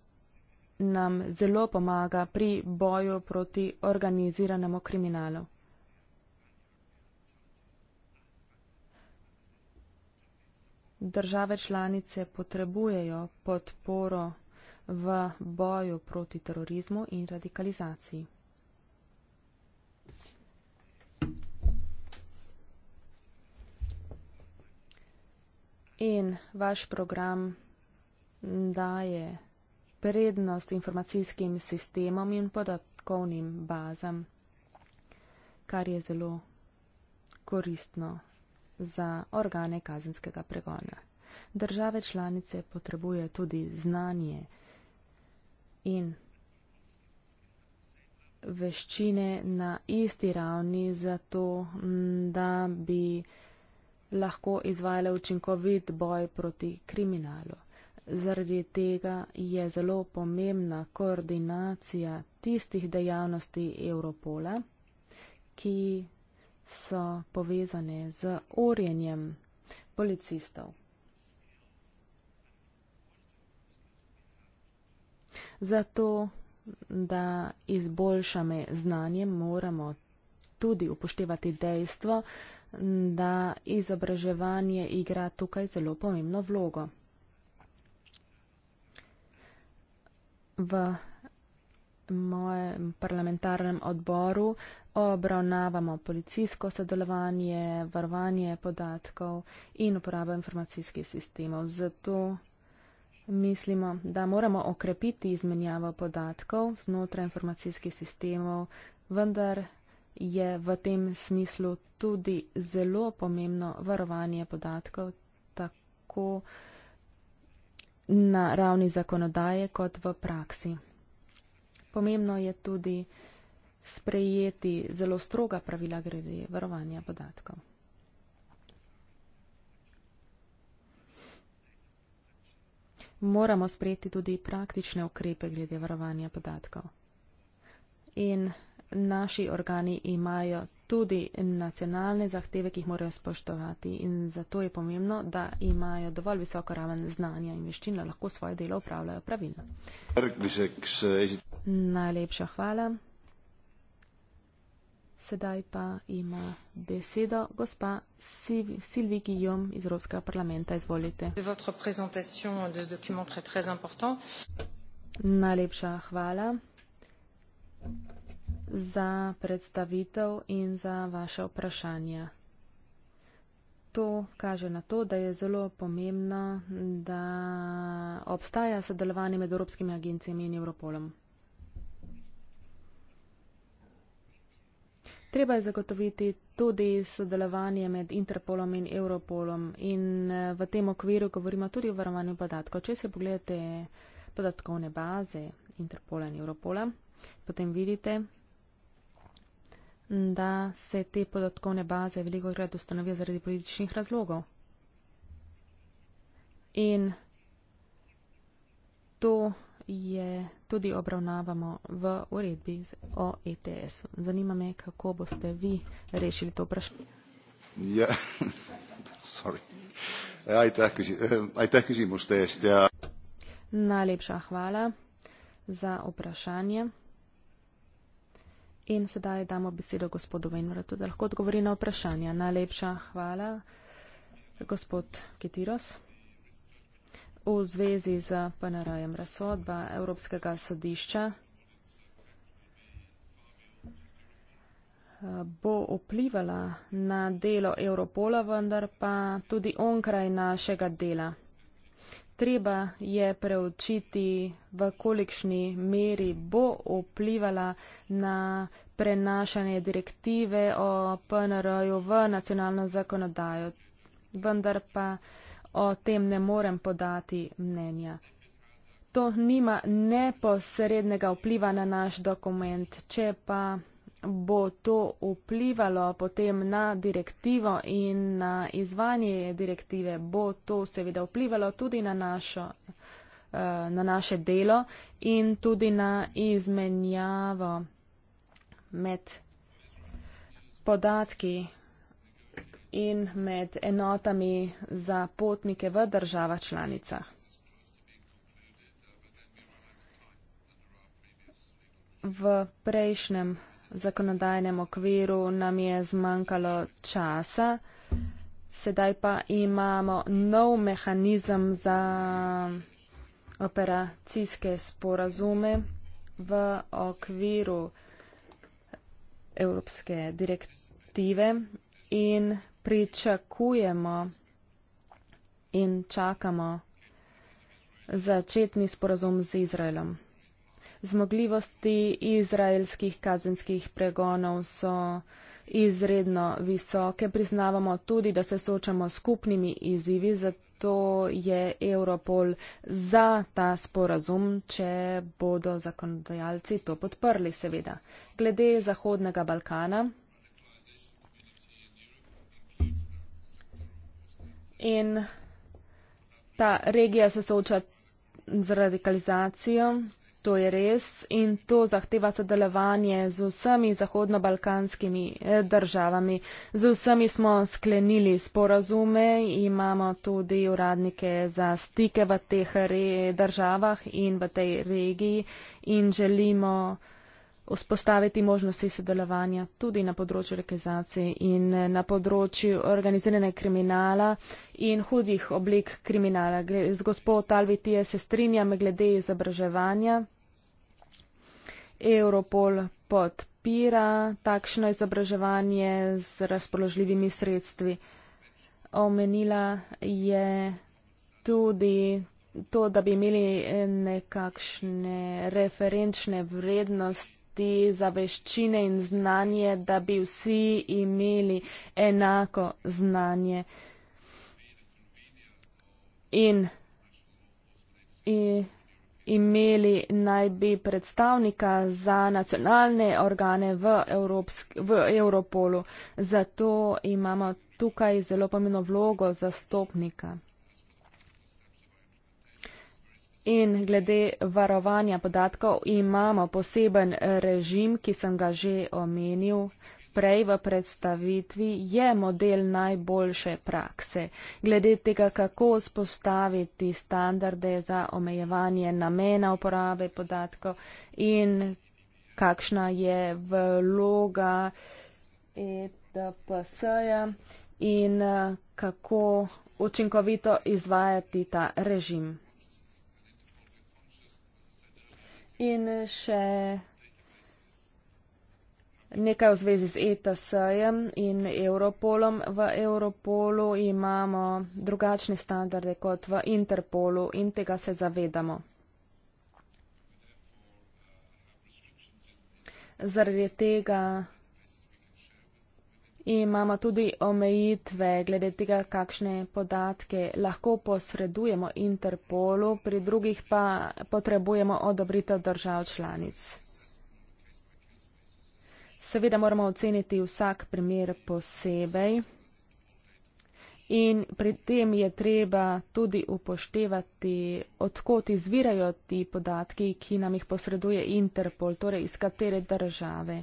nam zelo pomaga pri boju proti organiziranemu kriminalu. Države članice potrebujejo podporo v boju proti terorizmu in radikalizaciji. in vaš program daje prednost informacijskim sistemom in podatkovnim bazam, kar je zelo koristno za organe kazenskega pregona. Države članice potrebuje tudi znanje in veščine na isti ravni, zato da bi lahko izvajale učinkovit boj proti kriminalu. Zaradi tega je zelo pomembna koordinacija tistih dejavnosti Europola, ki so povezane z urjenjem policistov. Zato, da izboljšame znanje, moramo tudi upoštevati dejstvo, da izobraževanje igra tukaj zelo pomembno vlogo. V mojem parlamentarnem odboru obravnavamo policijsko sodelovanje, varovanje podatkov in uporabo informacijskih sistemov. Zato mislimo, da moramo okrepiti izmenjavo podatkov znotraj informacijskih sistemov, vendar je v tem smislu tudi zelo pomembno varovanje podatkov tako na ravni zakonodaje kot v praksi. Pomembno je tudi sprejeti zelo stroga pravila glede varovanja podatkov. Moramo sprejeti tudi praktične ukrepe glede varovanja podatkov. In naši organi imajo tudi nacionalne zahteve, ki jih morajo spoštovati in zato je pomembno, da imajo dovolj visoko raven znanja in veščin, da lahko svoje delo upravljajo pravilno. Najlepša hvala. Sedaj pa ima besedo gospa Silvi Gijom iz Evropskega parlamenta. Izvolite. Najlepša hvala za predstavitev in za vaše vprašanja. To kaže na to, da je zelo pomembno, da obstaja sodelovanje med evropskimi agencijami in Evropolom. Treba je zagotoviti tudi sodelovanje med Interpolom in Europolom in eh, v tem okviru govorimo tudi o varovanju podatkov. Če se pogledate podatkovne baze Interpola in Europola, potem vidite, da se te podatkovne baze veliko krat ustanovijo zaradi političnih razlogov. In to je tudi obravnavamo v uredbi o ETS. -u. Zanima me, kako boste vi rešili to vprašanje. Ja, sorry. Aj tehkežimo s test, ja. Najlepša hvala za vprašanje. In sedaj damo besedo gospodu Venvratu, da lahko odgovori na vprašanja. Najlepša hvala, gospod Kitiros. V zvezi z PNR-jem razsodba Evropskega sodišča eh, bo vplivala na delo Europola, vendar pa tudi onkraj našega dela treba je preučiti, v kolikšni meri bo vplivala na prenašanje direktive o PNR-ju v nacionalno zakonodajo. Vendar pa o tem ne morem podati mnenja. To nima neposrednega vpliva na naš dokument, če pa bo to vplivalo potem na direktivo in na izvanje direktive, bo to seveda vplivalo tudi na, našo, eh, na naše delo in tudi na izmenjavo med podatki in med enotami za potnike v država članicah. V prejšnjem zakonodajnem okviru nam je zmanjkalo časa. Sedaj pa imamo nov mehanizem za operacijske sporazume v okviru Evropske direktive in pričakujemo in čakamo začetni sporazum z Izraelom zmogljivosti izraelskih kazenskih pregonov so izredno visoke. Priznavamo tudi, da se soočamo s skupnimi izzivi, zato je Europol za ta sporazum, če bodo zakonodajalci to podprli, seveda. Glede Zahodnega Balkana. In ta regija se sooča z radikalizacijo. To je res in to zahteva sodelovanje z vsemi zahodnobalkanskimi eh, državami. Z vsemi smo sklenili sporazume, imamo tudi uradnike za stike v teh državah in v tej regiji in želimo vzpostaviti možnosti sodelovanja tudi na področju rekezacije in eh, na področju organizirane kriminala in hudih oblik kriminala. Z gospod Talviti je se strinjam glede izobraževanja. Europol podpira takšno izobraževanje z razpoložljivimi sredstvi. Omenila je tudi to, da bi imeli nekakšne referenčne vrednosti za veščine in znanje, da bi vsi imeli enako znanje. In, in imeli naj bi predstavnika za nacionalne organe v, Evropsk, v Europolu. Zato imamo tukaj zelo pomembno vlogo zastopnika. In glede varovanja podatkov imamo poseben režim, ki sem ga že omenil, prej v predstavitvi, je model najboljše prakse. Glede tega, kako spostaviti standarde za omejevanje namena uporabe podatkov in kakšna je vloga ETPS-ja in kako učinkovito izvajati ta režim. In še Nekaj v zvezi z ETS-jem in Europolom. V Europolu imamo drugačne standarde kot v Interpolu in tega se zavedamo. Zaradi tega imamo tudi omejitve glede tega, kakšne podatke lahko posredujemo Interpolu, pri drugih pa potrebujemo odobritev držav članic. Seveda moramo oceniti vsak primer posebej. In pri tem je treba tudi upoštevati, odkot izvirajo ti podatki, ki nam jih posreduje Interpol, torej iz katere države.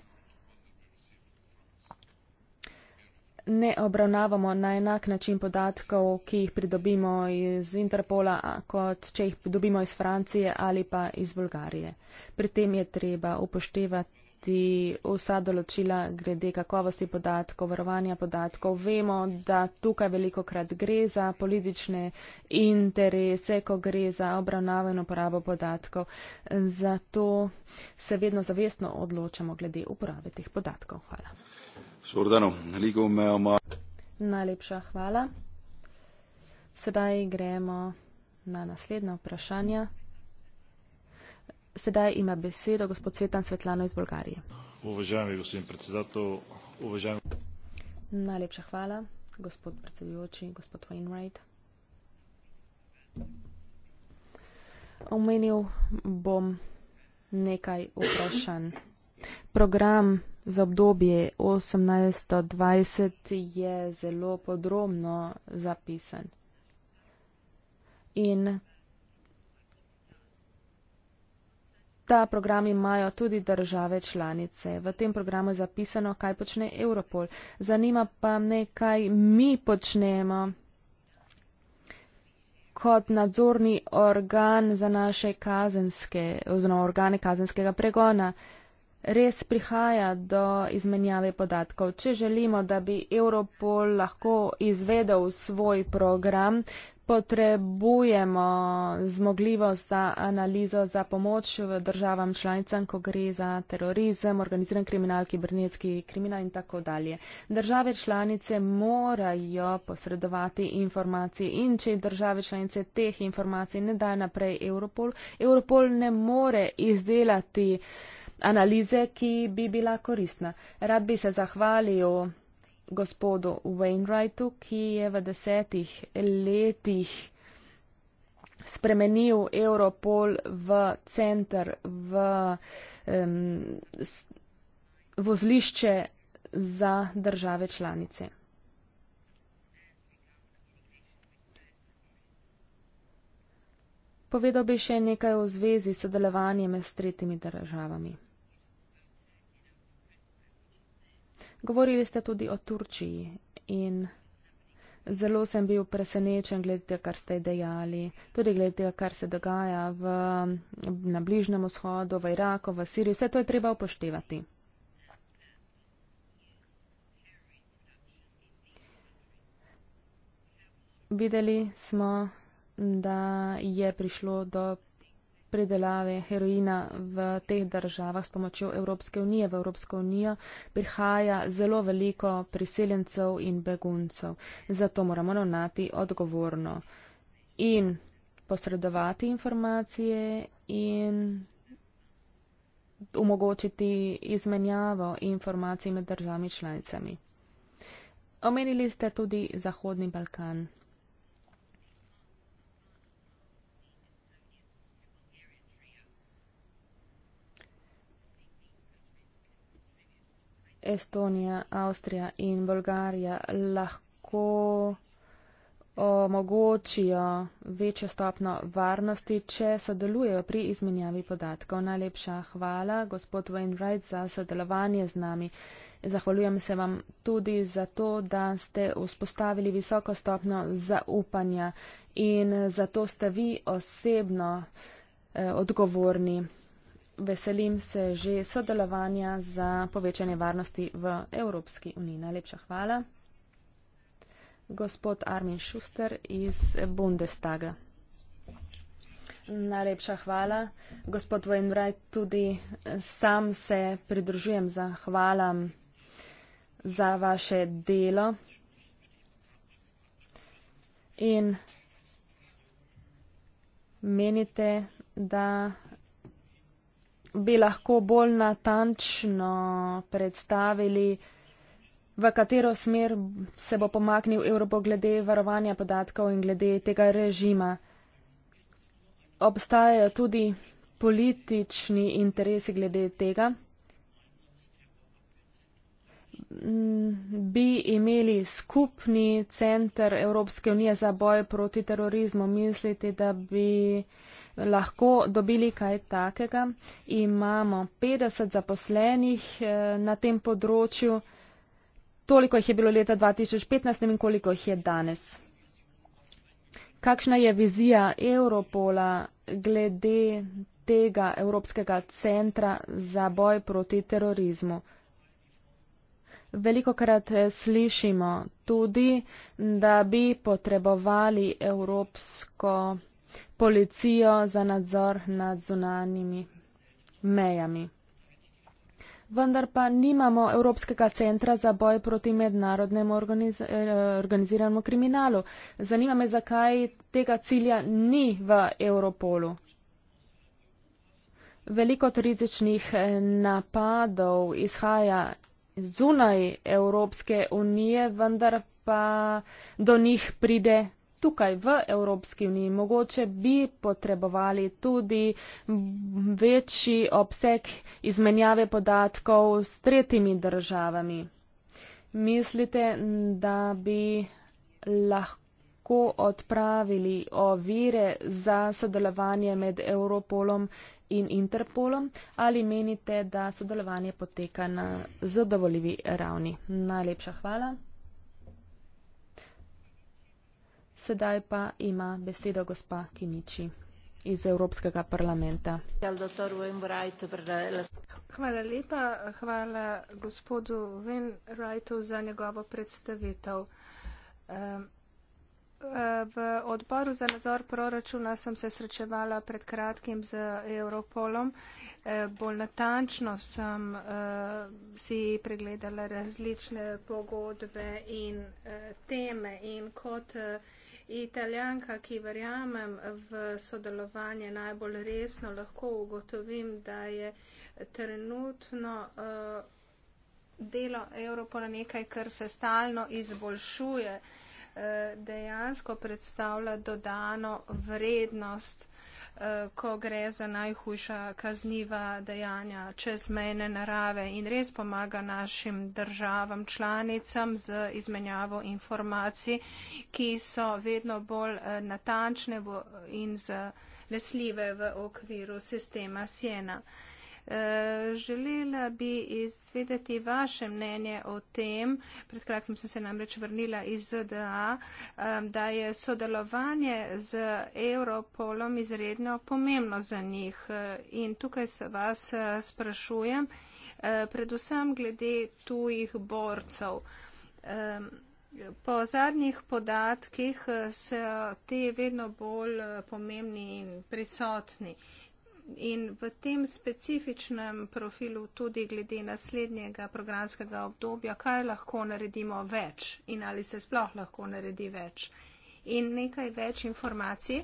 Ne obravnavamo na enak način podatkov, ki jih pridobimo iz Interpola, kot če jih pridobimo iz Francije ali pa iz Bolgarije. Pri tem je treba upoštevati upoštevati vsa določila glede kakovosti podatkov, varovanja podatkov. Vemo, da tukaj veliko krat gre za politične interese, ko gre za obravnavo in uporabo podatkov. Zato se vedno zavestno odločamo glede uporabe teh podatkov. Hvala. Najlepša hvala. Sedaj gremo na naslednja vprašanja. Sedaj ima besedo gospod Cvetan Svetlano iz Bolgarije. Uvažajami gospodin predsedatelj, uvažajami. Najlepša hvala, gospod predsedujoči, gospod Wainwright. Omenil bom nekaj vprašanj. Program za obdobje 18-20 je zelo podrobno zapisan. In Ta program imajo tudi države članice. V tem programu je zapisano, kaj počne Europol. Zanima pa me, kaj mi počnemo kot nadzorni organ za naše kazenske, oziroma organe kazenskega pregona. Uh, res prihaja do izmenjave podatkov. Če želimo, da bi Europol lahko izvedel svoj program, potrebujemo zmogljivost za analizo, za pomoč v državam članicam, ko gre za terorizem, organiziran kriminal, kibernetski kriminal in tako dalje. Države članice morajo posredovati informacije in če države članice teh informacij ne dajo naprej Europol, Europol ne more izdelati uh, analize, ki bi bila koristna. Rad bi se zahvalil gospodu Wainwrightu, ki je v desetih letih spremenil Europol v center, v um, vozlišče za države članice. Povedal bi še nekaj v zvezi s sodelovanjem s tretjimi državami. Govorili ste tudi o Turčiji in zelo sem bil presenečen glede tega, kar ste dejali, tudi glede tega, kar se dogaja v, na Bližnem vzhodu, v Iraku, v Siriji. Vse to je treba upoštevati. Videli smo, da je prišlo do predelave heroina v teh državah s pomočjo Evropske unije v Evropsko unijo prihaja zelo veliko priseljencev in beguncev. Zato moramo ravnati odgovorno in posredovati informacije in omogočiti izmenjavo informacij med državami članicami. Omenili ste tudi Zahodni Balkan. Estonija, Avstrija in Bolgarija lahko omogočijo večjo stopno varnosti, če sodelujejo pri izmenjavi podatkov. Najlepša hvala, gospod Wainwright, za sodelovanje z nami. Zahvaljujem se vam tudi za to, da ste vzpostavili visoko stopno zaupanja in zato ste vi osebno eh, odgovorni veselim se že sodelovanja za povečanje varnosti v Evropski uniji. Najlepša hvala. Gospod Armin Schuster iz Bundestaga. Najlepša hvala. Gospod Wainwright, tudi sam se pridružujem za hvalam za vaše delo. In menite, da bi lahko bolj natančno predstavili, v katero smer se bo pomaknil Evropo glede varovanja podatkov in glede tega režima. Obstajajo tudi politični interesi glede tega bi imeli skupni center Evropske unije za boj proti terorizmu. Mislite, da bi lahko dobili kaj takega? Imamo 50 zaposlenih eh, na tem področju. Toliko jih je bilo leta 2015 in koliko jih je danes. Kakšna je vizija Europola glede tega Evropskega centra za boj proti terorizmu? veliko krat eh, slišimo tudi, da bi potrebovali evropsko policijo za nadzor nad zunanjimi mejami. Vendar pa nimamo Evropskega centra za boj proti mednarodnemu organiz eh, organiziranemu kriminalu. Zanima me, zakaj tega cilja ni v Europolu. Veliko rizičnih eh, napadov izhaja zunaj Evropske unije, vendar pa do njih pride tukaj v Evropski uniji. Mogoče bi potrebovali tudi večji obseg izmenjave podatkov s tretjimi državami. Mislite, da bi lahko lahko odpravili ovire za sodelovanje med Europolom in Interpolom? Ali menite, da sodelovanje poteka na zadovoljivi ravni? Najlepša hvala. Sedaj pa ima besedo gospa Kiniči iz Evropskega parlamenta. Hvala lepa, hvala gospodu Venrajtu za njegovo predstavitev v odboru za nadzor proračuna sem se srečevala pred kratkim z Europolom. E, bolj natančno sem e, si pregledala različne pogodbe in e, teme in kot italijanka, ki verjamem v sodelovanje najbolj resno, lahko ugotovim, da je trenutno delo Europola nekaj, kar se stalno izboljšuje. Eh, dejansko predstavlja dodano vrednost, eh, ko gre za najhujša kazniva dejanja čezmejne narave in res pomaga našim državam, članicam z izmenjavo informacij, ki so vedno bolj eh, natančne in zlesljive v okviru sistema Siena. Eh, želela bi izvedeti vaše mnenje o tem, pred kratkim sem se namreč vrnila iz ZDA, da je sodelovanje z Europolom izredno pomembno za njih. Eh, in tukaj se vas eh, sprašujem, predvsem glede tujih borcev. Po zadnjih podatkih so te vedno bolj pomembni in prisotni in v tem specifičnem profilu tudi glede naslednjega programskega obdobja, kaj lahko naredimo več in ali se sploh lahko naredi več. In nekaj več informacij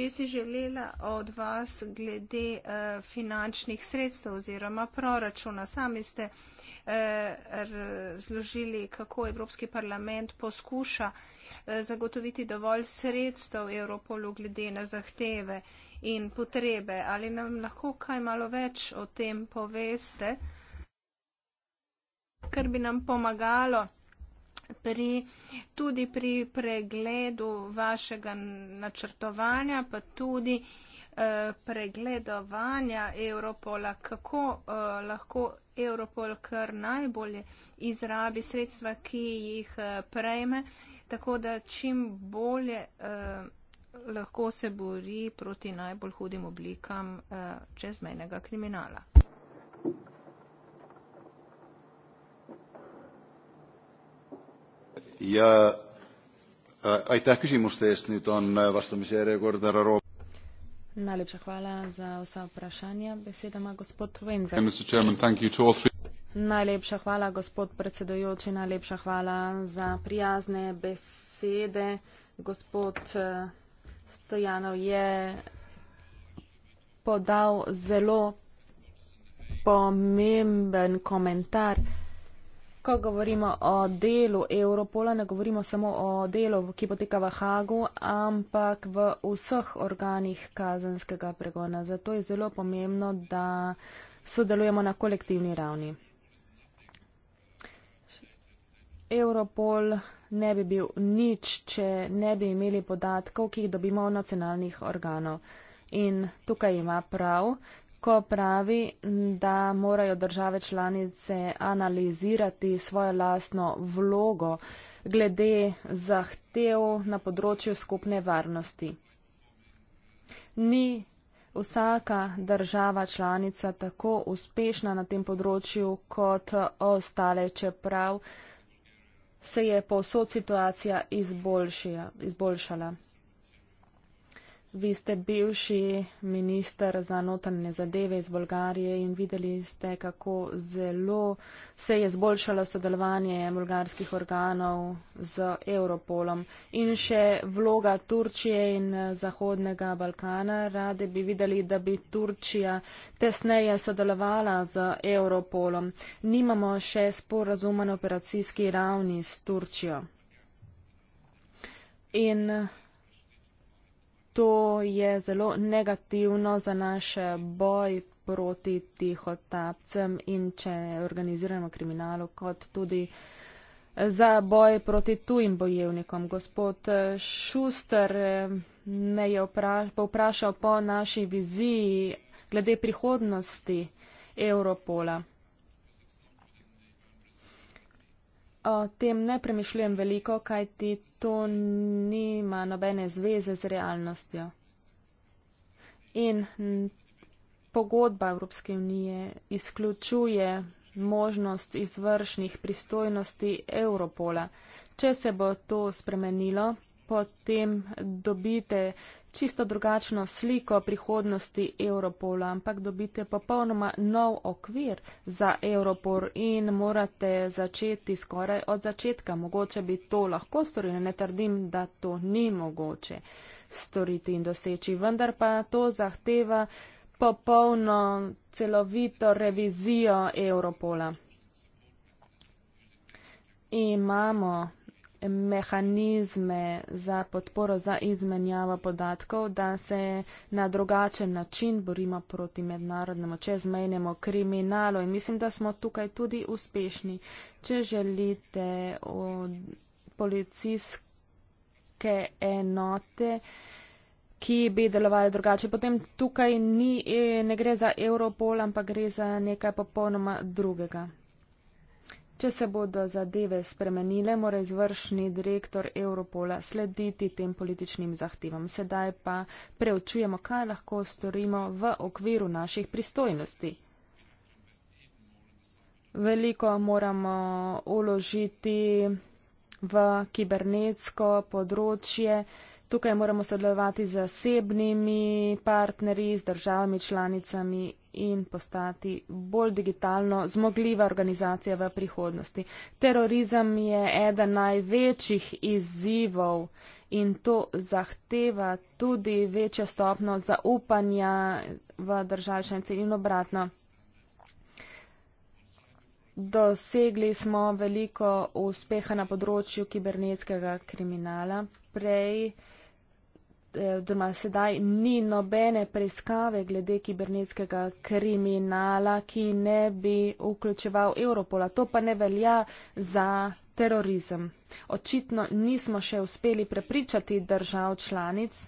bi si želela od vas glede eh, finančnih sredstev oziroma proračuna. Sami ste eh, razložili, eh, kako Evropski parlament poskuša eh, zagotoviti dovolj sredstev Evropolu glede na zahteve. Eh, in potrebe. Ali nam lahko kaj malo več o tem poveste, kar bi nam pomagalo pri, tudi pri pregledu vašega načrtovanja, pa tudi eh, pregledovanja Europola, kako eh, lahko Europol kar najbolje izrabi sredstva, ki jih eh, prejme, tako da čim bolje. Eh, lahko se bori proti najbolj hudim oblikam eh, čezmejnega kriminala. Ja, eh, aitäh küsimuste eest, nüüd on eh, vastamise järjekord härra Roop. Najlepša hvala za vsa vprašanja. Besedo ima gospod Vendler. Najlepša hvala, gospod predsedujoči, najlepša hvala za prijazne besede. Gospod uh, Stojanov je podal zelo pomemben komentar. Ko govorimo o delu Europola, ne govorimo samo o delu, ki poteka v Hagu, ampak v vseh organih kazenskega pregona. Zato je zelo pomembno, da sodelujemo na kolektivni ravni. Europol ne bi bil nič, če ne bi imeli podatkov, ki jih dobimo od nacionalnih organov. In tukaj ima prav, ko pravi, da morajo države članice analizirati svojo lastno vlogo glede zahtev na področju skupne varnosti. Ni vsaka država članica tako uspešna na tem področju kot ostale, čeprav se je povsod situacija izboljšala. Vi ste bivši minister za notranje zadeve iz Bolgarije in videli ste, kako zelo se je zboljšalo sodelovanje bolgarskih organov z Europolom. In še vloga Turčije in eh, Zahodnega Balkana. Radi bi videli, da bi Turčija tesneje sodelovala z Europolom. Nimamo še sporazumen operacijski ravni s Turčijo. In to je zelo negativno za naš boj proti tihotapcem in če organiziramo kriminalu, kot tudi za boj proti tujim bojevnikom. Gospod Šuster eh, me je povprašal po naši viziji glede prihodnosti Evropola. o tem ne premišljujem veliko, kajti to nima nobene zveze z realnostjo. In pogodba Evropske unije izključuje možnost izvršnih pristojnosti Evropola. Če se bo to spremenilo, potem dobite čisto drugačno sliko prihodnosti Europola, ampak dobite popolnoma nov okvir za Europol in morate začeti skoraj od začetka. Mogoče bi to lahko storili, ne trdim, da to ni mogoče storiti in doseči, vendar pa to zahteva popolno celovito revizijo Europola. Imamo mehanizme za podporo, za izmenjavo podatkov, da se na drugačen način borimo proti mednarodnemu čezmejnemu kriminalu. In mislim, da smo tukaj tudi uspešni. Če želite od policijske enote, ki bi delovali drugače, potem tukaj ni, eh, ne gre za Europol, ampak gre za nekaj popolnoma drugega. Če se bodo zadeve spremenile, mora izvršni direktor Europola slediti tem političnim zahtevam. Sedaj pa preučujemo, kaj lahko storimo v okviru naših pristojnosti. Veliko moramo uložiti v kibernetsko področje. Tukaj moramo sodelovati z zasebnimi partnerji, z državami, članicami in postati bolj digitalno zmogljiva organizacija v prihodnosti. Terorizem je eden največjih izzivov in to zahteva tudi večjo stopno zaupanja v državšnjici in obratno. Dosegli smo veliko uspeha na področju kibernetskega kriminala. Prej oziroma sedaj ni nobene preiskave glede kibernetskega kriminala, ki ne bi vključeval Europola. To pa ne velja za terorizem. Očitno nismo še uspeli prepričati držav članic,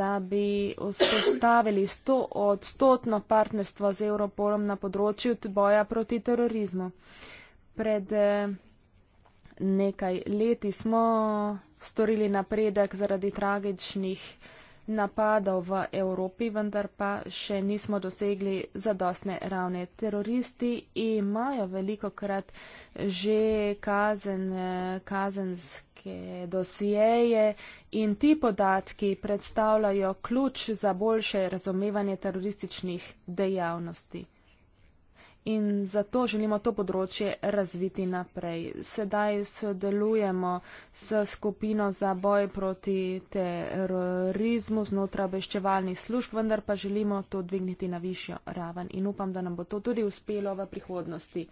da bi vzpostavili stotno partnerstvo z Europolom na področju boja proti terorizmu. Pred eh, nekaj leti smo storili napredek zaradi tragičnih napadov v Evropi, vendar pa še nismo dosegli zadostne ravne. Teroristi imajo veliko krat že kazen, kazenske dosijeje in ti podatki predstavljajo ključ za boljše razumevanje terorističnih dejavnosti in zato želimo to področje razviti naprej. Sedaj sodelujemo s skupino za boj proti terorizmu znotraj obveščevalnih služb, vendar pa želimo to dvigniti na višjo raven in upam, da nam bo to tudi uspelo v prihodnosti.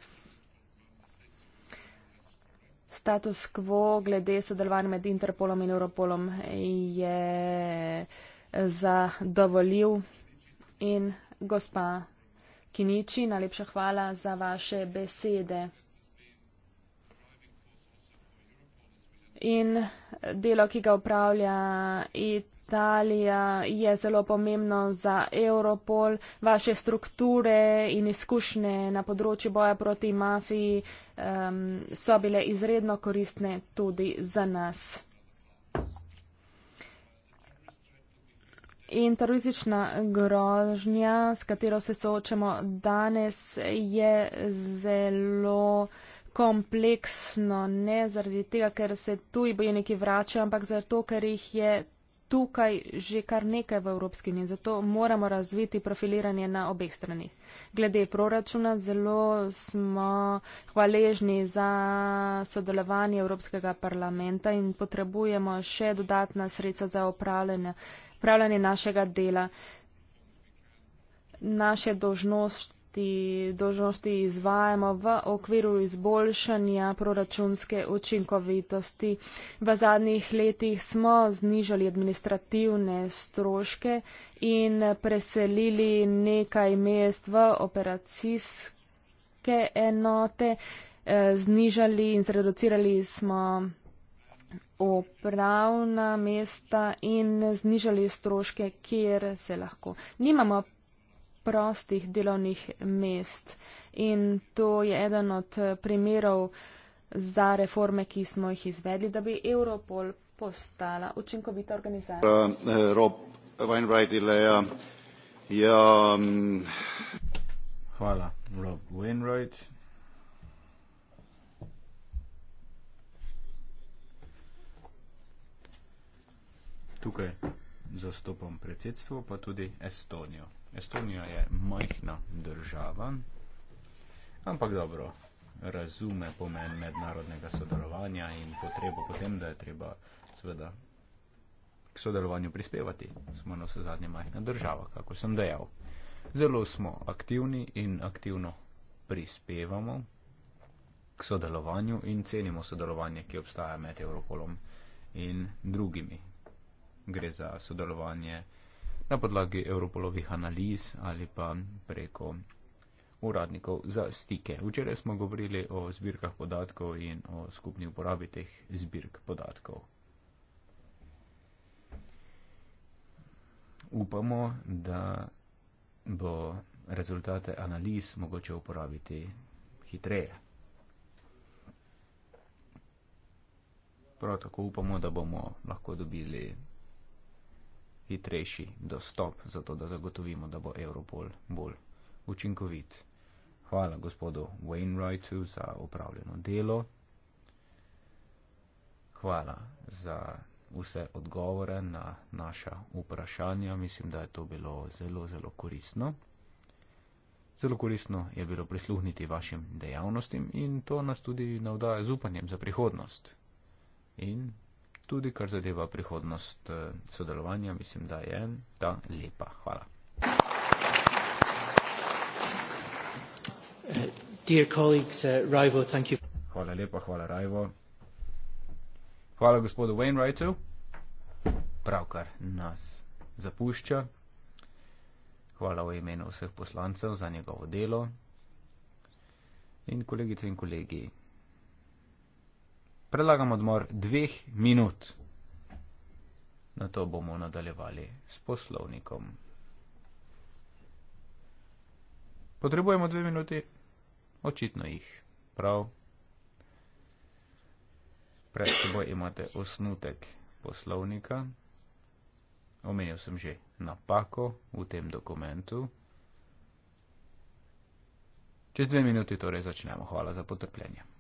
Status quo glede sodelovanja med Interpolom in Europolom je zadovoljiv in gospa Kiniči, najlepša hvala za vaše besede. In delo, ki ga upravlja Italija, je zelo pomembno za Europol. Vaše strukture in izkušnje na področju boja proti mafiji um, so bile izredno koristne tudi za nas. In teroristična grožnja, s katero se soočamo danes, je zelo kompleksno, ne zaradi tega, ker se tuji bojniki vračajo, ampak zato, ker jih je tukaj že kar nekaj v Evropski uniji. Zato moramo razviti profiliranje na obeh stranih. Glede proračuna zelo smo hvaležni za sodelovanje Evropskega parlamenta in potrebujemo še dodatna sredstva za upravljanje opravljanje našega dela, naše dožnosti, dožnosti izvajamo v okviru izboljšanja proračunske učinkovitosti. V zadnjih letih smo znižali administrativne stroške in preselili nekaj mest v operacijske enote, eh, znižali in zreducirali smo upravna mesta in znižali stroške, kjer se lahko. Nimamo prostih delovnih mest in to je eden od primerov za reforme, ki smo jih izvedli, da bi Europol postala učinkovita organizacija. Uh, uh, Rob Weinreich, Ileja. Ja. Um, Hvala, Rob Weinreich. tukaj zastopam predsedstvo, pa tudi Estonijo. Estonija je majhna država, ampak dobro razume pomen mednarodnega sodelovanja in potrebo potem, da je treba seveda k sodelovanju prispevati. Smo na vse zadnje majhna država, kako sem dejal. Zelo smo aktivni in aktivno prispevamo k sodelovanju in cenimo sodelovanje, ki obstaja med Evropolom in drugimi gre za sodelovanje na podlagi Europolovih analiz ali pa preko uradnikov za stike. Včeraj smo govorili o zbirkah podatkov in o skupni uporabi teh zbirk podatkov. Upamo, da bo rezultate analiz mogoče uporabiti hitreje. Prav tako upamo, da bomo lahko dobili hitrejši dostop, zato da zagotovimo, da bo Europol bolj učinkovit. Hvala gospodu Wainwrightu za upravljeno delo. Hvala za vse odgovore na naša vprašanja. Mislim, da je to bilo zelo, zelo koristno. Zelo koristno je bilo prisluhniti vašim dejavnostim in to nas tudi navdaja z upanjem za prihodnost. In tudi kar zadeva prihodnost eh, sodelovanja, mislim, da je ta lepa. Hvala. Eh, eh, hvala lepa, hvala Rajvo. Hvala gospodu Wainwrightu, pravkar nas zapušča. Hvala v imenu vseh poslancev za njegovo delo. In kolegice in kolegi predlagam odmor dveh minut. Na to bomo nadaljevali s poslovnikom. Potrebujemo dve minuti? Očitno jih. Prav. Pred seboj imate osnutek poslovnika. Omenil sem že napako v tem dokumentu. Čez dve minuti torej začnemo. Hvala za potrpljenje.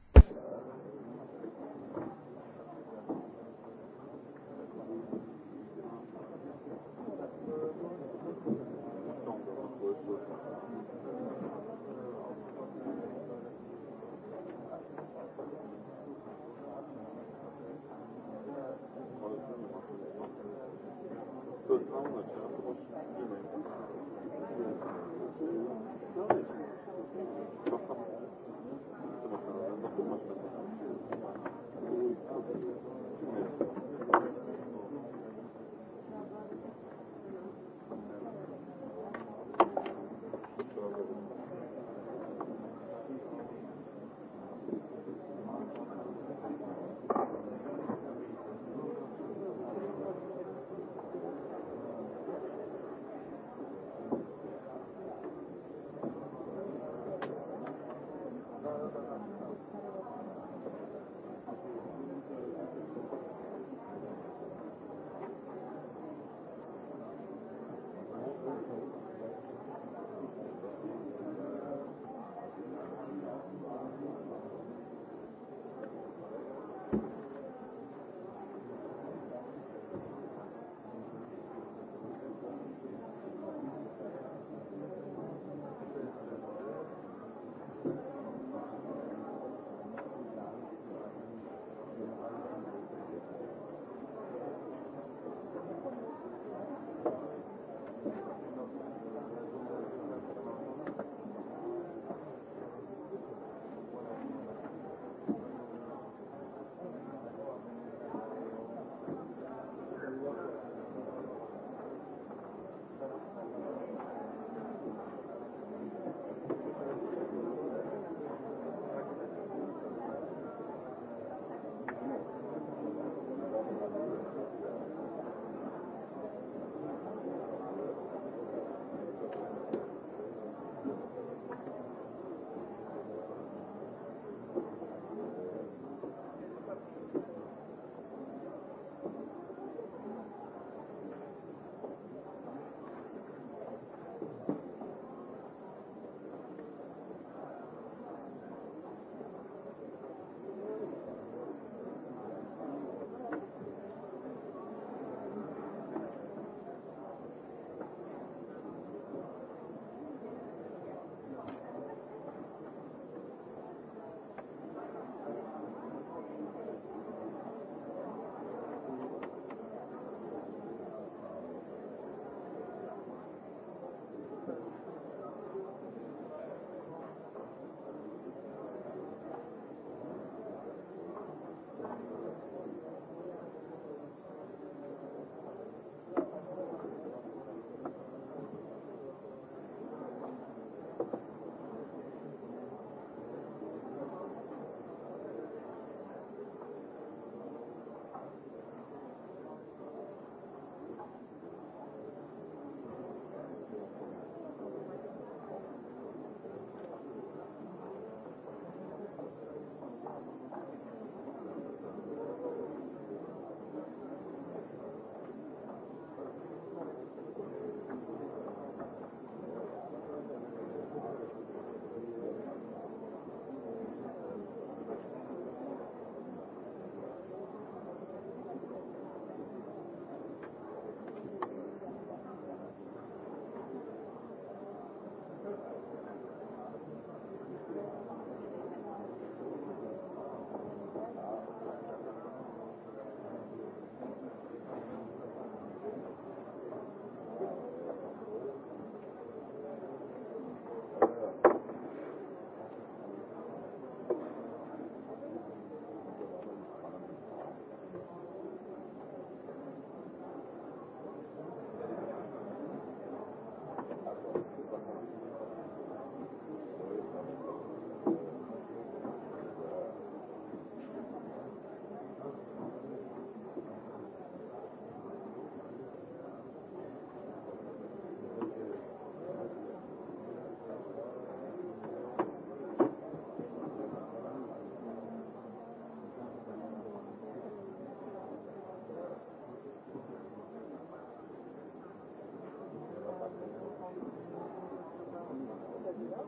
Yeah.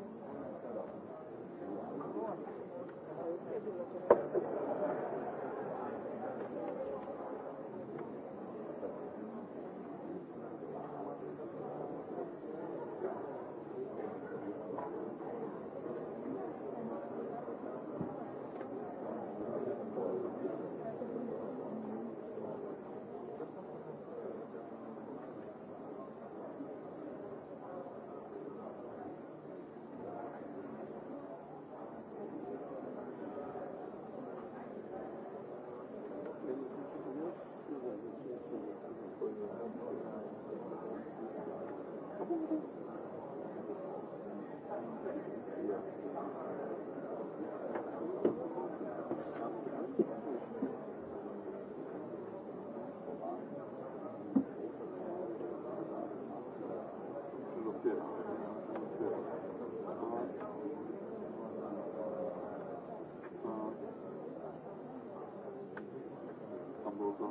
بودم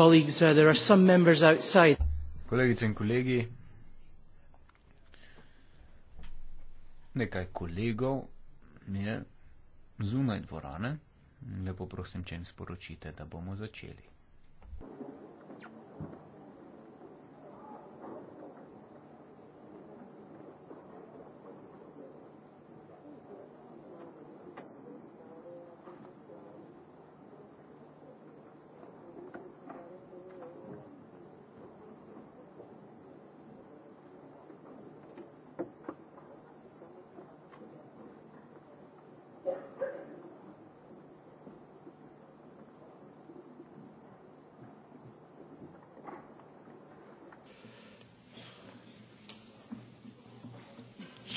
colleagues, uh, there are some members outside. Kolegice in kolegi, nekaj kolegov je zunaj dvorane. Lepo prosim, če jim sporočite, da bomo začeli.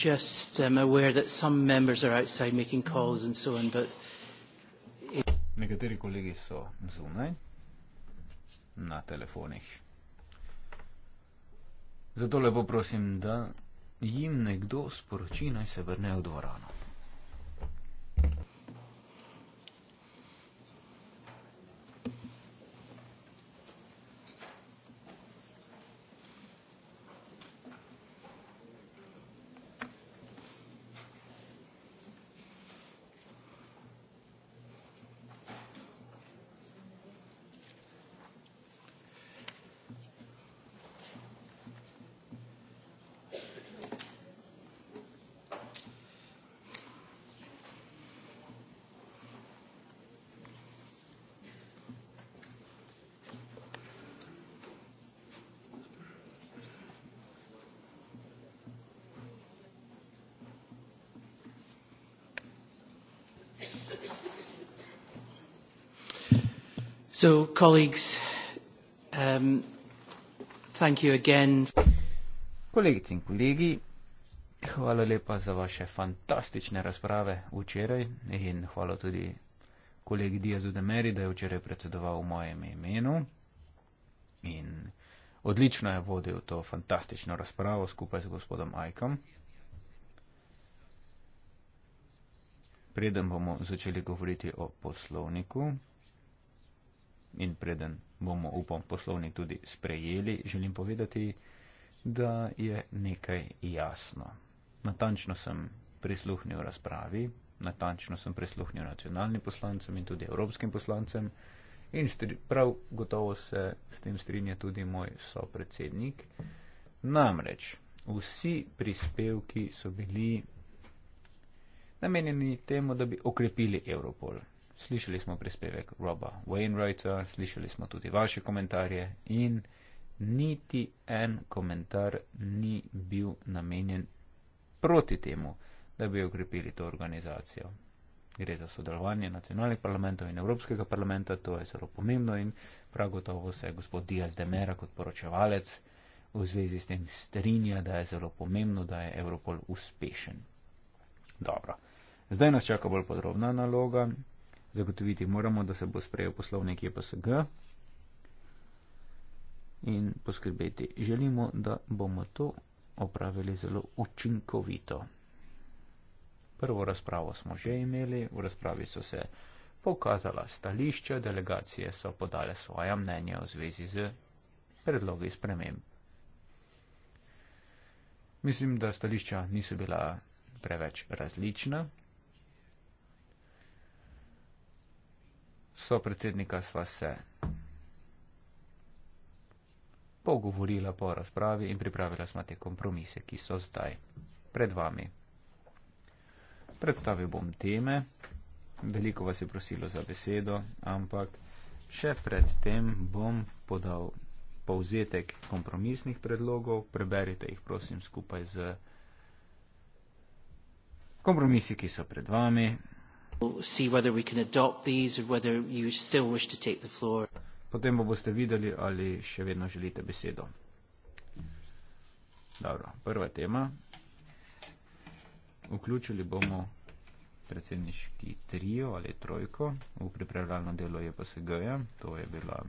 just um, aware that some members are outside making calls and so on, but. Nekateri kolegi so zunaj na telefonih. Zato lepo prosim, da jim nekdo sporoči, naj se vrne v dvorano. So, colleagues, um, thank you again. Kolegice in kolegi, hvala lepa za vaše fantastične razprave včeraj in hvala tudi kolegi Diazu de Meri, da je včeraj predsedoval v mojem imenu in odlično je vodil to fantastično razpravo skupaj z gospodom Aikom. Preden bomo začeli govoriti o poslovniku, in preden bomo, upam, poslovnik tudi sprejeli, želim povedati, da je nekaj jasno. Natančno sem prisluhnil razpravi, natančno sem prisluhnil nacionalnim poslancem in tudi evropskim poslancem in prav gotovo se s tem strinja tudi moj sopredsednik. Namreč vsi prispevki so bili namenjeni temu, da bi okrepili Evropol slišali smo prispevek Roba Wainwrighta, slišali smo tudi vaše komentarje in niti en komentar ni bil namenjen proti temu, da bi okrepili to organizacijo. Gre za sodelovanje nacionalnih parlamentov in Evropskega parlamenta, to je zelo pomembno in prav gotovo se je gospod Diaz de Mera kot poročevalec v zvezi s tem strinja, da je zelo pomembno, da je Evropol uspešen. Dobro. Zdaj nas čaka bolj podrobna naloga zagotoviti moramo, da se bo sprejel poslovnik JPSG in poskrbeti. Želimo, da bomo to opravili zelo učinkovito. Prvo razpravo smo že imeli, v razpravi so se pokazala stališča, delegacije so podale svoje mnenje v zvezi z predlogi sprememb. Mislim, da stališča niso bila preveč različna, so predsednika sva se pogovorila po razpravi in pripravila sva te kompromise, ki so zdaj pred vami. Predstavil bom teme, veliko vas je prosilo za besedo, ampak še predtem bom podal povzetek kompromisnih predlogov, preberite jih prosim skupaj z kompromisi, ki so pred vami see whether we can adopt these or whether you still wish to take the floor. Potem bo boste videli, ali še vedno želite besedo. Dobro, prva tema. Vključili bomo predsedniški trio ali trojko v pripravljalno delo JPSG-ja. To je bila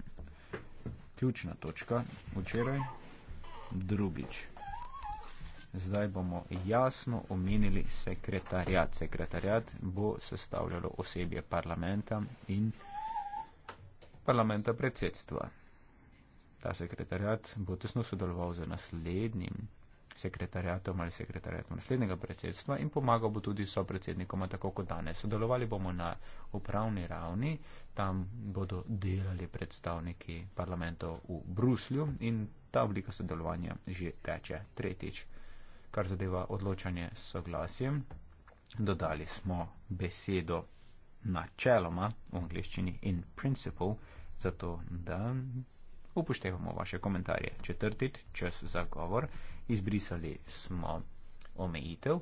ključna točka včeraj. Drugič. Zdaj bomo jasno omenili sekretarjat. Sekretarjat bo sestavljalo osebje parlamenta in parlamenta predsedstva. Ta sekretarjat bo tesno sodeloval z naslednjim sekretarjatom ali sekretarjatom naslednjega predsedstva in pomagal bo tudi so predsednikoma, tako kot danes. Sodelovali bomo na upravni ravni, tam bodo delali predstavniki parlamentov v Bruslju in ta oblika sodelovanja že teče tretjič kar zadeva odločanje s soglasjem. Dodali smo besedo načeloma v angliščini in principle, zato da upoštevamo vaše komentarje. Četrtič, čas za govor. Izbrisali smo omejitev,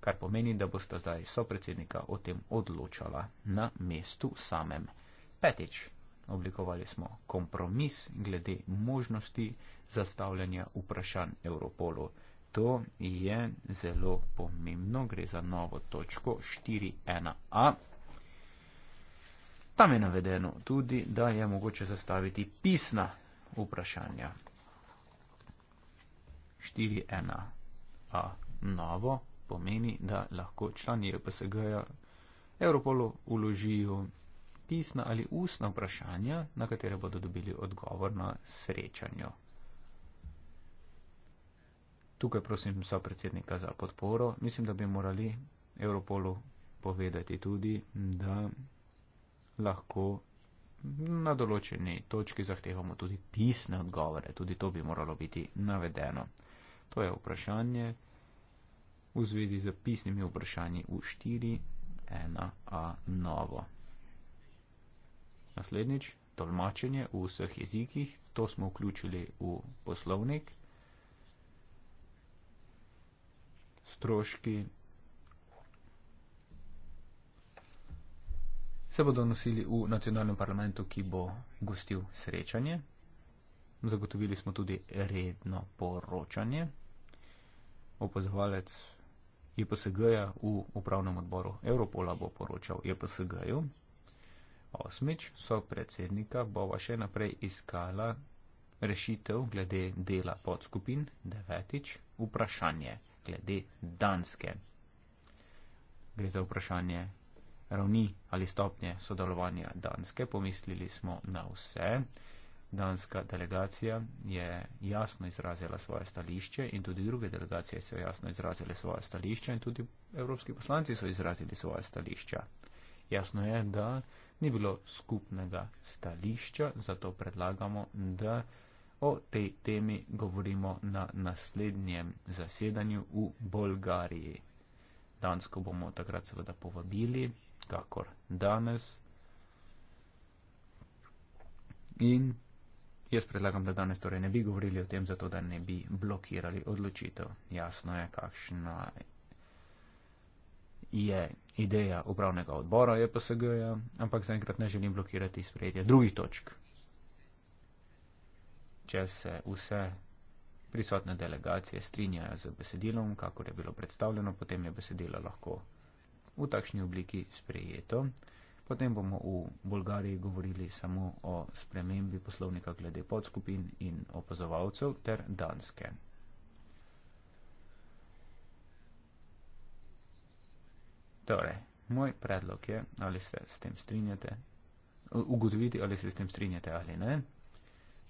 kar pomeni, da boste zdaj sopredsednika o tem odločala na mestu samem. Petič, oblikovali smo kompromis glede možnosti zastavljanja vprašanj Evropolu to je zelo pomembno, gre za novo točko 4.1a. Tam je navedeno tudi, da je mogoče zastaviti pisna vprašanja. 4.1a novo pomeni, da lahko člani JPSG-ja Europolu uložijo pisna ali ustna vprašanja, na katere bodo dobili odgovor na srečanju. Tukaj prosim so predsednika za podporo. Mislim, da bi morali Europolu povedati tudi, da lahko na določeni točki zahtevamo tudi pisne odgovore. Tudi to bi moralo biti navedeno. To je vprašanje v zvezi z pisnimi vprašanji v 4.1a novo. Naslednjič, tolmačenje v vseh jezikih. To smo vključili v poslovnik. stroški se bodo nosili v nacionalnem parlamentu, ki bo gostil srečanje. Zagotovili smo tudi redno poročanje. Opozovalec JPSG-ja v upravnem odboru Europola bo poročal JPSG-ju. Osmič so predsednika bova še naprej iskala rešitev glede dela podskupin. Devetič vprašanje glede Danske. Gre za vprašanje ravni ali stopnje sodelovanja Danske. Pomislili smo na vse. Danska delegacija je jasno izrazila svoje stališče in tudi druge delegacije so jasno izrazile svoje stališče in tudi evropski poslanci so izrazili svoje stališča. Jasno je, da ni bilo skupnega stališča, zato predlagamo, da. O tej temi govorimo na naslednjem zasedanju v Bolgariji. Dansko bomo takrat seveda povabili, kakor danes. In jaz predlagam, da danes torej ne bi govorili o tem, zato da ne bi blokirali odločitev. Jasno je, kakšna je ideja upravnega odbora JPSG-ja, e ampak zaenkrat ne želim blokirati sprejetja drugih točk če se vse prisotne delegacije strinjajo z besedilom, kakor je bilo predstavljeno, potem je besedilo lahko v takšni obliki sprejeto. Potem bomo v Bolgariji govorili samo o spremembi poslovnika glede podskupin in opazovalcev ter danske. Torej, moj predlog je, ali se s tem strinjate, ugotoviti, ali se s tem strinjate ali ne.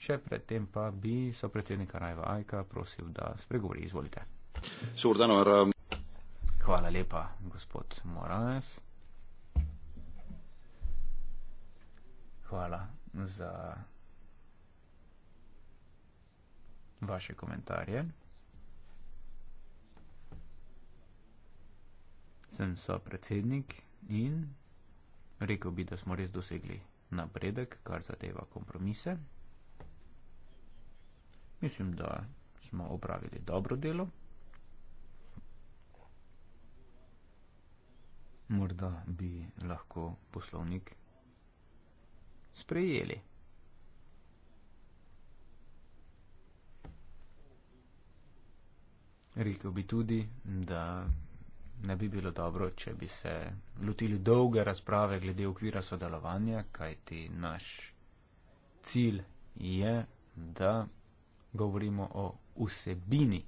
Še predtem pa bi so predsednika Rajva Ajka prosil, da spregovori. Izvolite. Hvala lepa, gospod Morales. Hvala za vaše komentarje. Sem so predsednik in rekel bi, da smo res dosegli napredek, kar zadeva kompromise. Mislim, da smo opravili dobro delo. Morda bi lahko poslovnik sprejeli. Rekel bi tudi, da ne bi bilo dobro, če bi se lotili dolge razprave glede okvira sodelovanja, kajti naš cilj je, da govorimo o vsebini,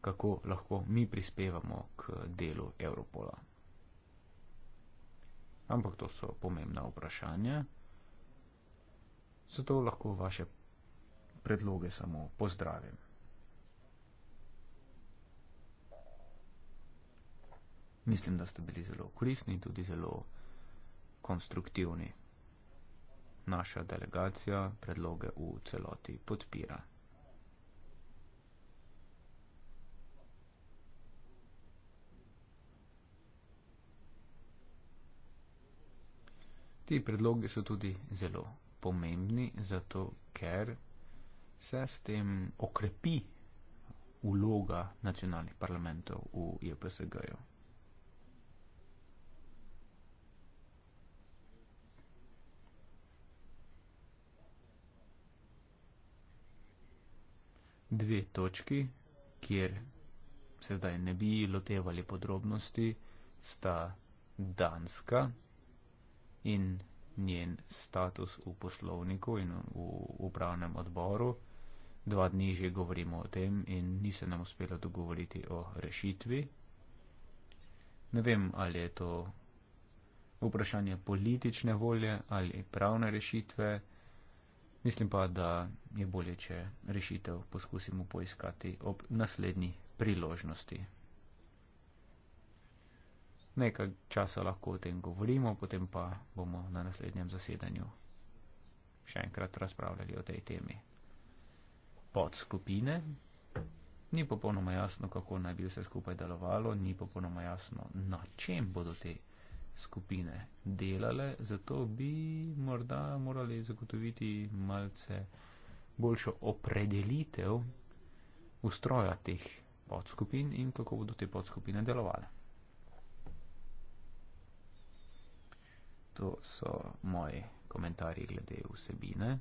kako lahko mi prispevamo k delu Evropola. Ampak to so pomembna vprašanja, zato lahko vaše predloge samo pozdravim. Mislim, da ste bili zelo koristni in tudi zelo konstruktivni naša delegacija predloge v celoti podpira. Ti predlogi so tudi zelo pomembni, zato ker se s tem okrepi vloga nacionalnih parlamentov v JPSG-ju. dve točki, kjer se zdaj ne bi lotevali podrobnosti, sta Danska in njen status v poslovniku in v upravnem odboru. Dva dni že govorimo o tem in ni se nam uspelo dogovoriti o rešitvi. Ne vem, ali je to vprašanje politične volje ali pravne rešitve. Mislim pa, da je bolje, če rešitev poskusimo poiskati ob naslednji priložnosti. Nekaj časa lahko o tem govorimo, potem pa bomo na naslednjem zasedanju še enkrat razpravljali o tej temi. Pod skupine. Ni popolnoma jasno, kako naj bi vse skupaj delovalo, ni popolnoma jasno, na čem bodo te skupine delale, zato bi morda morali zagotoviti malce boljšo opredelitev ustroja teh podskupin in kako bodo te podskupine delovale. To so moji komentarji glede vsebine.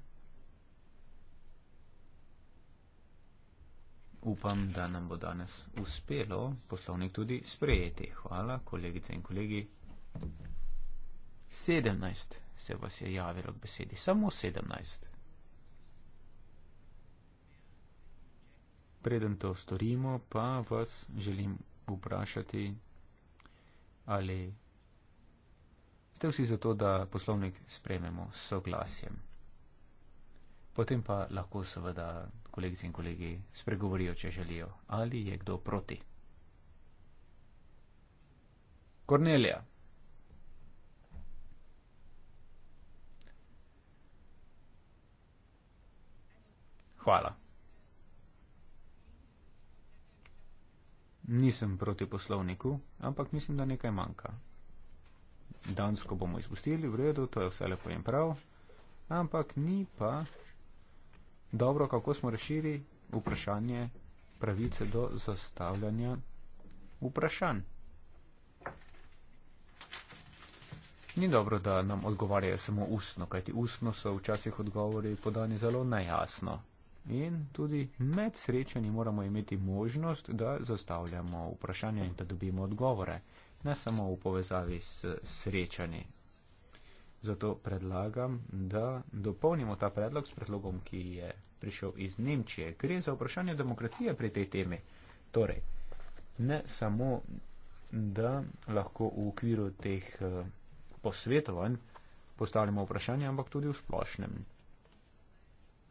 Upam, da nam bo danes uspelo poslovnik tudi sprejeti. Hvala, kolegice in kolegi, Sedemnajst se vas je javilo k besedi, samo sedemnajst. Preden to storimo, pa vas želim vprašati, ali ste vsi za to, da poslovnik sprememo s soglasjem. Potem pa lahko seveda kolegice in kolegi spregovorijo, če želijo, ali je kdo proti. Kornelija. Hvala. Nisem proti poslovniku, ampak mislim, da nekaj manjka. Dansko bomo izpustili, v redu, to je vse lepo in prav, ampak ni pa dobro, kako smo rešili vprašanje pravice do zastavljanja vprašanj. Ni dobro, da nam odgovarjajo samo ustno, kajti ustno so včasih odgovori podani zelo nejasno. In tudi med srečanji moramo imeti možnost, da zastavljamo vprašanja in da dobimo odgovore, ne samo v povezavi s srečanji. Zato predlagam, da dopolnimo ta predlog s predlogom, ki je prišel iz Nemčije. Gre za vprašanje demokracije pri tej temi. Torej, ne samo, da lahko v okviru teh eh, posvetovanj postavljamo vprašanje, ampak tudi v splošnem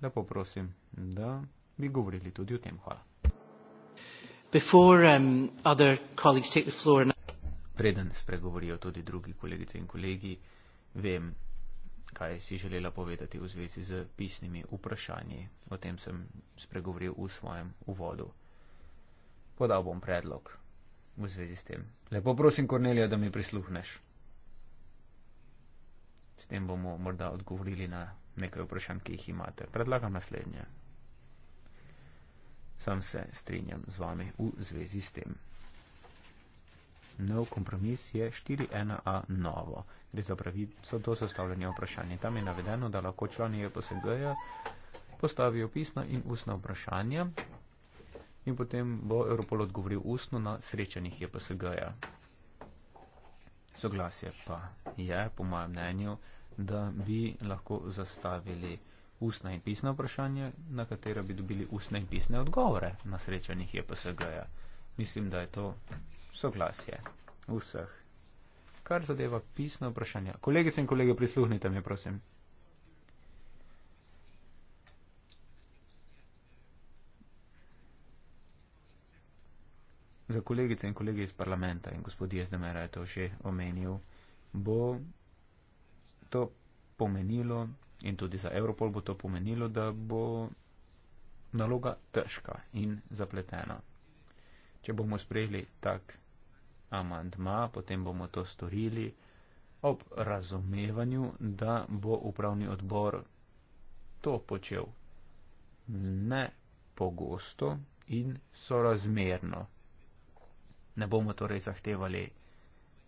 lepo prosim, da bi govorili tudi o tem. Hvala. Before, um, floor... Preden spregovorijo tudi drugi kolegice in kolegi, vem, kaj si želela povedati v zvezi z pisnimi vprašanji. O tem sem spregovoril v svojem uvodu. Podal bom predlog v zvezi s tem. Lepo prosim, Kornelija, da mi prisluhneš. S tem bomo morda odgovorili na nekaj vprašanj, ki jih imate. Predlagam naslednje. Sam se strinjam z vami v zvezi s tem. Nov kompromis je 4.1a novo. Gre za pravico do sestavljanja vprašanja. Tam je navedeno, da lahko člani JPSG-ja e postavijo pisna in ustna vprašanja in potem bo Europol odgovoril ustno na srečanjih JPSG-ja. E Soglasje pa je, po mojem mnenju, da bi lahko zastavili ustna in pisna vprašanja, na katera bi dobili ustne in pisne odgovore na srečanjih JPSG-ja. E Mislim, da je to soglasje vseh. Kar zadeva pisna vprašanja. Kolegice in kolege, prisluhnite mi, prosim. Za kolegice in kolege iz parlamenta in gospod Jezdemera je to že omenil, bo to pomenilo in tudi za Europol bo to pomenilo, da bo naloga težka in zapletena. Če bomo sprejeli tak amandma, potem bomo to storili ob razumevanju, da bo upravni odbor to počel ne pogosto in sorazmerno. Ne bomo torej zahtevali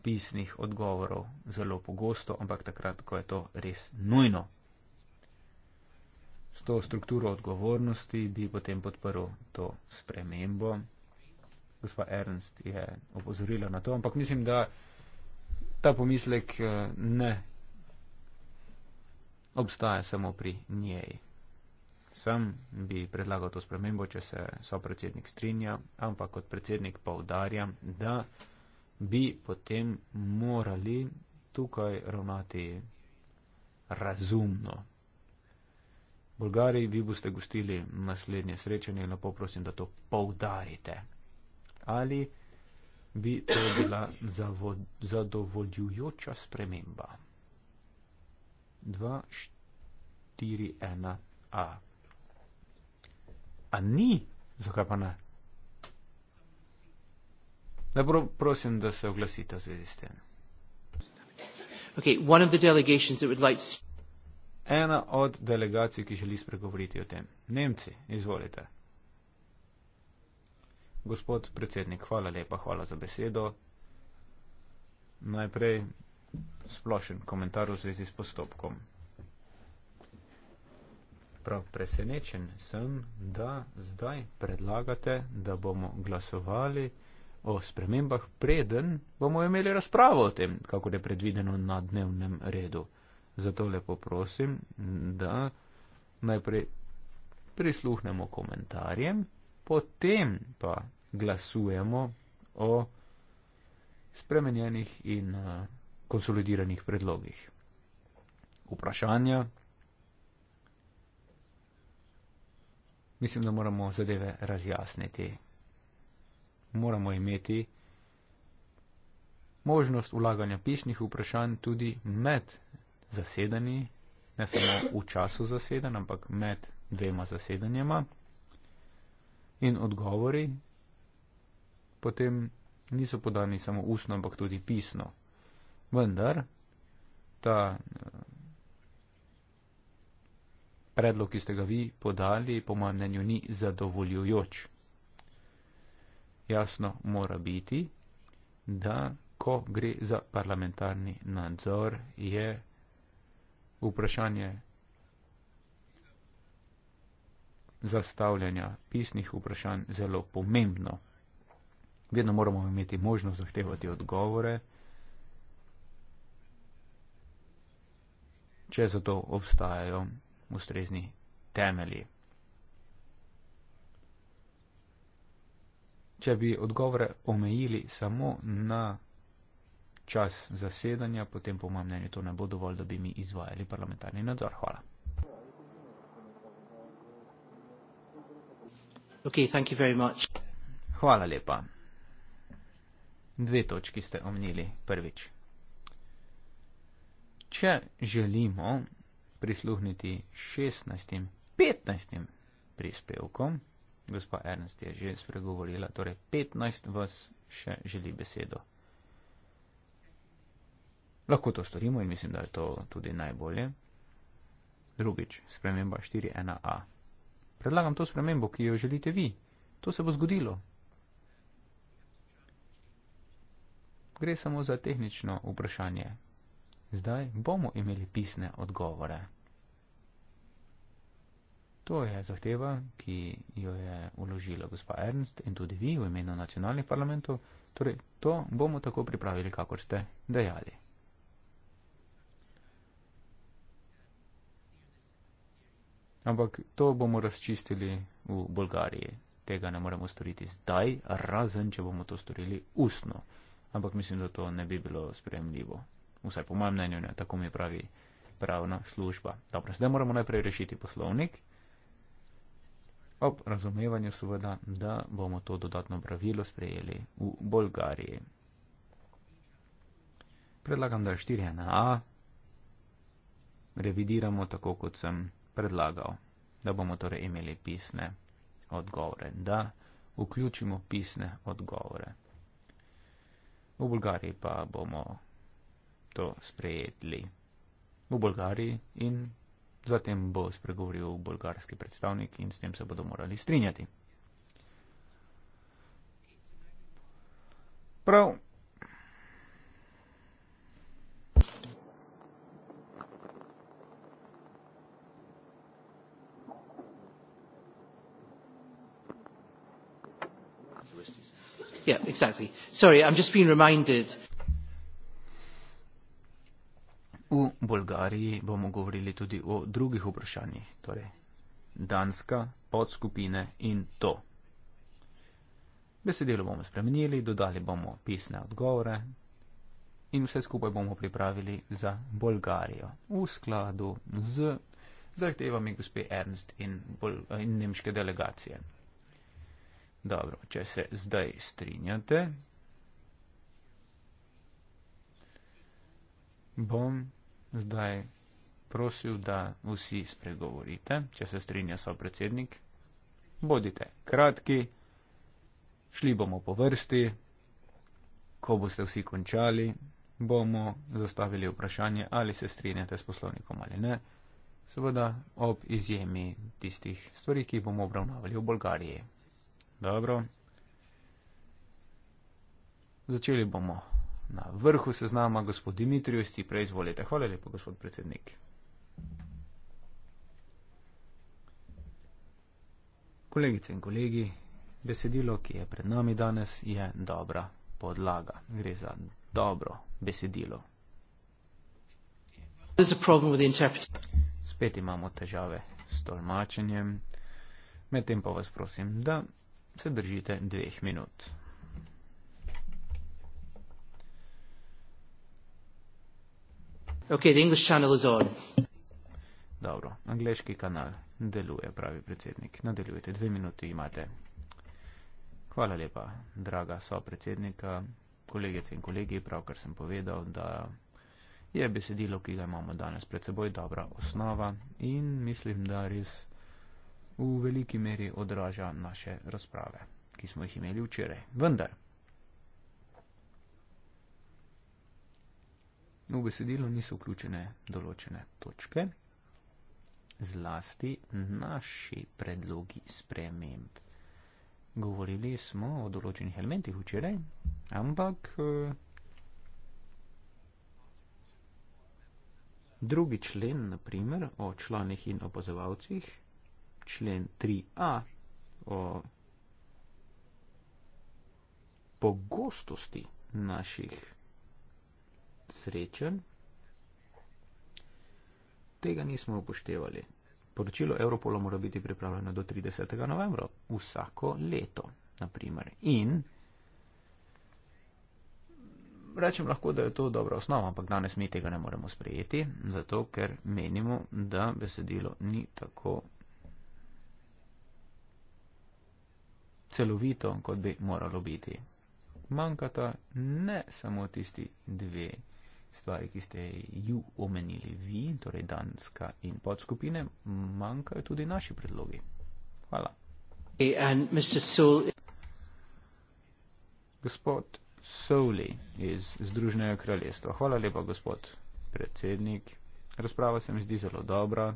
pisnih odgovorov zelo pogosto, ampak takrat, ko je to res nujno. S to strukturo odgovornosti bi potem podprl to spremembo. Gospa Ernst je opozorila na to, ampak mislim, da ta pomislek eh, ne obstaja samo pri njej. Sam bi predlagal to spremembo, če se so predsednik strinja, ampak kot predsednik pa udarjam, da bi potem morali tukaj ravnati razumno. Bolgariji vi boste gostili naslednje srečanje in lepo prosim, da to poudarite. Ali bi to bila zadovoljujoča sprememba? 241a. A ni? Zakaj pa ne? Najprej prosim, da se oglasite v zvezi s tem. Okay, like to... Ena od delegacij, ki želi spregovoriti o tem. Nemci, izvolite. Gospod predsednik, hvala lepa, hvala za besedo. Najprej splošen komentar v zvezi s postopkom. Prav presenečen sem, da zdaj predlagate, da bomo glasovali o spremembah, preden bomo imeli razpravo o tem, kako je predvideno na dnevnem redu. Zato lepo prosim, da najprej prisluhnemo komentarjem, potem pa glasujemo o spremenjenih in eh, konsolidiranih predlogih. Vprašanja. Mislim, da moramo zadeve razjasniti moramo imeti možnost ulaganja pisnih vprašanj tudi med zasedanji, ne samo v času zasedanja, ampak med dvema zasedanjama. In odgovori potem niso podani samo ustno, ampak tudi pisno. Vendar ta eh, predlog, ki ste ga vi podali, po mojem mnenju ni zadovoljujoč jasno mora biti, da ko gre za parlamentarni nadzor, je vprašanje zastavljanja pisnih vprašanj zelo pomembno. Vedno moramo imeti možnost zahtevati odgovore, če zato obstajajo ustrezni temelji. Če bi odgovore omejili samo na čas zasedanja, potem po mojem mnenju to ne bo dovolj, da bi mi izvajali parlamentarni nadzor. Hvala. Okay, Hvala lepa. Dve točki ste omenili prvič. Če želimo prisluhniti 16. 15. prispevkom, gospa Ernst je že spregovorila, torej 15 vas še želi besedo. Lahko to storimo in mislim, da je to tudi najbolje. Drugič, sprememba 4.1a. Predlagam to spremembo, ki jo želite vi. To se bo zgodilo. Gre samo za tehnično vprašanje. Zdaj bomo imeli pisne odgovore. To je zahteva, ki jo je uložila gospa Ernst in tudi vi v imenu nacionalnih parlamentov, torej to bomo tako pripravili, kakor ste dejali. Ampak to bomo razčistili v Bolgariji. Tega ne moremo storiti zdaj, razen če bomo to storili ustno. Ampak mislim, da to ne bi bilo sprejemljivo. Vsaj po mojem mnenju ne, tako mi pravi pravna služba. Dobro, zdaj moramo najprej rešiti poslovnik ob razumevanju seveda, da bomo to dodatno pravilo sprejeli v Bolgariji. Predlagam, da je 4.1a revidiramo tako, kot sem predlagal, da bomo torej imeli pisne odgovore, da vključimo pisne odgovore. V Bolgariji pa bomo to sprejeli. V Bolgariji in Zatem bo spregovoril bolgarski predstavnik in s tem se bodo morali strinjati. Prav. Yeah, exactly. Sorry, I'm just being reminded. V Bolgariji bomo govorili tudi o drugih vprašanjih, torej Danska, podskupine in to. Besedilo bomo spremenili, dodali bomo pisne odgovore in vse skupaj bomo pripravili za Bolgarijo v skladu z zahtevami gospe Ernst in, bol, in nemške delegacije. Dobro, če se zdaj strinjate, bom zdaj prosil, da vsi spregovorite, če se strinja so predsednik. Bodite kratki, šli bomo po vrsti, ko boste vsi končali, bomo zastavili vprašanje, ali se strinjate s poslovnikom ali ne, seveda ob izjemi tistih stvari, ki jih bomo obravnavali v Bolgariji. Dobro. Začeli bomo na vrhu seznama gospod Dimitrijus, ti preizvolite. Hvala lepo, gospod predsednik. Kolegice in kolegi, besedilo, ki je pred nami danes, je dobra podlaga. Gre za dobro besedilo. Spet imamo težave s tolmačenjem, medtem pa vas prosim, da se držite dveh minut. Okay, the English channel is on. Dobro, angliški kanal deluje, pravi predsednik. Nadaljujete, dve minuti imate. Hvala lepa, draga so predsednika, kolegice in kolegi, pravkar sem povedal, da je besedilo, ki ga imamo danes pred seboj, dobra osnova in mislim, da res v veliki meri odraža naše razprave, ki smo jih imeli včeraj. Vendar. V besedilu niso vključene določene točke, zlasti naši predlogi sprememb. Govorili smo o določenih elementih včeraj, ampak eh, drugi člen, naprimer, o članih in opazovalcih, člen 3a o pogostosti naših predlogov, srečen. Tega nismo upoštevali. Poročilo Evropola mora biti pripravljeno do 30. novembra vsako leto, naprimer. In rečem lahko, da je to dobra osnova, ampak danes mi tega ne moremo sprejeti, zato ker menimo, da besedilo ni tako celovito, kot bi moralo biti. Manjkata ne samo tisti dve stvari, ki ste ju omenili vi, torej Danska in podskupine, manjkajo tudi naši predlogi. Hvala. Gospod Souli iz Združenega kraljestva. Hvala lepa, gospod predsednik. Razprava se mi zdi zelo dobra.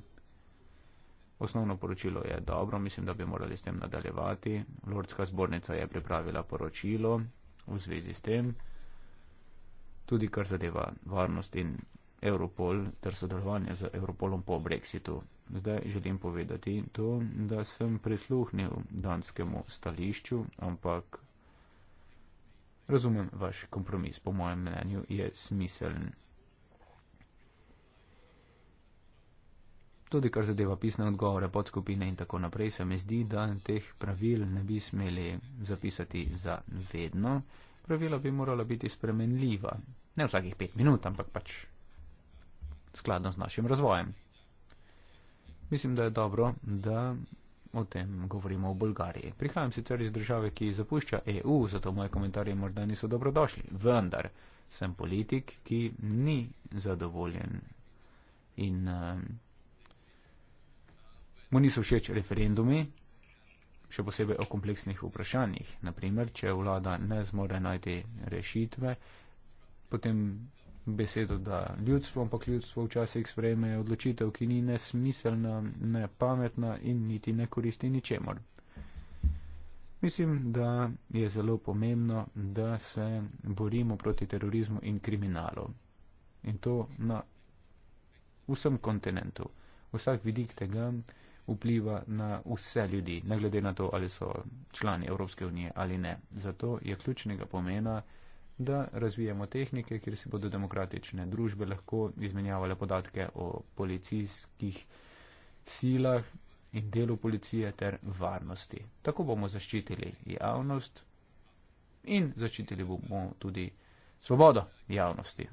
Osnovno poročilo je dobro, mislim, da bi morali s tem nadaljevati. Lordska zbornica je pripravila poročilo v zvezi s tem tudi kar zadeva varnost in Europol ter sodelovanje z Europolom po Brexitu. Zdaj želim povedati to, da sem prisluhnil danskemu stališču, ampak razumem vaš kompromis, po mojem mnenju je smiseln. Tudi kar zadeva pisne odgovore podskupine in tako naprej, se mi zdi, da teh pravil ne bi smeli zapisati za vedno, pravila bi morala biti spremenljiva. Ne vsakih pet minut, ampak pač skladno z našim razvojem. Mislim, da je dobro, da o tem govorimo v Bolgariji. Prihajam sicer iz države, ki zapušča EU, zato moje komentarje morda niso dobrodošli. Vendar sem politik, ki ni zadovoljen in uh, mu niso všeč referendumi, še posebej o kompleksnih vprašanjih. Naprimer, če vlada ne zmore najti rešitve, potem besedo da ljudstvo, ampak ljudstvo včasih sprejme odločitev, ki ni nesmiselna, ne pametna in niti ne koristi ničemor. Mislim, da je zelo pomembno, da se borimo proti terorizmu in kriminalu. In to na vsem kontinentu. Vsak vidik tega, vpliva na vse ljudi, ne glede na to, ali so člani Evropske unije ali ne. Zato je ključnega pomena, da razvijemo tehnike, kjer si bodo demokratične družbe lahko izmenjavale podatke o policijskih silah in delu policije ter varnosti. Tako bomo zaščitili javnost in zaščitili bomo tudi svobodo javnosti.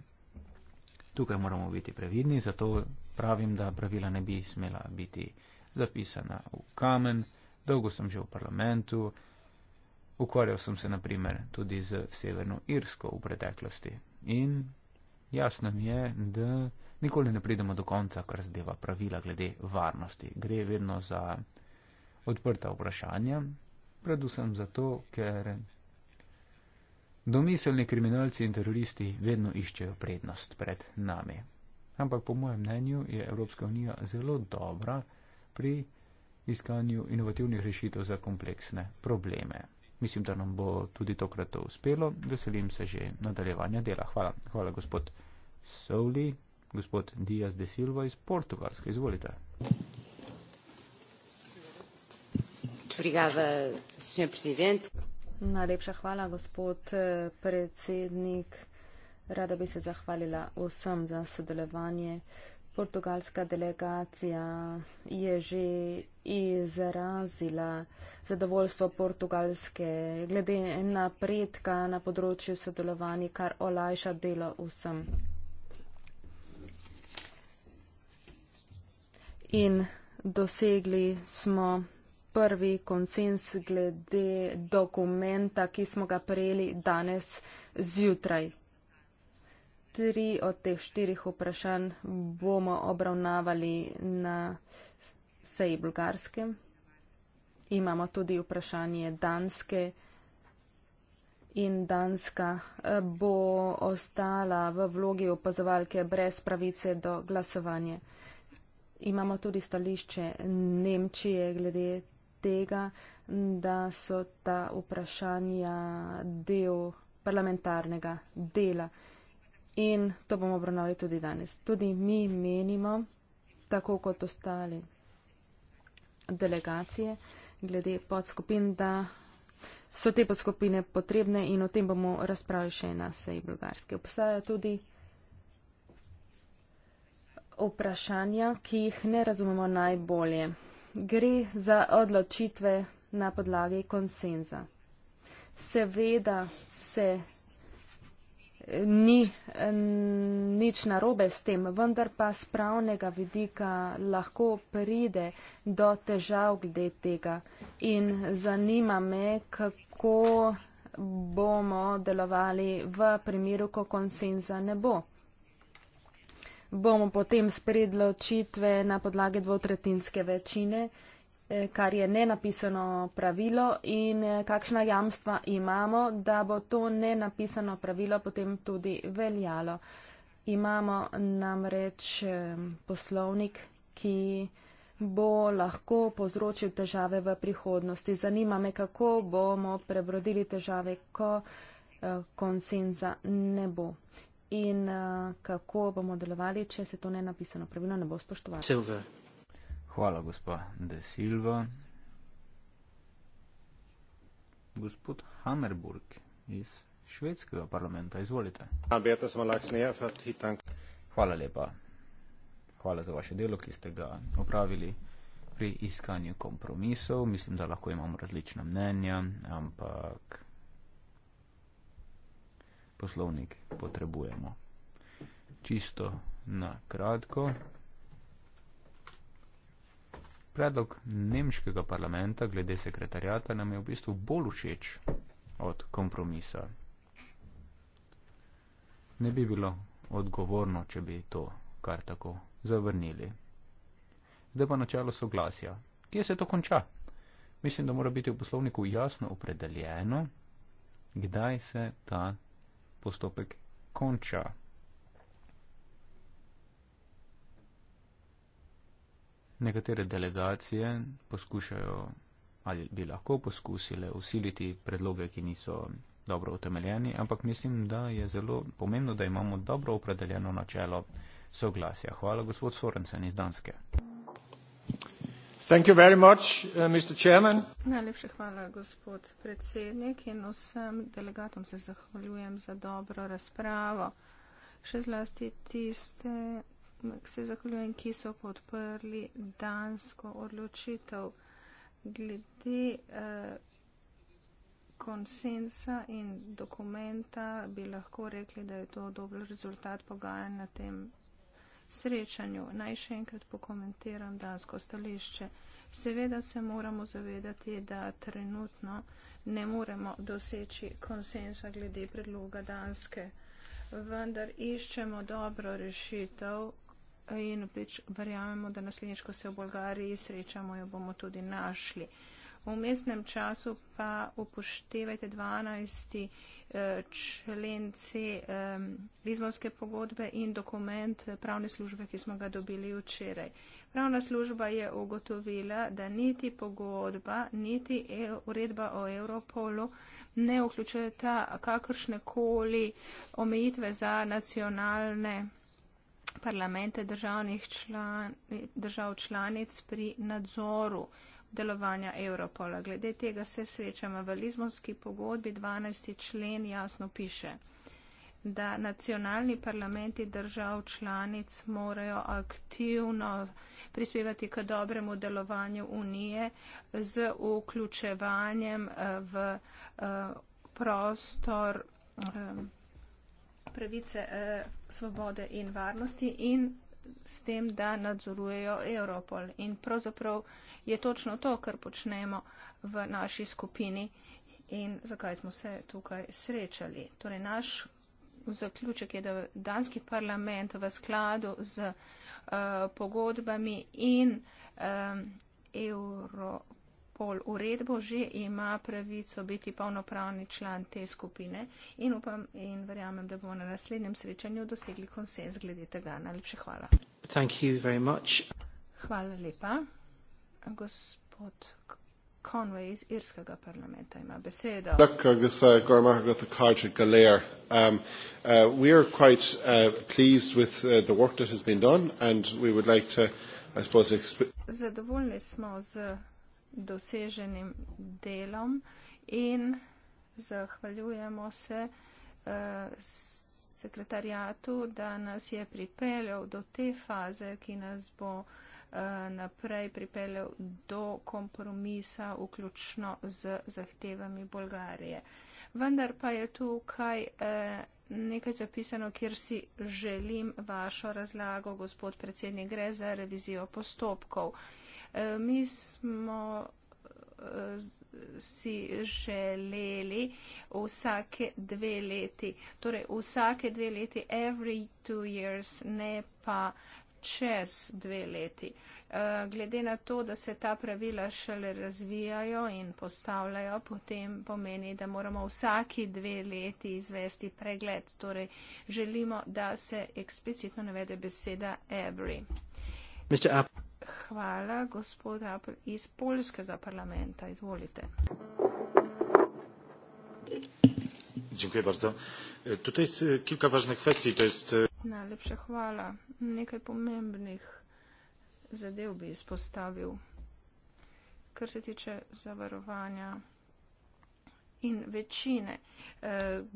Tukaj moramo biti previdni, zato pravim, da pravila ne bi smela biti zapisana v kamen, dolgo sem že v parlamentu, ukvarjal sem se naprimer tudi z Severno Irsko v preteklosti in jasno mi je, da nikoli ne pridemo do konca, kar zadeva pravila glede varnosti. Gre vedno za odprta vprašanja, predvsem zato, ker domiselni kriminalci in teroristi vedno iščejo prednost pred nami. Ampak po mojem mnenju je Evropska unija zelo dobra, pri iskanju inovativnih rešitev za kompleksne probleme. Mislim, da nam bo tudi tokrat to uspelo. Veselim se že nadaljevanja dela. Hvala. Hvala, gospod Souli, gospod Dias de Silva iz Portugalske. Izvolite. Najlepša hvala, gospod eh, predsednik. Rada bi se zahvalila vsem za sodelovanje. Portugalska delegacija je že izrazila zadovoljstvo Portugalske glede napredka na področju sodelovanja, kar olajša delo vsem. In dosegli smo prvi konsens glede dokumenta, ki smo ga prejeli danes zjutraj tri od teh štirih vprašanj bomo obravnavali na seji Bulgarske. Imamo tudi vprašanje Danske in Danska eh, bo ostala v vlogi opazovalke brez pravice do glasovanja. Imamo tudi stališče Nemčije glede tega, da so ta vprašanja del parlamentarnega dela. In to bomo obravnavali tudi danes. Tudi mi menimo, tako kot ostali delegacije, glede podskupin, da so te podskupine potrebne in o tem bomo razpravljali še na seji Bulgarske. Obstajajo tudi vprašanja, ki jih ne razumemo najbolje. Gre za odločitve na podlagi konsenza. Seveda se ni nič narobe s tem, vendar pa z pravnega vidika lahko pride do težav glede tega. In zanima me, kako bomo delovali v primeru, ko konsenza ne bo. Bomo potem spredločitve na podlagi dvotretinske večine kar je nenapisano pravilo in eh, kakšna jamstva imamo, da bo to nenapisano pravilo potem tudi veljalo. Imamo namreč eh, poslovnik, ki bo lahko povzročil težave v prihodnosti. Zanima me, kako bomo prebrodili težave, ko eh, konsenza ne bo. In kako bomo delovali, če se to nenapisano pravilo ne bo spoštovalo. Hvala, gospa De Silva. Gospod Hammerburg iz švedskega parlamenta, izvolite. Hvala lepa. Hvala za vaše delo, ki ste ga opravili pri iskanju kompromisov. Mislim, da lahko imamo različna mnenja, ampak poslovnik potrebujemo. Čisto na kratko. Predlog nemškega parlamenta glede sekretarjata nam je v bistvu bolj všeč od kompromisa. Ne bi bilo odgovorno, če bi to kar tako zavrnili. Zdaj pa načelo soglasja. Kje se to konča? Mislim, da mora biti v poslovniku jasno opredeljeno, kdaj se ta postopek konča. Nekatere delegacije poskušajo ali bi lahko poskusile usiliti predloge, ki niso dobro utemeljeni, ampak mislim, da je zelo pomembno, da imamo dobro opredeljeno načelo soglasja. Hvala, gospod Sorensen iz Danske. Thank you very much, uh, Mr. Chairman. Najlepša hvala, gospod predsednik, in vsem delegatom se zahvaljujem za dobro razpravo. Še zlasti tiste, se zahvaljujem, ki so podprli dansko odločitev glede eh, konsensa in dokumenta, bi lahko rekli, da je to dober rezultat pogajanja na tem. Srečanju. Naj še enkrat pokomentiram dansko stališče. Seveda se moramo zavedati, da trenutno ne moremo doseči konsensa glede predloga danske, vendar iščemo dobro rešitev, in pač verjamemo, da naslednjič, ko se v Bolgariji srečamo, jo bomo tudi našli. V umestnem času pa upoštevajte 12. Eh, člen C Lizbonske pogodbe in dokument pravne službe, ki smo ga dobili včeraj. Pravna služba je ugotovila, da niti pogodba, niti e, uredba o Europolu ne vključuje ta kakršne koli omejitve za nacionalne parlamente državnih član, držav članic pri nadzoru delovanja Europola. Glede tega se srečamo v Lizbonski pogodbi, 12. člen jasno piše, da nacionalni parlamenti držav članic morajo aktivno prispevati k dobremu delovanju unije z vključevanjem eh, v eh, prostor eh, pravice svobode in varnosti in s tem, da nadzorujejo Europol. In pravzaprav je točno to, kar počnemo v naši skupini in zakaj smo se tukaj srečali. Torej, naš zaključek je, da danski parlament v skladu z uh, pogodbami in um, eh, Europol spol. Uredbo že ima pravico biti polnopravni član te skupine in upam in verjamem, da bomo na naslednjem srečanju dosegli konsens glede tega. Najlepše hvala. Hvala lepa. Gospod Conway iz Irskega parlamenta ima besedo. Um, uh, we are quite uh, pleased with uh, the work that has been done and we would like to, I suppose, doseženim delom in zahvaljujemo se eh, sekretarjatu, da nas je pripeljal do te faze, ki nas bo eh, naprej pripeljal do kompromisa, vključno z zahtevami Bolgarije. Vendar pa je tukaj eh, nekaj zapisano, kjer si želim vašo razlago, gospod predsednik, gre za revizijo postopkov. Eh, mi smo eh, si želeli vsake dve leti, torej vsake dve leti, every two years, ne pa čez dve leti. Eh, glede na to, da se ta pravila šele razvijajo in postavljajo, potem pomeni, da moramo vsaki dve leti izvesti pregled. Torej, želimo, da se eksplicitno navede beseda every. Mr. Apple. Hvala, gospod iz polskega parlamenta. Izvolite. Dziękuję bardzo. E, tutaj jest e, kilka ważnych kwestii. To jest... Najlepsza chwała. Niekaj pomębnych zadeł by postawił. Krzytycze zawarowania i wyciny.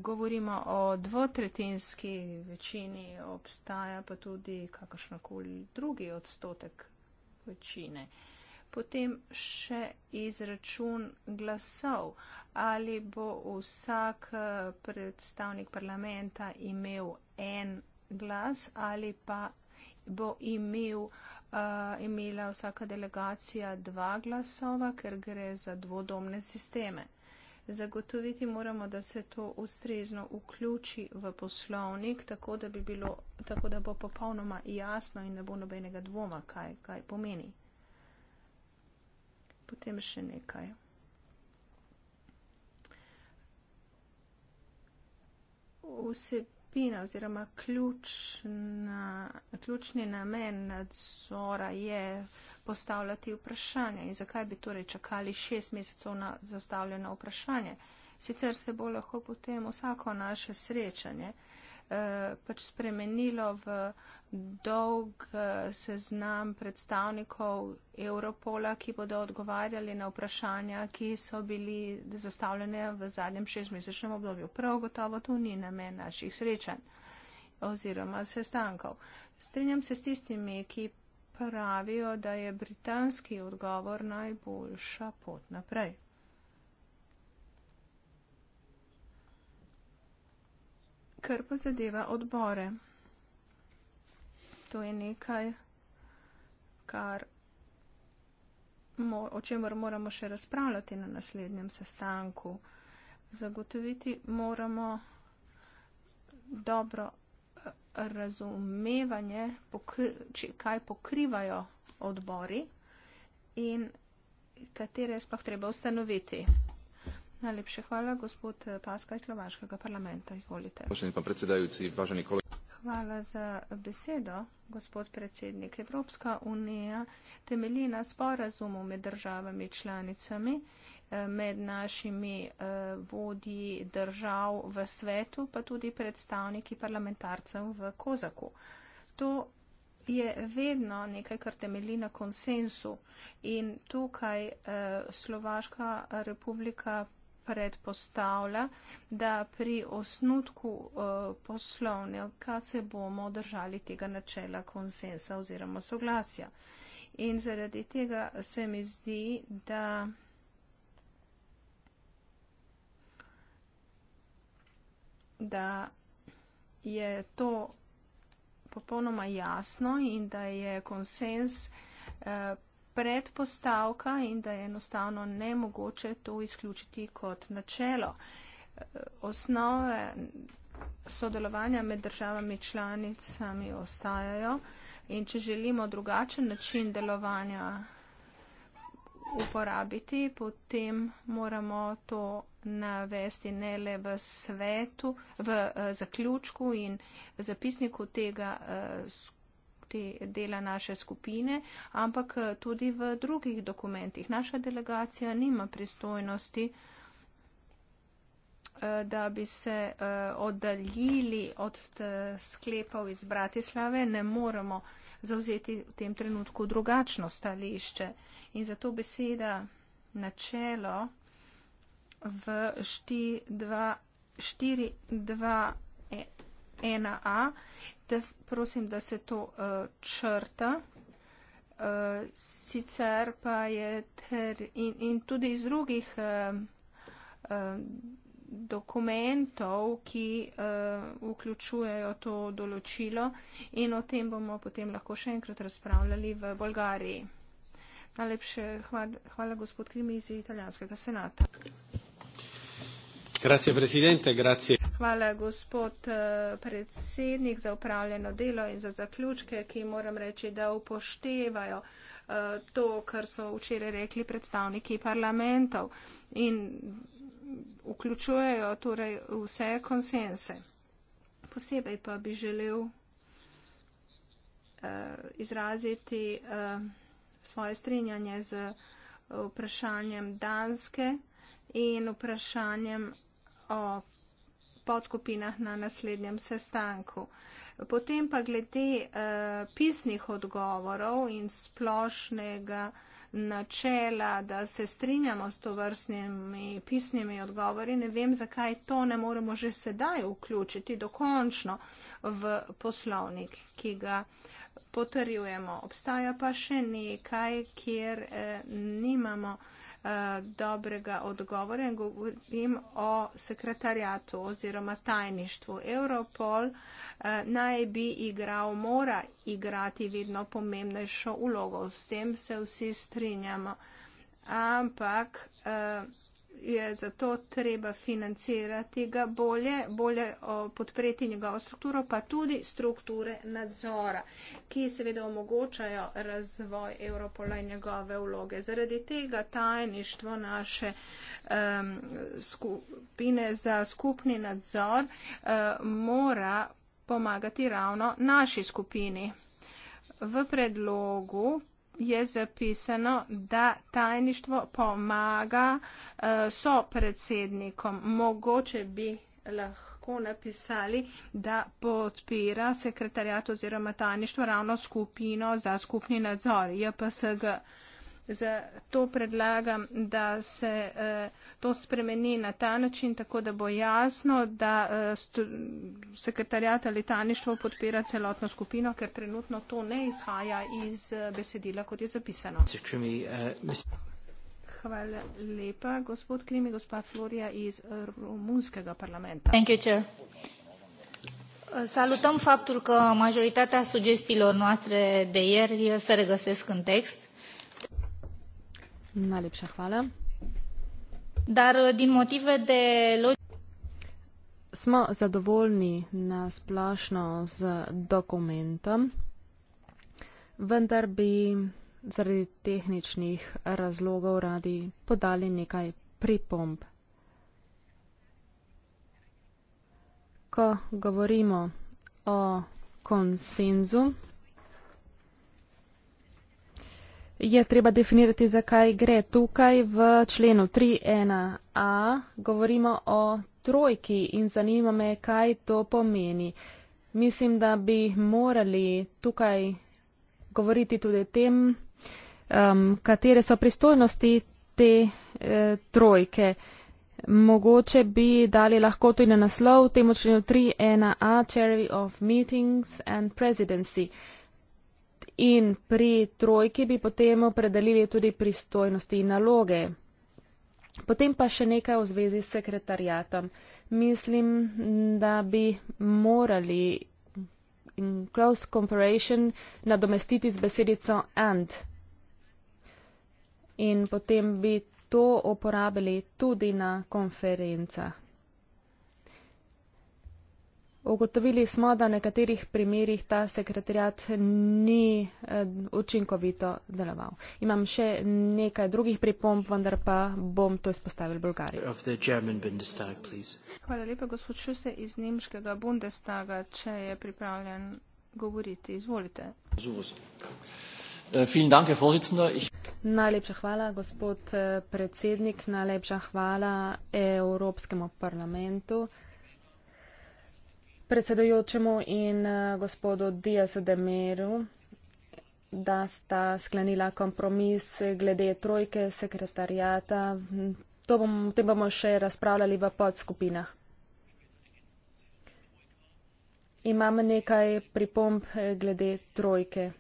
Mówimy e, e o dwotretyńskiej wyciny. Obstaja pa tudi kakaszna kuli drugi odstotek večine. Potem še izračun glasov, ali bo vsak eh, predstavnik parlamenta imel en glas ali pa bo imel, uh, imela vsaka delegacija dva glasova, ker gre za dvodomne sisteme zagotoviti moramo, da se to ustrezno vključi v poslovnik, tako da, bi bilo, tako da bo popolnoma jasno in ne bo nobenega dvoma, kaj, kaj pomeni. Potem še nekaj. Vsebina skupina oziroma ključna, ključni namen nadzora je postavljati vprašanja. In zakaj bi torej čakali šest mesecev na zastavljeno vprašanje? Sicer se bo lahko potem vsako naše srečanje Eh, pač spremenilo v dolg eh, seznam predstavnikov Europola, ki bodo odgovarjali na vprašanja, ki so bili zastavljene v zadnjem šestmesečnem obdobju. Prav gotovo to ni namen naših srečanj oziroma sestankov. Strenjam se s tistimi, ki pravijo, da je britanski odgovor najboljša pot naprej. kar pa zadeva odbore. To je nekaj, kar, o čemer moramo še razpravljati na naslednjem sestanku. Zagotoviti moramo dobro eh, razumevanje, kaj pokrivajo odbori in katere je sploh treba ustanoviti. Najlepša hvala, gospod eh, Paska iz Slovaškega parlamenta. Izvolite. Hvala za besedo, gospod predsednik. Evropska unija temelji na sporazumu med državami članicami, eh, med našimi eh, vodji držav v svetu, pa tudi predstavniki parlamentarcev v Kozaku. To je vedno nekaj, kar temelji na konsensu. In tukaj Slovaška republika predpostavlja, da pri osnutku eh, poslovnika se bomo držali tega načela konsensa oziroma soglasja. In zaradi tega se mi zdi, da da je to popolnoma jasno in da je konsens eh, predpostavka in da je enostavno ne mogoče to izključiti kot načelo. Osnove sodelovanja med državami članicami ostajajo in če želimo drugačen način delovanja uporabiti, potem moramo to navesti ne le v svetu, v eh, zaključku in zapisniku tega skupina, eh, te dela naše skupine, ampak eh, tudi v drugih dokumentih. Naša delegacija nima pristojnosti, eh, da bi se eh, oddaljili od sklepov iz Bratislave, ne moremo zauzeti v tem trenutku drugačno stališče. In zato beseda načelo v 4.2.1a da, prosim, da se to uh, črta. Uh, sicer pa je ter in, in tudi iz drugih uh, uh, dokumentov, ki uh, vključujejo to določilo in o tem bomo potem lahko še enkrat razpravljali v Bolgariji. Najlepše hvala, hvala gospod Krimi iz italijanskega senata. Hvala, gospod eh, predsednik, za upravljeno delo in za zaključke, ki moram reči, da upoštevajo eh, to, kar so včeraj rekli predstavniki parlamentov in vključujejo torej vse konsense. Posebej pa bi želel eh, izraziti svoje strinjanje z vprašanjem Danske in vprašanjem o podskupinah na naslednjem sestanku. Potem pa glede eh, pisnih odgovorov in splošnega načela, da se strinjamo s tovrstnimi pisnimi odgovori, ne vem, zakaj to ne moremo že sedaj vključiti dokončno v poslovnik, ki ga potrjujemo. Obstaja pa še nekaj, kjer eh, nimamo. Eh, dobrega odgovora in govorim o sekretarjatu oziroma tajništvu. Europol eh, naj bi igral, mora igrati vedno pomembnejšo ulogo. S tem se vsi strinjamo. Ampak. Uh, je zato treba financirati ga bolje, bolje podpreti njegovo strukturo, pa tudi strukture nadzora, ki seveda omogočajo razvoj Evropola in njegove vloge. Zaradi tega tajništvo naše um, skupine za skupni nadzor um, mora pomagati ravno naši skupini. V predlogu je zapisano, da tajništvo pomaga uh, eh, so predsednikom. Mogoče bi lahko napisali, da podpira sekretarjat oziroma tajništvo ravno skupino za skupni nadzor, JPSG. Uh, Zato predlagam, da se eh, to spremeni na ta način, tako da bo jasno, da eh, sekretarjata letaništvo podpira celotno skupino, ker trenutno to ne izhaja iz eh, besedila, kot je zapisano. Hvala lepa, gospod Krimi, gospa Florija iz Romunskega parlamenta. Salutăm faptul că majoritatea sugestiilor noastre de ieri se regăsesc în text. Najlepša hvala. Dar, eh, din motive de Smo zadovoljni na splošno z dokumentom, vendar bi zaradi tehničnih razlogov radi podali nekaj pripomb. Ko govorimo o konsenzu, je treba definirati, zakaj gre. Tukaj v členu 3.1a govorimo o trojki in zanima me, kaj to pomeni. Mislim, da bi morali tukaj govoriti tudi o tem, um, katere so pristojnosti te e, trojke. Mogoče bi dali lahko tudi na naslov temu členu 3.1a, Cherry of Meetings and Presidency in pri trojki bi potem opredelili tudi pristojnosti in naloge. Potem pa še nekaj v zvezi s sekretarjatom. Mislim, da bi morali in close comparison nadomestiti z besedico and. In potem bi to uporabili tudi na konferencah. Ogotovili smo, da v nekaterih primerjih ta sekretarjat ni eh, učinkovito deloval. Imam še nekaj drugih pripomb, vendar pa bom to izpostavil Bulgariji. Hvala lepa, gospod Šuse iz Nemškega Bundestaga, če je pripravljen govoriti. Izvolite. Äh, najlepša hvala, gospod eh, predsednik, najlepša hvala Evropskemu parlamentu predsedujočemu in eh, gospodu Diasu Demiru, da sta sklenila kompromis glede trojke sekretarjata. O bom, tem bomo še razpravljali v podskupinah. Imam nekaj pripomb eh, glede trojke.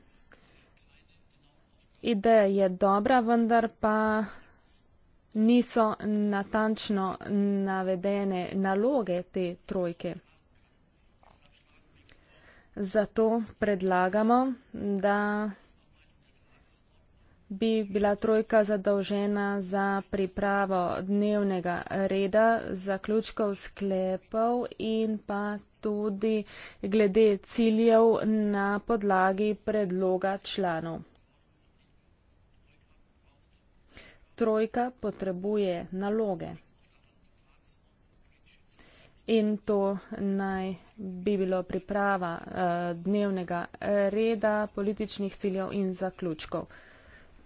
Ideja je dobra, vendar pa niso natančno navedene naloge te trojke. Zato predlagamo, da bi bila trojka zadolžena za pripravo dnevnega reda, zaključkov sklepov in pa tudi glede ciljev na podlagi predloga članov. Trojka potrebuje naloge in to naj bi bilo priprava eh, dnevnega reda političnih ciljev in zaključkov.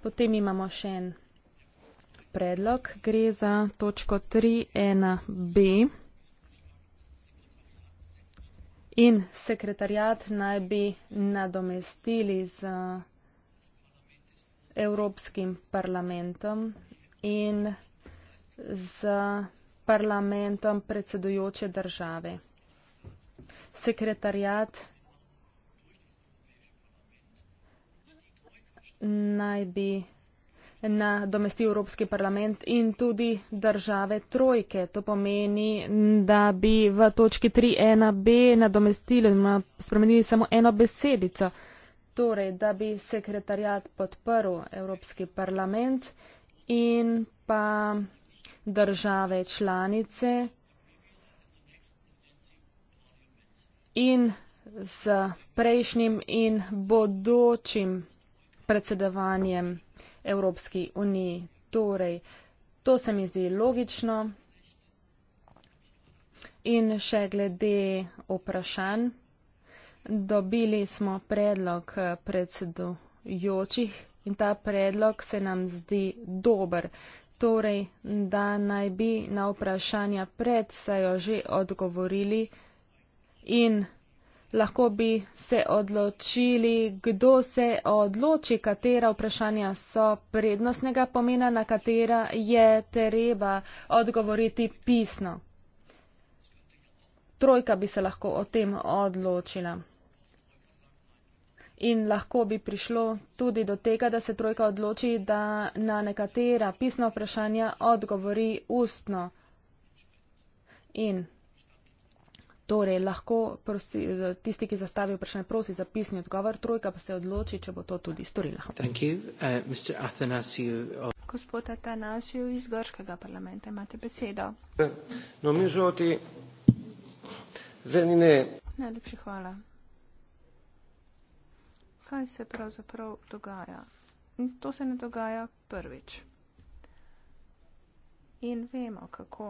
Potem imamo še en predlog, gre za točko 3.1.b. In sekretarjat naj bi nadomestili z Evropskim parlamentom in z parlamentom predsedujoče države. Sekretarjat naj bi na domesti Evropski parlament in tudi države trojke. To pomeni, da bi v točki 3.1.b na domestilu spremenili samo eno besedico. Torej, da bi sekretarjat podprl Evropski parlament in pa države članice in s prejšnjim in bodočim predsedovanjem Evropski uniji. Torej, to se mi zdi logično in še glede vprašanj. Dobili smo predlog predsedujočih in ta predlog se nam zdi dober torej, da naj bi na vprašanja pred sejo že odgovorili in lahko bi se odločili, kdo se odloči, katera vprašanja so prednostnega pomena, na katera je treba odgovoriti pisno. Trojka bi se lahko o tem odločila in lahko bi prišlo tudi do tega, da se trojka odloči, da na nekatera pisna vprašanja odgovori ustno. In torej lahko prosi, tisti, ki zastavi vprašanje, prosi za pisni odgovor, trojka pa se odloči, če bo to tudi storila. Uh, Gospod Atanasiju iz Grškega parlamenta, imate besedo. No, mi žoti, ne. Najlepši hvala kaj se pravzaprav dogaja. In to se ne dogaja prvič. In vemo, kako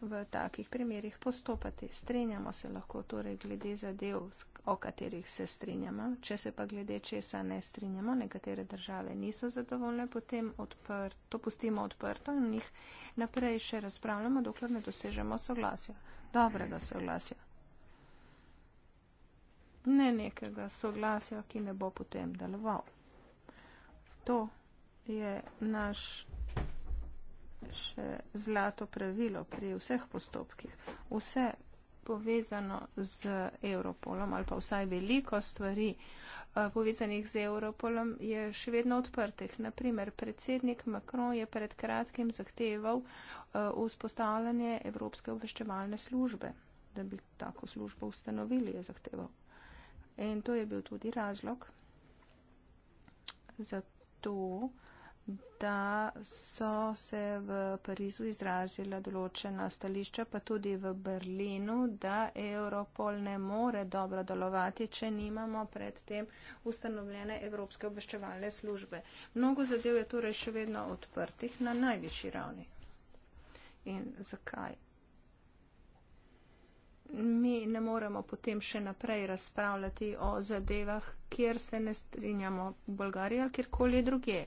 v takih primerjih postopati. Strenjamo se lahko torej glede zadev, o katerih se strinjamo. Če se pa glede česa ne strinjamo, nekatere države niso zadovoljne, potem odpr, to pustimo odprto in jih naprej še razpravljamo, dokler ne dosežemo soglasja, dobrega soglasja ne nekega soglasja, ki ne bo potem deloval. To je naš še zlato pravilo pri vseh postopkih. Vse povezano z Europolom ali pa vsaj veliko stvari eh, povezanih z Europolom je še vedno odprtih. Naprimer, predsednik Macron je pred kratkim zahteval eh, vzpostavljanje Evropske obveščevalne službe, da bi tako službo ustanovili, je zahteval. In to je bil tudi razlog za to, da so se v Parizu izrazila določena stališča, pa tudi v Berlinu, da Europol ne more dobro delovati, če nimamo predtem ustanovljene Evropske obveščevalne službe. Mnogo zadev je torej še vedno odprtih na najvišji ravni. In zakaj? mi ne moremo potem še naprej razpravljati o zadevah, kjer se ne strinjamo v Bolgariji ali kjerkoli druge.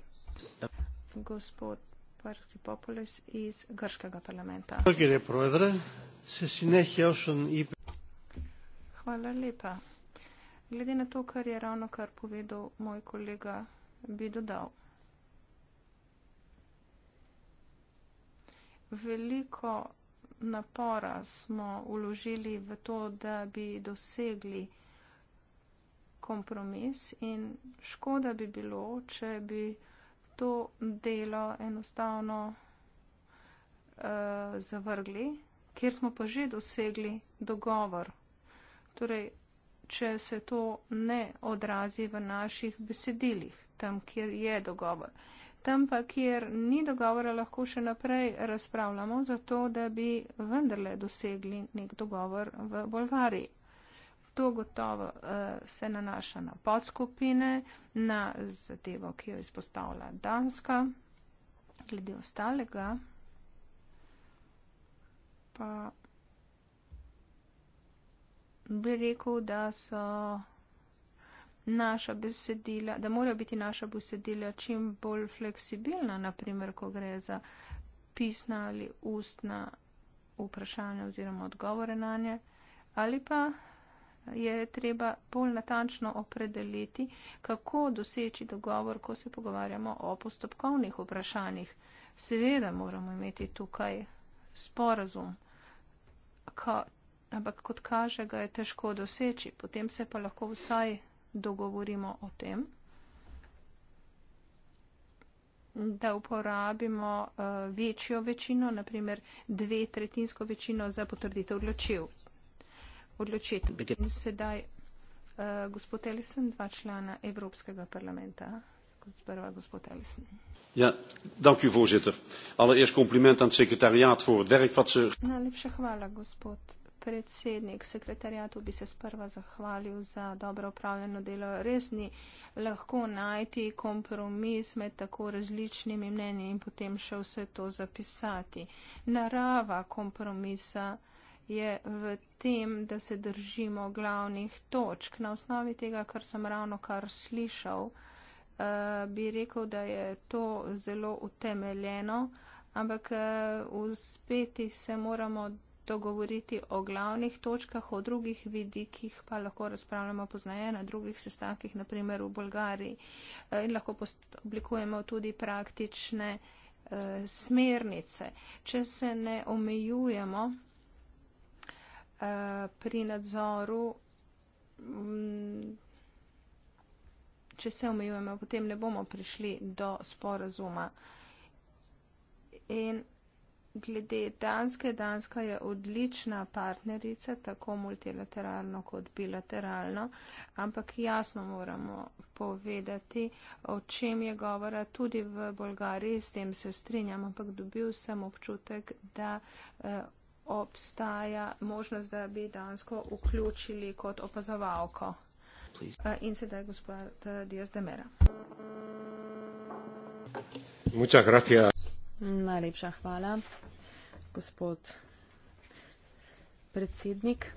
Gospod Parski Populis iz Grškega parlamenta. Hvala lepa. Glede na to, kar je ravno kar povedal moj kolega, bi dodal. Veliko napora smo uložili v to, da bi dosegli kompromis in škoda bi bilo, če bi to delo enostavno uh, zavrgli, kjer smo pa že dosegli dogovor. Torej, če se to ne odrazi v naših besedilih, tam, kjer je dogovor. Uh, tam pa, kjer ni dogovora, lahko še naprej razpravljamo, zato da bi vendarle dosegli nek dogovor v Bolgariji. To gotovo uh, se nanaša na podskupine, na zadevo, ki jo izpostavlja Danska, glede ostalega. Pa bi rekel, da so naša besedila, da morajo biti naša besedila čim bolj fleksibilna, naprimer, ko gre za pisna ali ustna vprašanja oziroma odgovore na nje, ali pa je treba bolj natančno opredeliti, kako doseči dogovor, ko se pogovarjamo o postopkovnih vprašanjih. Seveda moramo imeti tukaj sporazum, ka, ampak kot kaže, ga je težko doseči, potem se pa lahko vsaj dogovorimo o tem, da uporabimo uh, večjo večino, naprimer dve tretjinsko večino za potrditev odločitev. Odločitev. Sedaj uh, gospod Ellison, dva člana Evropskega parlamenta. Ja, dank u voorzitter. Allereerst compliment aan het secretariaat voor het werk wat ze. Nou, liefste hvala, gospod predsednik sekretarjatu bi se sprva zahvalil za dobro upravljeno delo. Res ni lahko najti kompromis med tako različnimi mnenji in potem še vse to zapisati. Narava kompromisa je v tem, da se držimo glavnih točk. Na osnovi tega, kar sem ravno kar slišal, eh, bi rekel, da je to zelo utemeljeno. Ampak eh, uspeti se moramo dogovoriti o glavnih točkah, o drugih vidikih pa lahko razpravljamo poznaje na drugih sestankih, naprimer v Bolgariji. Eh, in lahko oblikujemo tudi praktične eh, smernice. Če se ne omejujemo eh, pri nadzoru, mm, če se omejujemo, potem ne bomo prišli do sporazuma. In glede Danske. Danska je odlična partnerica, tako multilateralno kot bilateralno, ampak jasno moramo povedati, o čem je govora tudi v Bolgariji, s tem se strinjam, ampak dobil sem občutek, da. Eh, obstaja možnost, da bi Dansko vključili kot opazovalko. Please. Eh, in sedaj gospod eh, Diaz de Mera. Muchas gracias. Najlepša hvala, gospod predsednik.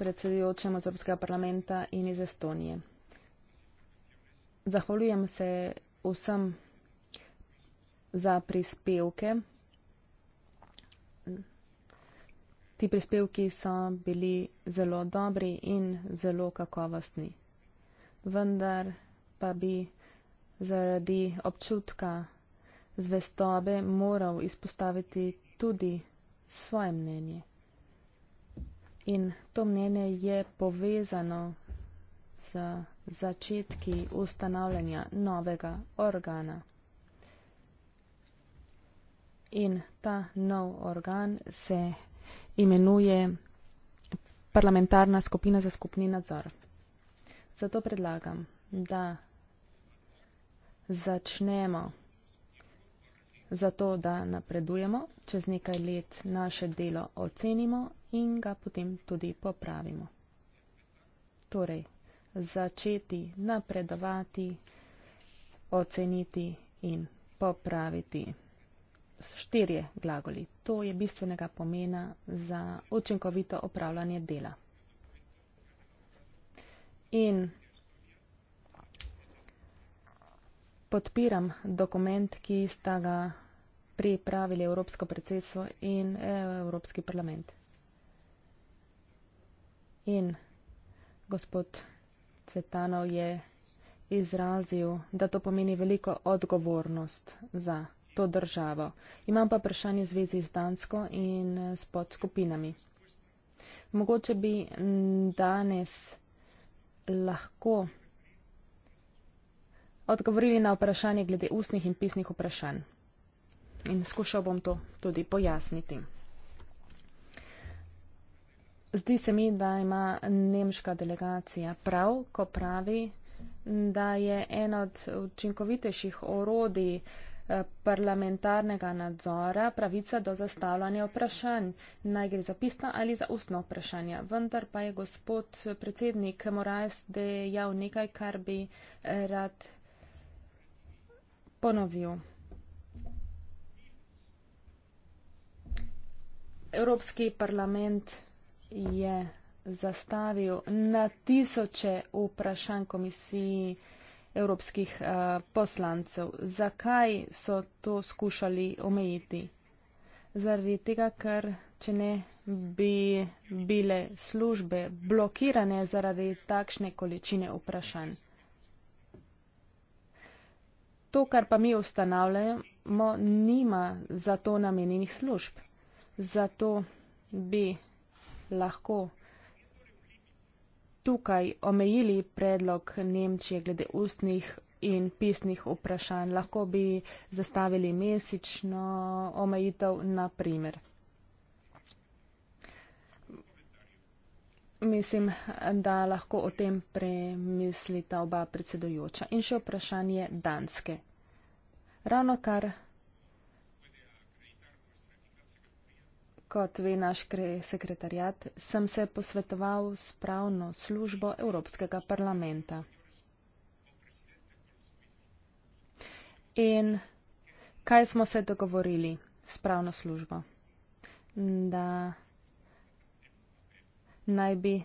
Predsedujočemu Evropskega parlamenta in iz Estonije. Zahvaljujem se vsem za prispevke. Ti prispevki so bili zelo dobri in zelo kakovostni. Vendar pa bi zaradi občutka zvestobe moral izpostaviti tudi svoje mnenje. In to mnenje je povezano z začetki ustanavljanja novega organa. In ta nov organ se imenuje parlamentarna skupina za skupni nadzor. Zato predlagam da začnemo zato, da napredujemo, čez nekaj let naše delo ocenimo in ga potem tudi popravimo. Torej, začeti napredovati, oceniti in popraviti. Štirje glagoli. To je bistvenega pomena za učinkovito opravljanje dela. In podpiram dokument, ki sta ga pripravili Evropsko predsedstvo in e, Evropski parlament. In gospod Cvetanov je izrazil, da to pomeni veliko odgovornost za to državo. Imam pa vprašanje v zvezi z Dansko in e, s podskupinami. Mogoče bi danes lahko odgovorili na vprašanje glede ustnih in pisnih vprašanj. In skušal bom to tudi pojasniti. Zdi se mi, da ima nemška delegacija prav, ko pravi, da je en od učinkovitejših orodij eh, parlamentarnega nadzora pravica do zastavljanja vprašanj. Naj gre za pisna ali za ustna vprašanja. Vendar pa je gospod predsednik Morales dejal nekaj, kar bi rad ponovil. Evropski parlament je zastavil na tisoče vprašanj komisiji evropskih uh, poslancev. Zakaj so to skušali omejiti? Zaradi tega, ker če ne bi bile službe blokirane zaradi takšne količine vprašanj. To, kar pa mi ustanavljamo, nima za to namenjenih služb. Zato bi lahko tukaj omejili predlog Nemčije glede ustnih in pisnih vprašanj. Lahko bi zastavili mesečno omejitev, naprimer. mislim, da lahko o tem premislita oba predsedojoča. In še vprašanje Danske. Ravno kar, kot ve naš sekretarjat, sem se posvetoval s pravno službo Evropskega parlamenta. In kaj smo se dogovorili s pravno službo? Da naj bi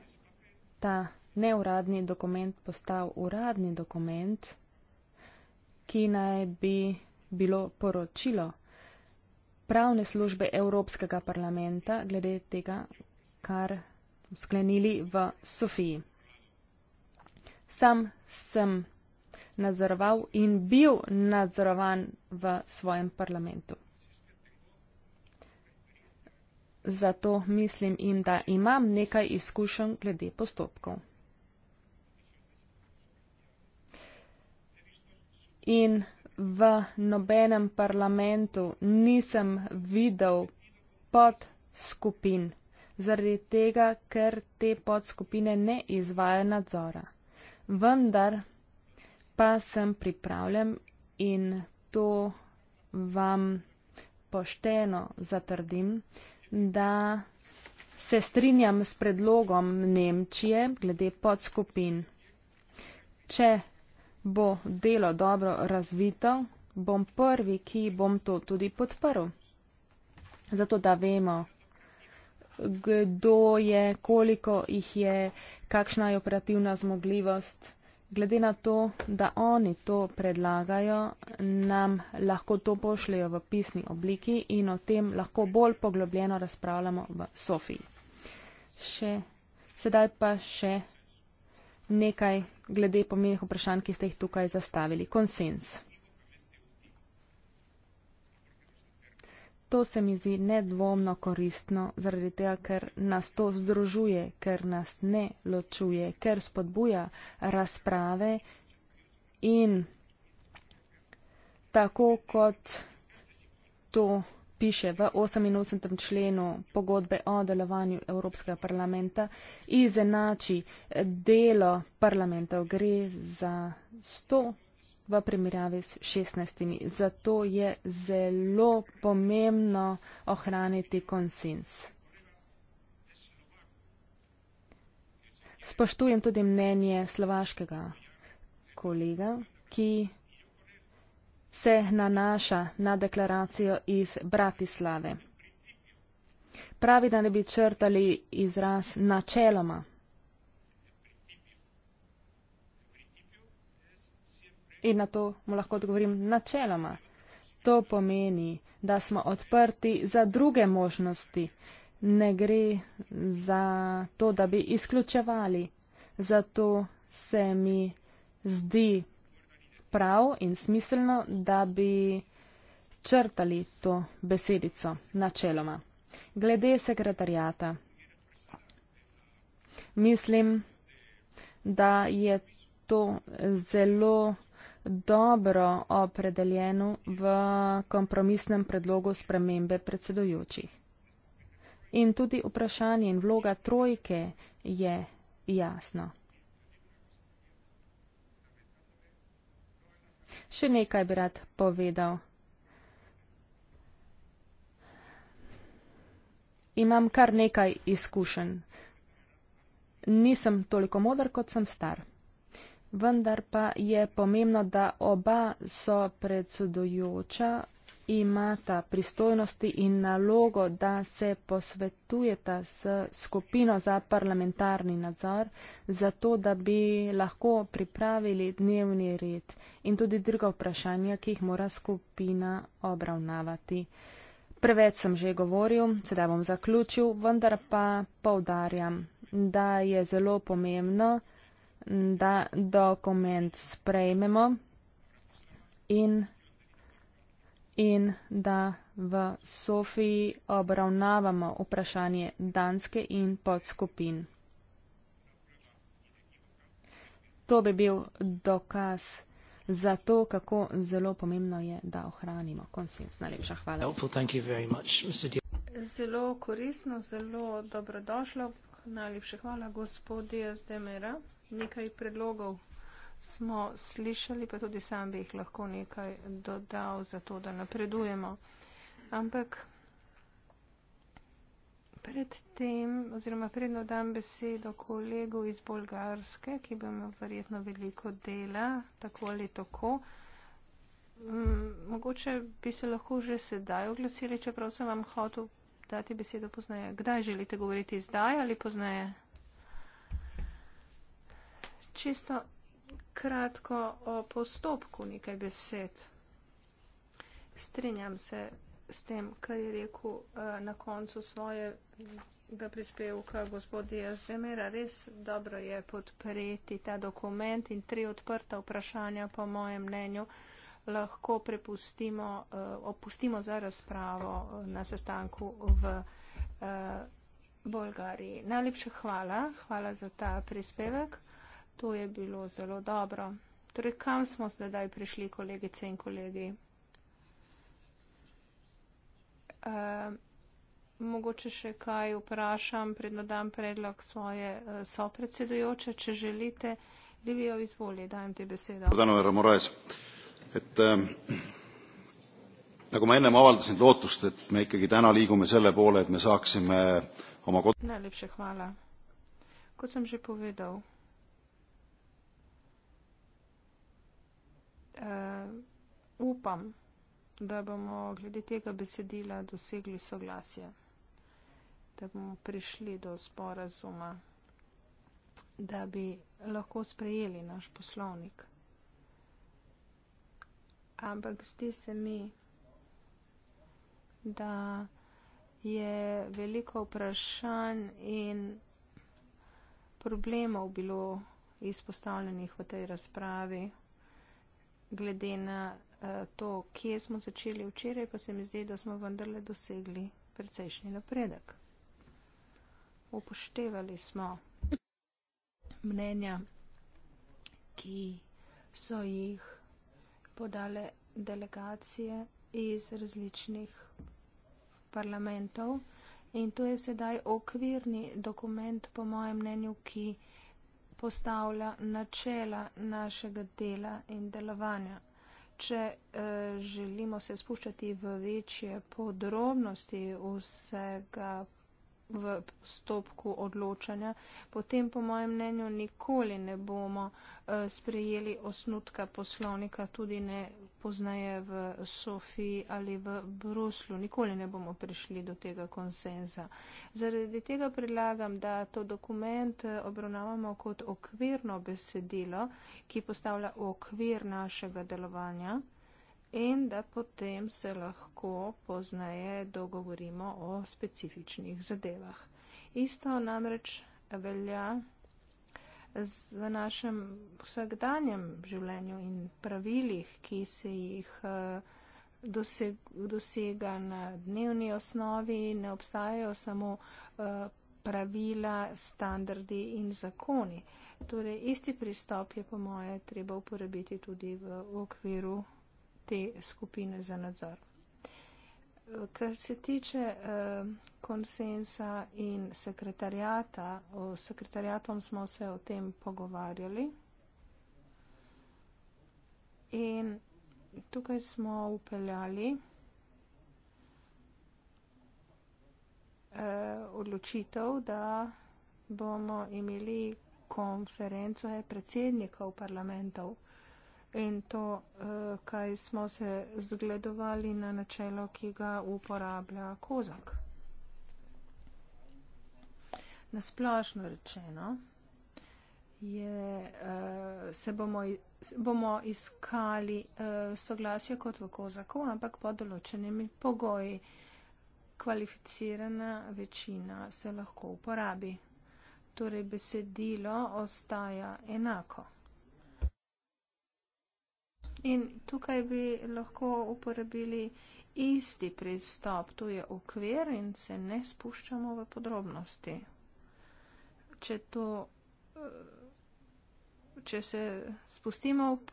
ta neuradni dokument postal uradni dokument, ki naj bi bilo poročilo pravne službe Evropskega parlamenta glede tega, kar sklenili v Sofiji. Sam sem nadzoroval in bil nadzorovan v svojem parlamentu. Zato mislim in da imam nekaj izkušenj glede postopkov. In v nobenem parlamentu nisem videl pod skupin, zaradi tega, ker te podskupine ne izvajo nadzora. Vendar pa sem pripravljen in to vam pošteno zatrdim, da se strinjam s predlogom Nemčije glede podskupin. Če bo delo dobro razvito, bom prvi, ki bom to tudi podprl. Zato, da vemo, kdo je, koliko jih je, kakšna je operativna zmogljivost glede na to, da oni to predlagajo, nam lahko to pošljajo v pisni obliki in o tem lahko bolj poglobljeno razpravljamo v Sofiji. Še, sedaj pa še nekaj glede pomenih vprašanj, ki ste jih tukaj zastavili. Konsens. to se mi zdi nedvomno koristno, zaradi tega, ker nas to združuje, ker nas ne ločuje, ker spodbuja razprave in tako kot to piše v 88. členu pogodbe o delovanju Evropskega parlamenta, izenači delo parlamentov. Gre za 100 v primerjavi s 16. Zato je zelo pomembno ohraniti konsens. Spoštujem tudi mnenje slovaškega kolega, ki se nanaša na deklaracijo iz Bratislave. Pravi, da ne bi črtali izraz načeloma. In na to mu lahko odgovorim načeloma. To pomeni, da smo odprti za druge možnosti. Ne gre za to, da bi izključevali. Zato se mi zdi prav in smiselno, da bi črtali to besedico načeloma. Glede sekretarjata. Mislim, da je to zelo dobro opredeljeno v kompromisnem predlogu spremembe predsedujočih. In tudi vprašanje in vloga trojke je jasno. Še nekaj bi rad povedal. Imam kar nekaj izkušenj. Nisem toliko modar, kot sem star. Vendar pa je pomembno, da oba so predsedujoča, imata pristojnosti in nalogo, da se posvetujeta s skupino za parlamentarni nadzor, zato da bi lahko pripravili dnevni red in tudi druga vprašanja, ki jih mora skupina obravnavati. Preveč sem že govoril, sedaj bom zaključil, vendar pa povdarjam, da je zelo pomembno, da dokument sprejmemo in, in da v Sofiji obravnavamo vprašanje Danske in podskupin. To bi bil dokaz za to, kako zelo pomembno je, da ohranimo konsens. Najlepša hvala. Zelo koristno, zelo dobrodošlo. Najlepša hvala, gospod Diaz de Mera. Nekaj predlogov smo slišali, pa tudi sam bi jih lahko nekaj dodal za to, da napredujemo. Ampak predtem, oziroma predno dam besedo kolegu iz Bolgarske, ki bo imel verjetno veliko dela, tako ali tako. Mm, mogoče bi se lahko že sedaj oglasili, čeprav sem vam hotel dati besedo poznaje. Kdaj želite govoriti? Zdaj ali poznaje? čisto kratko o postopku nekaj besed. Strinjam se s tem, kar je rekel uh, na koncu svojega prispevka gospod Diaz de Mera. Res dobro je podpreti ta dokument in tri odprta vprašanja, po mojem mnenju, lahko prepustimo, uh, opustimo za razpravo eh, na sestanku v uh, Bolgariji. Najlepša hvala, hvala za ta prispevek. To je bilo zelo dobro. Torej, kam smo zdaj prišli, kolegice in kolegi? E, mogoče še kaj vprašam, prednodam predlog svoje eh, sopredsedujoče, če želite. Livijo, izvoli, dajem ti besedo. Ehm, nagu ma ennem avaldasin lootust, et me ikkagi täna liigume selle poole, et me saaksime oma kod-. uh, upam, da bomo glede tega besedila dosegli soglasje, da bomo prišli do sporazuma, da bi lahko sprejeli naš poslovnik. Ampak zdi se mi, da je veliko vprašanj in problemov bilo izpostavljenih v tej razpravi, glede na eh, to, kje smo začeli včeraj, pa se mi zdi, da smo vendarle dosegli precejšnji napredek. Upoštevali smo mnenja, ki so jih podale delegacije iz različnih parlamentov. In to je sedaj okvirni dokument, po mojem mnenju, ki postavlja načela našega dela in delovanja. Če eh, želimo se spuščati v večje podrobnosti vsega v postopku odločanja, potem po mojem mnenju nikoli ne bomo eh, sprejeli osnutka poslovnika, tudi ne poznaje v Sofiji ali v Bruslu. Nikoli ne bomo prišli do tega konsenza. Zaradi tega predlagam, da to dokument eh, obravnavamo kot okvirno besedilo, ki postavlja okvir našega delovanja in da potem se lahko poznaje dogovorimo o specifičnih zadevah. Isto namreč velja v našem vsakdanjem življenju in pravilih, ki se jih eh, dosega na dnevni osnovi, ne obstajajo samo eh, pravila, standardi in zakoni. Torej, isti pristop je po moje treba uporabiti tudi v okviru te skupine za nadzor. Kar se tiče uh, konsensa in sekretarjata, o sekretarjatom smo se o tem pogovarjali. In tukaj smo upeljali uh, eh, odločitev, da bomo imeli konference predsednikov parlamentov in to, eh, kaj smo se zgledovali na načelo, ki ga uporablja Kozak. Nasplošno rečeno je, eh, se bomo, bomo iskali eh, soglasje kot v Kozaku, ampak pod določenimi pogoji. Kvalificirana večina se lahko uporabi. Torej besedilo ostaja enako. In tukaj bi lahko uporabili isti pristop, tu je okvir in se ne spuščamo v podrobnosti. Če, to, eh, če se spustimo v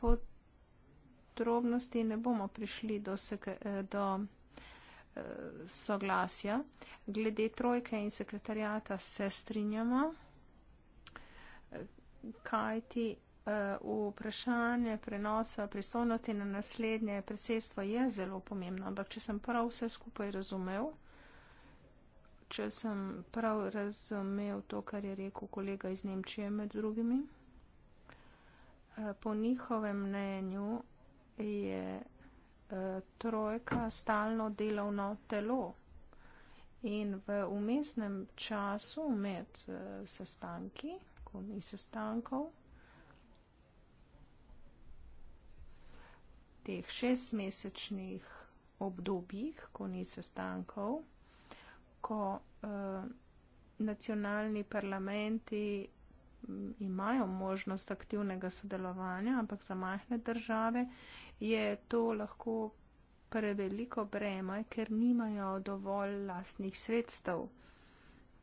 podrobnosti, ne bomo prišli do, eh, do eh, soglasja. Glede trojke in sekretarjata se strinjamo, kajti v eh, vprašanje prenosa pristojnosti na naslednje predsedstvo je zelo pomembno, ampak če sem prav vse skupaj razumel, če sem prav razumel to, kar je rekel kolega iz Nemčije med drugimi, eh, po njihovem mnenju je eh, trojka stalno delovno telo. In v umestnem času med sestanki, ko ni sestankov, teh šestmesečnih obdobjih, ko ni sestankov, ko eh, nacionalni parlamenti mm, imajo možnost aktivnega sodelovanja, ampak za majhne države je to lahko preveliko breme, ker nimajo dovolj lastnih sredstev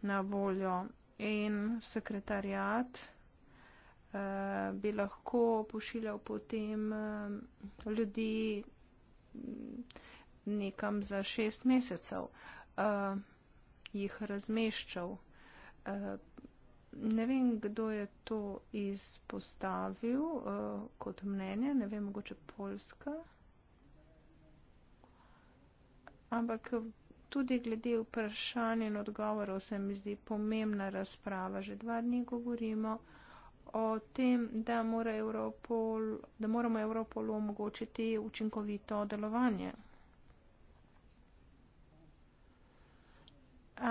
na voljo. In sekretarjat Eh, bi lahko pošiljal potem eh, ljudi mm, nekam za šest mesecev, eh, jih razmeščal. Ne vem, kdo je to izpostavil kot mnenje, ne vem, mogoče Poljska. Ampak tudi glede vprašanj in odgovorov se mi zdi pomembna razprava. Že dva dni govorimo o tem, da, mora Europol, da moramo Europolu omogočiti učinkovito delovanje.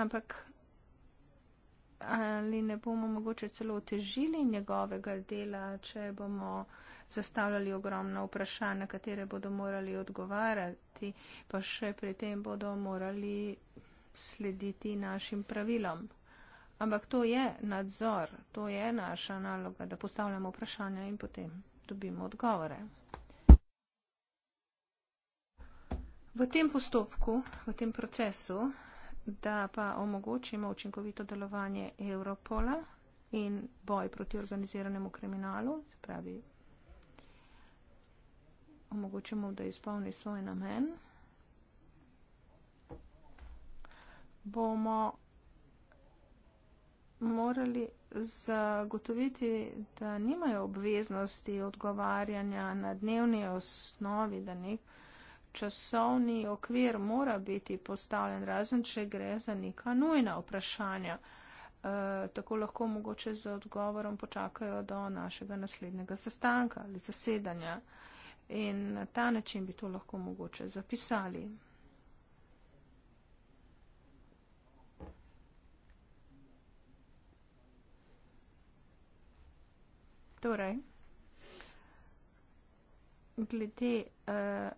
Ampak ali ne bomo mogoče celo otežili njegovega dela, če bomo zastavljali ogromna vprašanja, na katere bodo morali odgovarjati, pa še pri tem bodo morali slediti našim pravilom. Ampak to je nadzor, to je naša naloga, da postavljamo vprašanja in potem dobimo odgovore. V tem postopku, v tem procesu, da pa omogočimo učinkovito delovanje Europola in boj proti organiziranemu kriminalu, se pravi, omogočimo, da izpolni svoj namen, bomo morali zagotoviti, da nimajo obveznosti odgovarjanja na dnevni osnovi, da nek časovni okvir mora biti postavljen, razen če gre za neka nujna vprašanja. E, tako lahko mogoče z odgovorom počakajo do našega naslednjega sestanka ali zasedanja. In na ta način bi to lahko mogoče zapisali. Torej, glede uh, eh,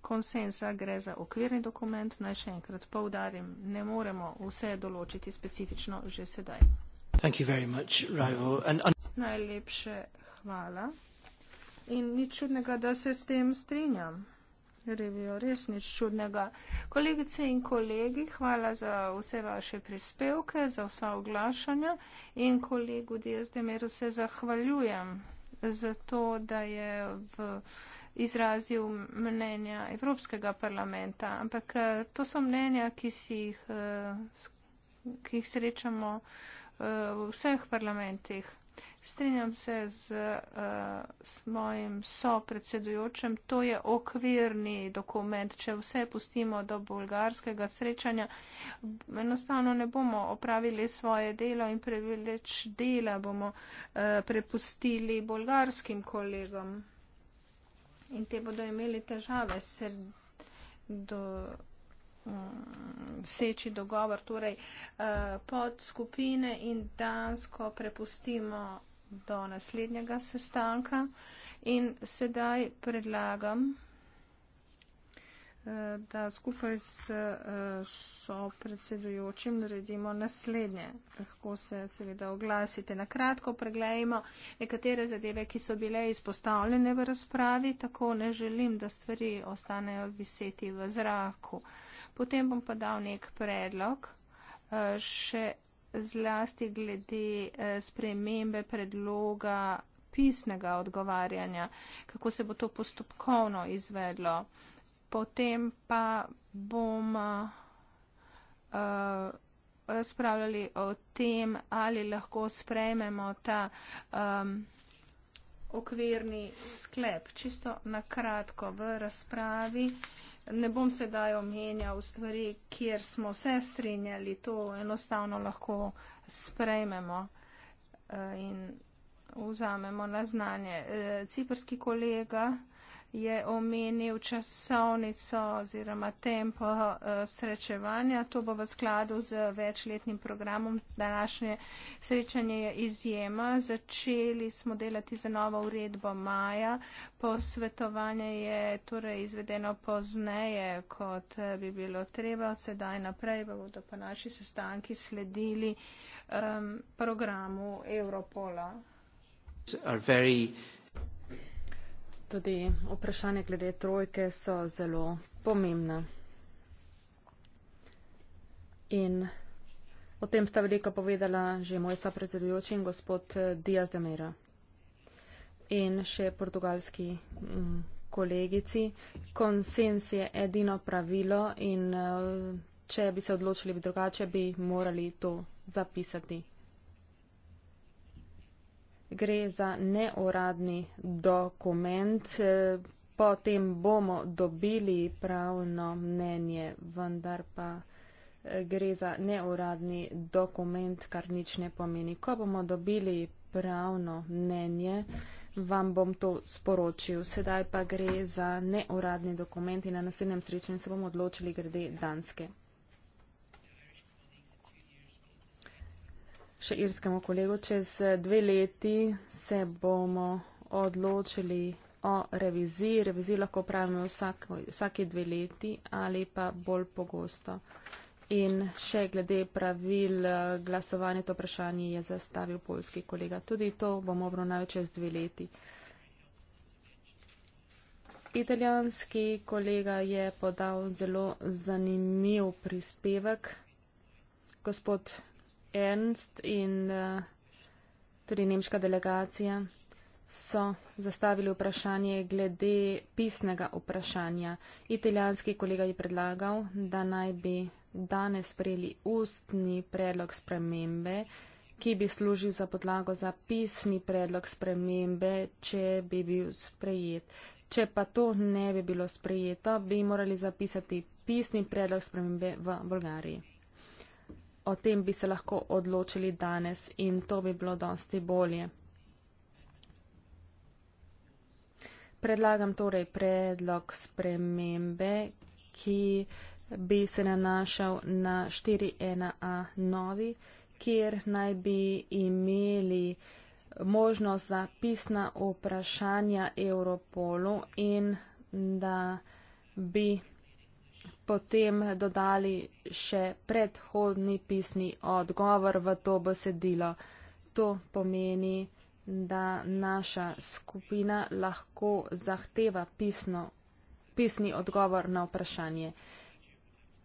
konsensa gre za okvirni dokument. Naj še enkrat povdarim, ne moremo vse določiti specifično že sedaj. Much, and, and Najlepše hvala. In nič čudnega, da se s tem strinjam revijo. Res nič čudnega. Kolegice in kolegi, hvala za vse vaše prispevke, za vsa oglašanja in kolegu D.S. Demeru se zahvaljujem za to, da je v izrazil mnenja Evropskega parlamenta. Ampak eh, to so mnenja, ki, si jih, eh, ki jih srečamo eh, v vseh parlamentih. Strenjam se z uh, eh, svojim sopredsedujočem, to je okvirni dokument. Če vse pustimo do bolgarskega srečanja, enostavno ne bomo opravili svoje delo in preveč dela bomo uh, prepustili bolgarskim kolegom. In te bodo imeli težave, ser do seči dogovor, torej eh, pod skupine in dansko prepustimo do naslednjega sestanka. In sedaj predlagam, eh, da skupaj s eh, so predsedujočim naredimo naslednje. Lahko se seveda oglasite. Na kratko preglejmo nekatere zadeve, ki so bile izpostavljene v razpravi, tako ne želim, da stvari ostanejo viseti v zraku. Potem bom pa dal nek predlog, eh, še zlasti glede eh, spremembe predloga pisnega odgovarjanja, kako se bo to postopkovno izvedlo. Potem pa bom eh, razpravljali o tem, ali lahko sprejmemo ta um, okvirni sklep. Čisto na kratko v razpravi uh, ne bom sedaj omenjal stvari, kjer smo se strinjali, to enostavno lahko sprejmemo eh, in vzamemo na znanje. Eh, ciprski kolega, je omenil časovnico oziroma tempo eh, srečevanja. To bo v skladu z večletnim programom. Današnje srečanje je izjema. Začeli smo delati za novo uredbo maja. Posvetovanje je torej izvedeno pozneje, kot eh, bi bilo treba. Od sedaj naprej bodo pa naši sestanki sledili um, programu Europola. are very tudi vprašanje glede trojke so zelo pomembna. In o tem sta veliko povedala že moj sopredsedujoči in gospod eh, Diaz de Mera in še portugalski mm, kolegici. Konsens je edino pravilo in eh, če bi se odločili drugače, bi morali to zapisati gre za neuradni dokument. E, potem bomo dobili pravno mnenje, vendar pa e, gre za neuradni dokument, kar nič ne pomeni. Ko bomo dobili pravno mnenje, vam bom to sporočil. Sedaj pa gre za neuradni dokument in na naslednjem srečanju se bomo odločili glede Danske. še irskemu kolegu. Čez eh, dve leti se bomo odločili o reviziji. Reviziji lahko pravimo vsak, vsake dve leti ali pa bolj pogosto. In še glede pravil eh, glasovanja, to vprašanje je zastavil polski kolega. Tudi to bomo obravnavali čez dve leti. Italijanski kolega je podal zelo zanimiv prispevek. Gospod Ernst in eh, tudi nemška delegacija so zastavili vprašanje glede pisnega vprašanja. Italijanski kolega je predlagal, da naj bi danes sprejeli ustni predlog spremembe, ki bi služil za podlago za pisni predlog spremembe, če bi bil sprejet. Če pa to ne bi bilo sprejeto, bi morali zapisati pisni predlog spremembe v Bolgariji o tem bi se lahko odločili danes in to bi bilo dosti bolje. Predlagam torej predlog spremembe, ki bi se nanašal na 4.1a novi, kjer naj bi imeli možnost za pisna vprašanja Europolu in da bi potem dodali še predhodni pisni odgovor v to besedilo. To pomeni, da naša skupina lahko zahteva pisno, pisni odgovor na vprašanje.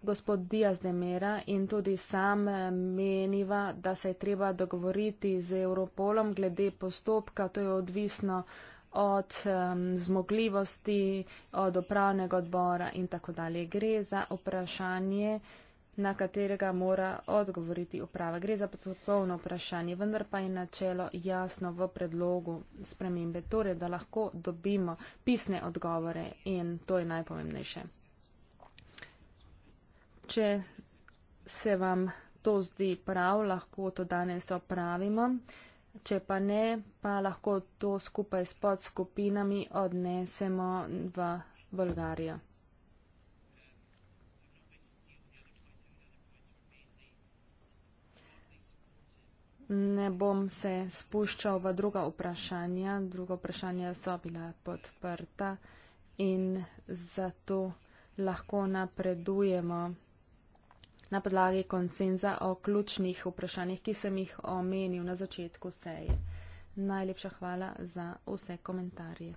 Gospod Diaz de Mera in tudi sam eh, meniva, da se je treba dogovoriti z Europolom glede postopka, to je odvisno od um, zmogljivosti, od upravnega odbora in tako dalje. Gre za vprašanje, na katerega mora odgovoriti uprava. Gre za postopkovno vprašanje, vendar pa je načelo jasno v predlogu spremembe, torej da lahko dobimo pisne odgovore in to je najpomembnejše. Če se vam to zdi prav, lahko to danes opravimo. Uh, Če pa ne, pa lahko to skupaj s podskupinami odnesemo v Bolgarijo. Ne bom se spuščal v druga vprašanja. Druga vprašanja so bila podprta in zato lahko napredujemo na podlagi konsenza o ključnih vprašanjih, ki sem jih omenil na začetku seje. Najlepša hvala za vse komentarje.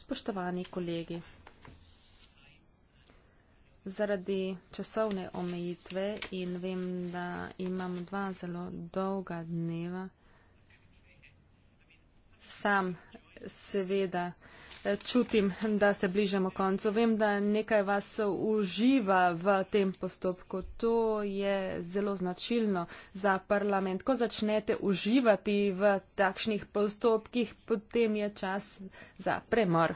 Spoštovani kolegi, zaradi časovne omejitve in vem, da imam dva zelo dolga dneva, sam seveda čutim, da se bližamo koncu. Vem, da nekaj vas uživa v tem postopku. To je zelo značilno za parlament. Ko začnete uživati v takšnih postopkih, potem je čas za premor.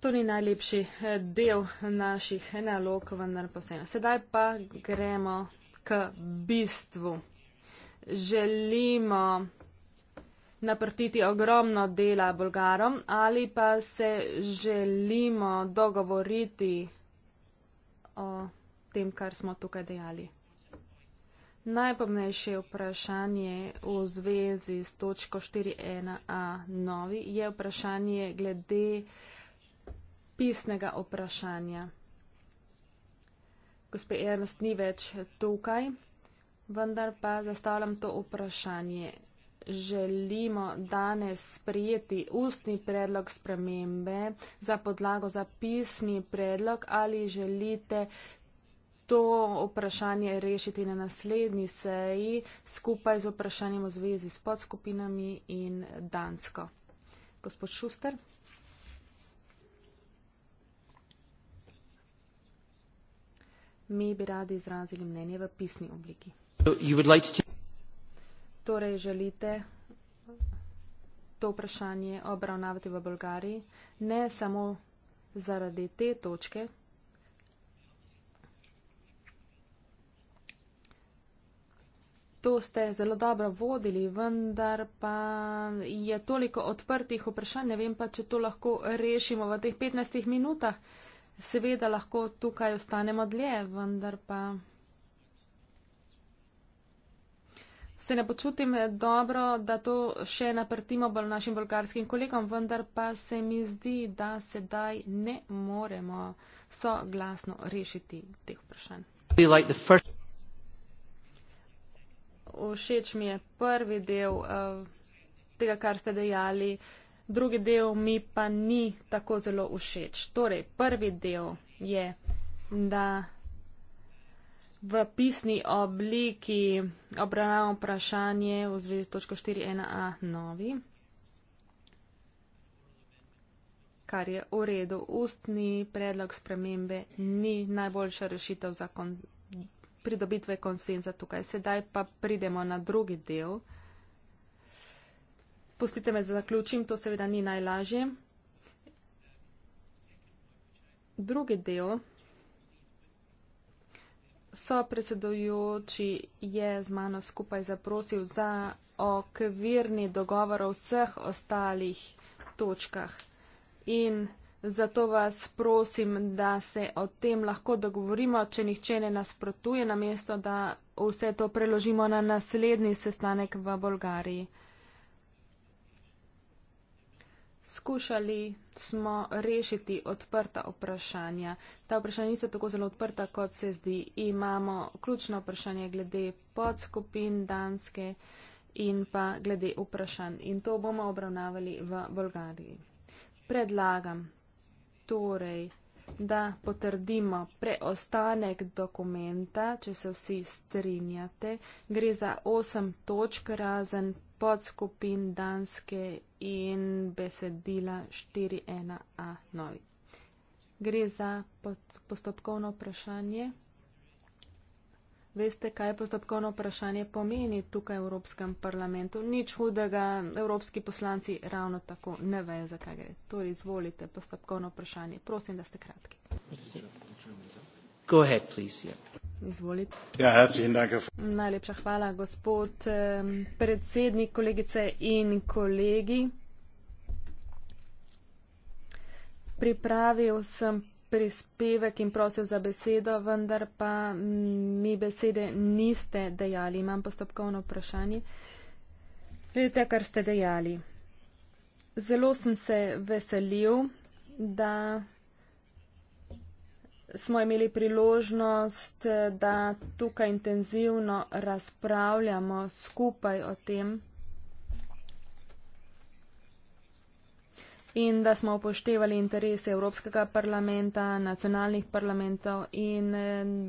To ni najlepši eh, del naših nalog, vendar posebno. Sedaj pa gremo k bistvu želimo naprtiti ogromno dela Bolgarom ali pa se želimo dogovoriti o tem, kar smo tukaj dejali. Najpomnejše vprašanje v zvezi s točko 4.1a novi je vprašanje glede pisnega vprašanja. Gospe Ernst ni več tukaj vendar pa zastavljam to vprašanje. Želimo danes sprijeti ustni predlog spremembe za podlago za pisni predlog ali želite to vprašanje rešiti na naslednji seji skupaj z vprašanjem v zvezi s podskupinami in Dansko. Gospod Šuster. Mi bi radi izrazili mnenje v pisni obliki. Torej želite to vprašanje obravnavati v Bolgariji, ne samo zaradi te točke. To ste zelo dobro vodili, vendar pa je toliko odprtih vprašanj, ne vem pa, če to lahko rešimo v teh 15 minutah. Seveda lahko tukaj ostanemo dlje, vendar pa. se ne počutim dobro, da to še naprtimo bolj našim bolgarskim kolegom, vendar pa se mi zdi, da sedaj ne moremo soglasno rešiti teh vprašanj. Všeč mi je prvi del uh, tega, kar ste dejali, drugi del mi pa ni tako zelo všeč. Torej, prvi del je, da v pisni obliki obravnavamo vprašanje v zvezi s točko 4.1a novi, kar je v redu. Ustni predlog spremembe ni najboljša rešitev za kon pridobitve konsenza tukaj. Sedaj pa pridemo na drugi del. Pustite me, da zaključim, to seveda ni najlažje. Drugi del So predsedujoči je z mano skupaj zaprosil za okvirni dogovor o vseh ostalih točkah. In zato vas prosim, da se o tem lahko dogovorimo, če nihče ne nasprotuje, namesto da vse to preložimo na naslednji sestanek v Bolgariji. Skušali smo rešiti odprta vprašanja. Ta vprašanja niso tako zelo odprta, kot se zdi. Imamo ključno vprašanje glede podskupin Danske in pa glede vprašanj. In to bomo obravnavali v Bolgariji. Predlagam torej, da potrdimo preostanek dokumenta, če se vsi strinjate. Gre za osem točk razen podskupin danske in besedila 4.1a novi. Gre za postopkovno vprašanje. Veste, kaj postopkovno vprašanje pomeni tukaj v Evropskem parlamentu? Nič hudega, evropski poslanci ravno tako ne vejo, zakaj gre. Torej, izvolite postopkovno vprašanje. Prosim, da ste kratki. Go ahead, please, yeah. Izvolite. Ja, herzlichen Dank. Najlepša hvala, gospod predsednik, kolegice in kolegi. Pripravil sem prispevek in prosil za besedo, vendar pa mi besede niste dejali. Imam postopkovno vprašanje. Vidite, kar ste dejali. Zelo sem se veselil, da smo imeli priložnost, da tukaj intenzivno razpravljamo skupaj o tem in da smo upoštevali interese Evropskega parlamenta, nacionalnih parlamentov in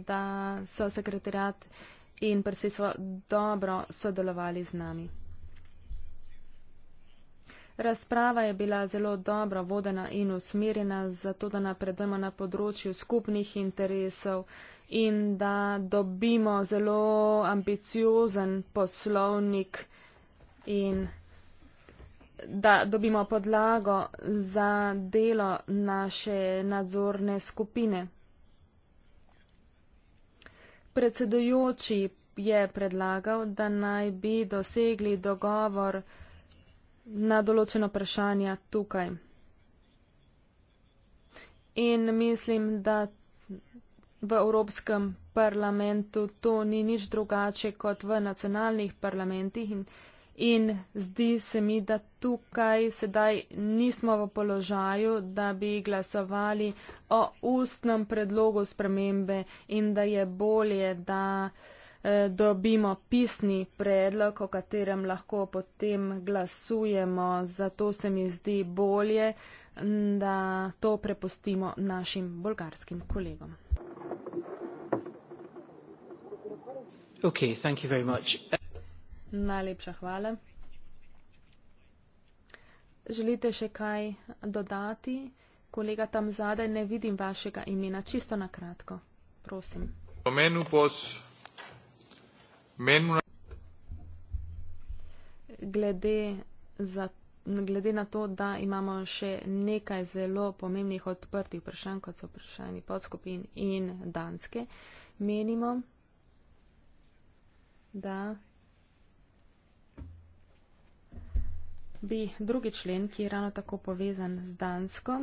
da so sekretariat in predsedstvo dobro sodelovali z nami. Razprava je bila zelo dobro vodena in usmerjena, zato da napredujemo na področju skupnih interesov in da dobimo zelo ambiciozen poslovnik in da dobimo podlago za delo naše nadzorne skupine. Predsedujoči je predlagal, da naj bi dosegli dogovor na določeno vprašanje tukaj. In mislim, da v Evropskem parlamentu to ni nič drugače kot v nacionalnih parlamentih. In, in zdi se mi, da tukaj sedaj nismo v položaju, da bi glasovali o ustnem predlogu spremembe in da je bolje, da. Eh, dobimo pisni predlog, o katerem lahko potem glasujemo. Zato se mi zdi bolje, da to prepustimo našim bolgarskim kolegom. Okay, Najlepša hvala. Želite še kaj dodati? Kolega tam zadaj ne vidim vašega imena. Čisto na kratko. Prosim. Omenu pos Menuna... Glede, za, glede na to, da imamo še nekaj zelo pomembnih odprtih vprašanj, kot so vprašanje podskupin in danske, menimo, da bi drugi člen, ki je ravno tako povezan z dansko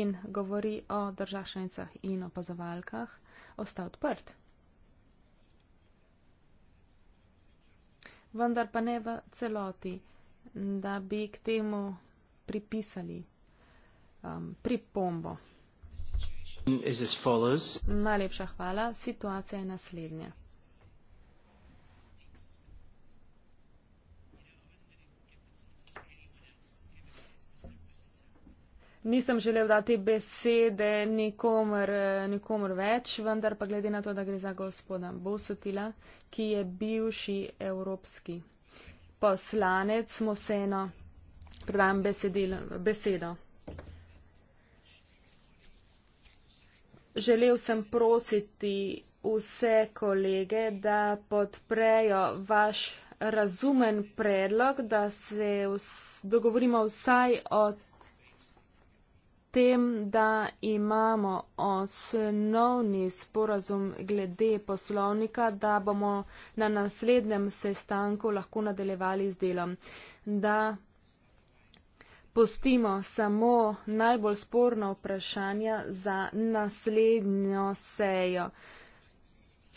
in govori o državšnicah in opazovalkah, ostal odprt. vendar pa ne v celoti, da bi k temu pripisali um, pripombo. Najlepša hvala. Situacija je naslednja. nisem želel dati besede nikomor, nikomor več, vendar pa glede na to, da gre za gospoda Bosotila, ki je bivši evropski poslanec, smo vseeno predam besedil, besedo. Želel sem prositi vse kolege, da podprejo vaš razumen predlog, da se vs, dogovorimo vsaj o tem, da imamo osnovni sporazum glede poslovnika, da bomo na naslednjem sestanku lahko nadaljevali z delom. Da pustimo samo najbolj sporno vprašanje za naslednjo sejo.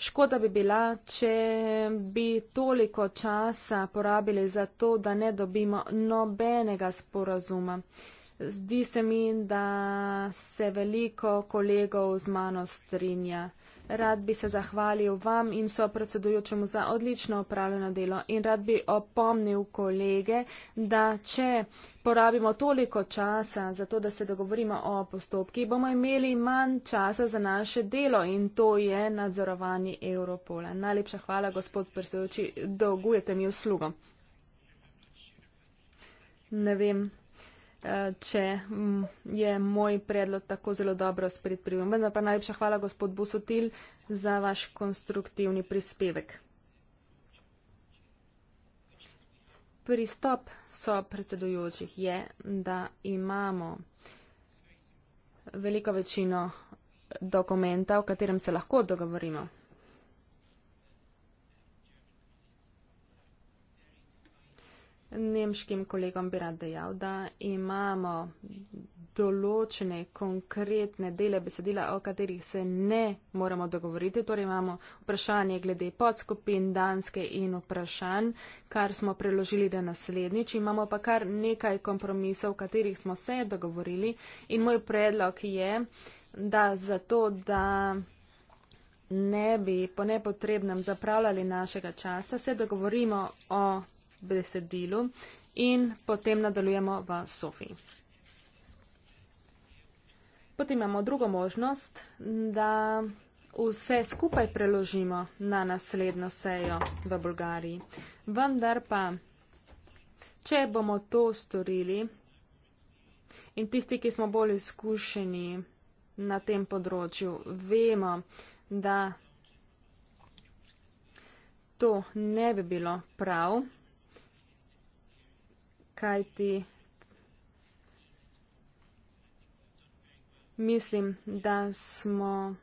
Škoda bi bila, če bi toliko časa porabili za to, da ne dobimo nobenega sporazuma zdi se mi, da se veliko kolegov z mano strinja. Rad bi se zahvalil vam in so predsedujočemu za odlično opravljeno delo in rad bi opomnil kolege, da če porabimo toliko časa za to, da se dogovorimo o postopki, bomo imeli manj časa za naše delo in to je nadzorovanje Europola. Najlepša hvala, gospod predsedujoči, dolgujete mi uslugo. Ne vem, če mm, je moj predlog tako zelo dobro sprit pri vam. Vendar pa najlepša hvala, gospod Busutil, za vaš konstruktivni prispevek. Pristop so predsedujočih je, da imamo veliko večino dokumenta, o katerem se lahko dogovorimo. nemškim kolegom bi rad dejal, da imamo določene konkretne dele besedila, o katerih se ne moramo dogovoriti. Torej imamo vprašanje glede podskupin danske in vprašanj, kar smo preložili na naslednjič. Imamo pa kar nekaj kompromisov, o katerih smo se dogovorili in moj predlog je, da zato, da ne bi po nepotrebnem zapravljali našega časa, se dogovorimo o besedilu in potem nadaljujemo v Sofi. Potem imamo drugo možnost, da vse skupaj preložimo na naslednjo sejo v Bulgariji. Vendar pa, če bomo to storili in tisti, ki smo bolj izkušeni na tem področju, vemo, da to ne bi bilo prav, kaj ti mislim, da smo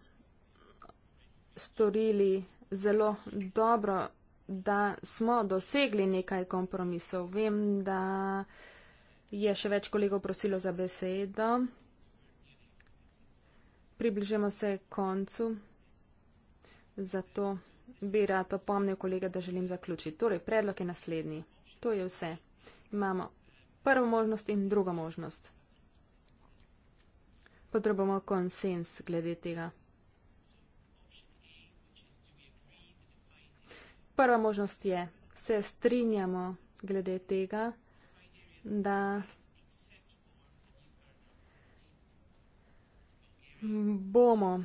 storili zelo dobro, da smo dosegli nekaj kompromisov. Vem, da je še več kolegov prosilo za besedo. Približamo se koncu, zato bi rad opomnil kolega, da želim zaključiti. Torej, predlog je naslednji. To je vse imamo prvo možnost in drugo možnost. Potrebujemo konsens glede tega. Prva možnost je, se strinjamo glede tega, da bomo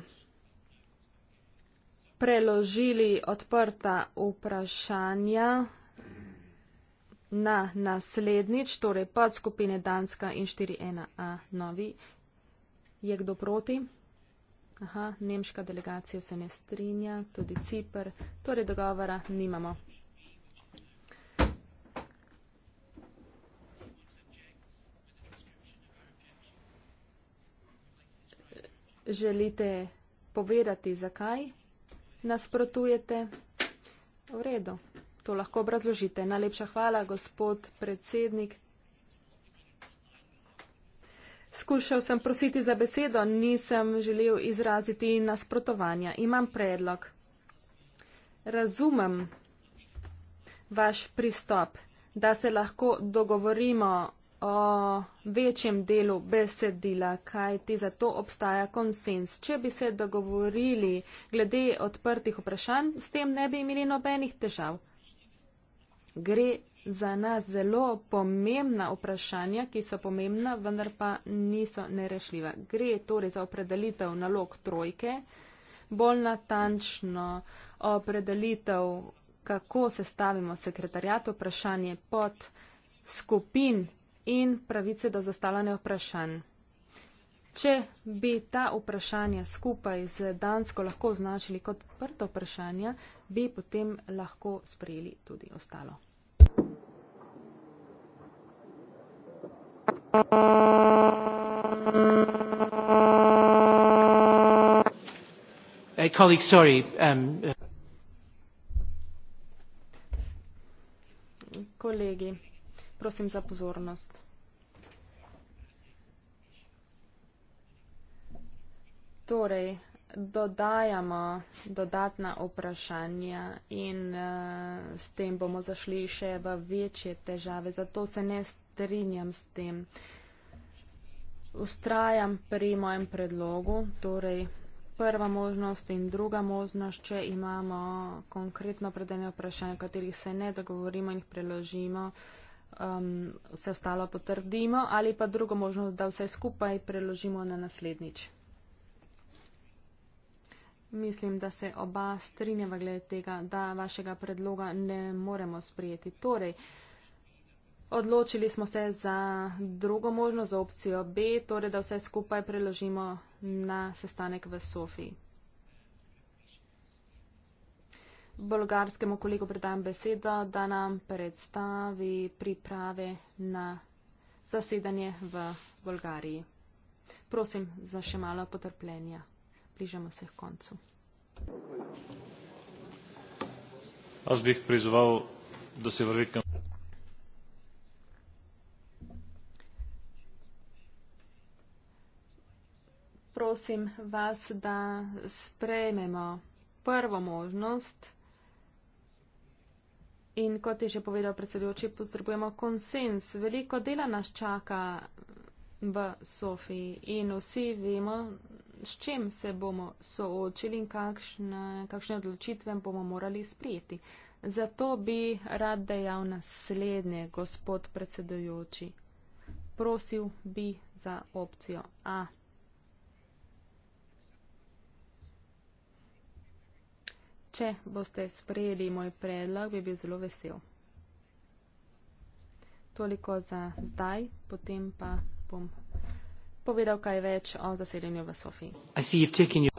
preložili odprta vprašanja na naslednjič, torej pod skupine Danska in 4.1a novi. Je kdo proti? Aha, nemška delegacija se ne strinja, tudi Cipr, torej dogovora nimamo. Želite povedati, zakaj nasprotujete? V redu to lahko obrazložite. Najlepša hvala, gospod predsednik. Skušal sem prositi za besedo, nisem želel izraziti nasprotovanja. Imam predlog. Razumem vaš pristop, da se lahko dogovorimo o večjem delu besedila, kaj ti za to obstaja konsens. Če bi se dogovorili glede odprtih vprašanj, s tem ne bi imeli nobenih težav gre za nas zelo pomembna vprašanja, ki so pomembna, vendar pa niso nerešljiva. Gre torej za opredelitev nalog trojke, bolj natančno opredelitev, kako sestavimo sekretarjat vprašanje pod skupin in pravice do zastavljanja vprašanj. Če bi ta vprašanja skupaj z Dansko lahko označili kot prto vprašanja, bi potem lahko sprejeli tudi ostalo. Uh, colleagues, sorry. Um, uh. Kolegi, prosim za pozornost. Torej, dodajamo dodatna vprašanja in uh, s tem bomo zašli še v večje težave. Zato se ne strinjamo strinjam s tem. Ustrajam pri mojem predlogu, torej prva možnost in druga možnost, če imamo konkretno predeljeno vprašanje, o katerih se ne dogovorimo in jih preložimo, um, vse ostalo potrdimo ali pa drugo možnost, da vse skupaj preložimo na naslednjič. Mislim, da se oba strinjava glede tega, da vašega predloga ne moremo sprijeti. Torej, uh, Odločili smo se za drugo možnost, za opcijo B, torej da vse skupaj preložimo na sestanek v Sofiji. Bolgarskemu kolegu predajam besedo, da nam predstavi priprave na zasedanje v Bolgariji. Prosim za še malo potrpljenja. Bližamo se k koncu. Jaz bih prizval, da se vrvekam. prosim vas, da sprejmemo prvo možnost. In kot je že povedal predsedujoči, potrebujemo konsens. Veliko dela nas čaka v Sofiji in vsi vemo, s čem se bomo soočili in kakšne, kakšne odločitve bomo morali sprijeti. Zato bi rad dejal naslednje, gospod predsedujoči. Prosil bi za opcijo A. Če boste sprejeli moj predlog, bi bil zelo vesel. Toliko za zdaj, potem pa bom povedal kaj več o zasedanju v Sofiji.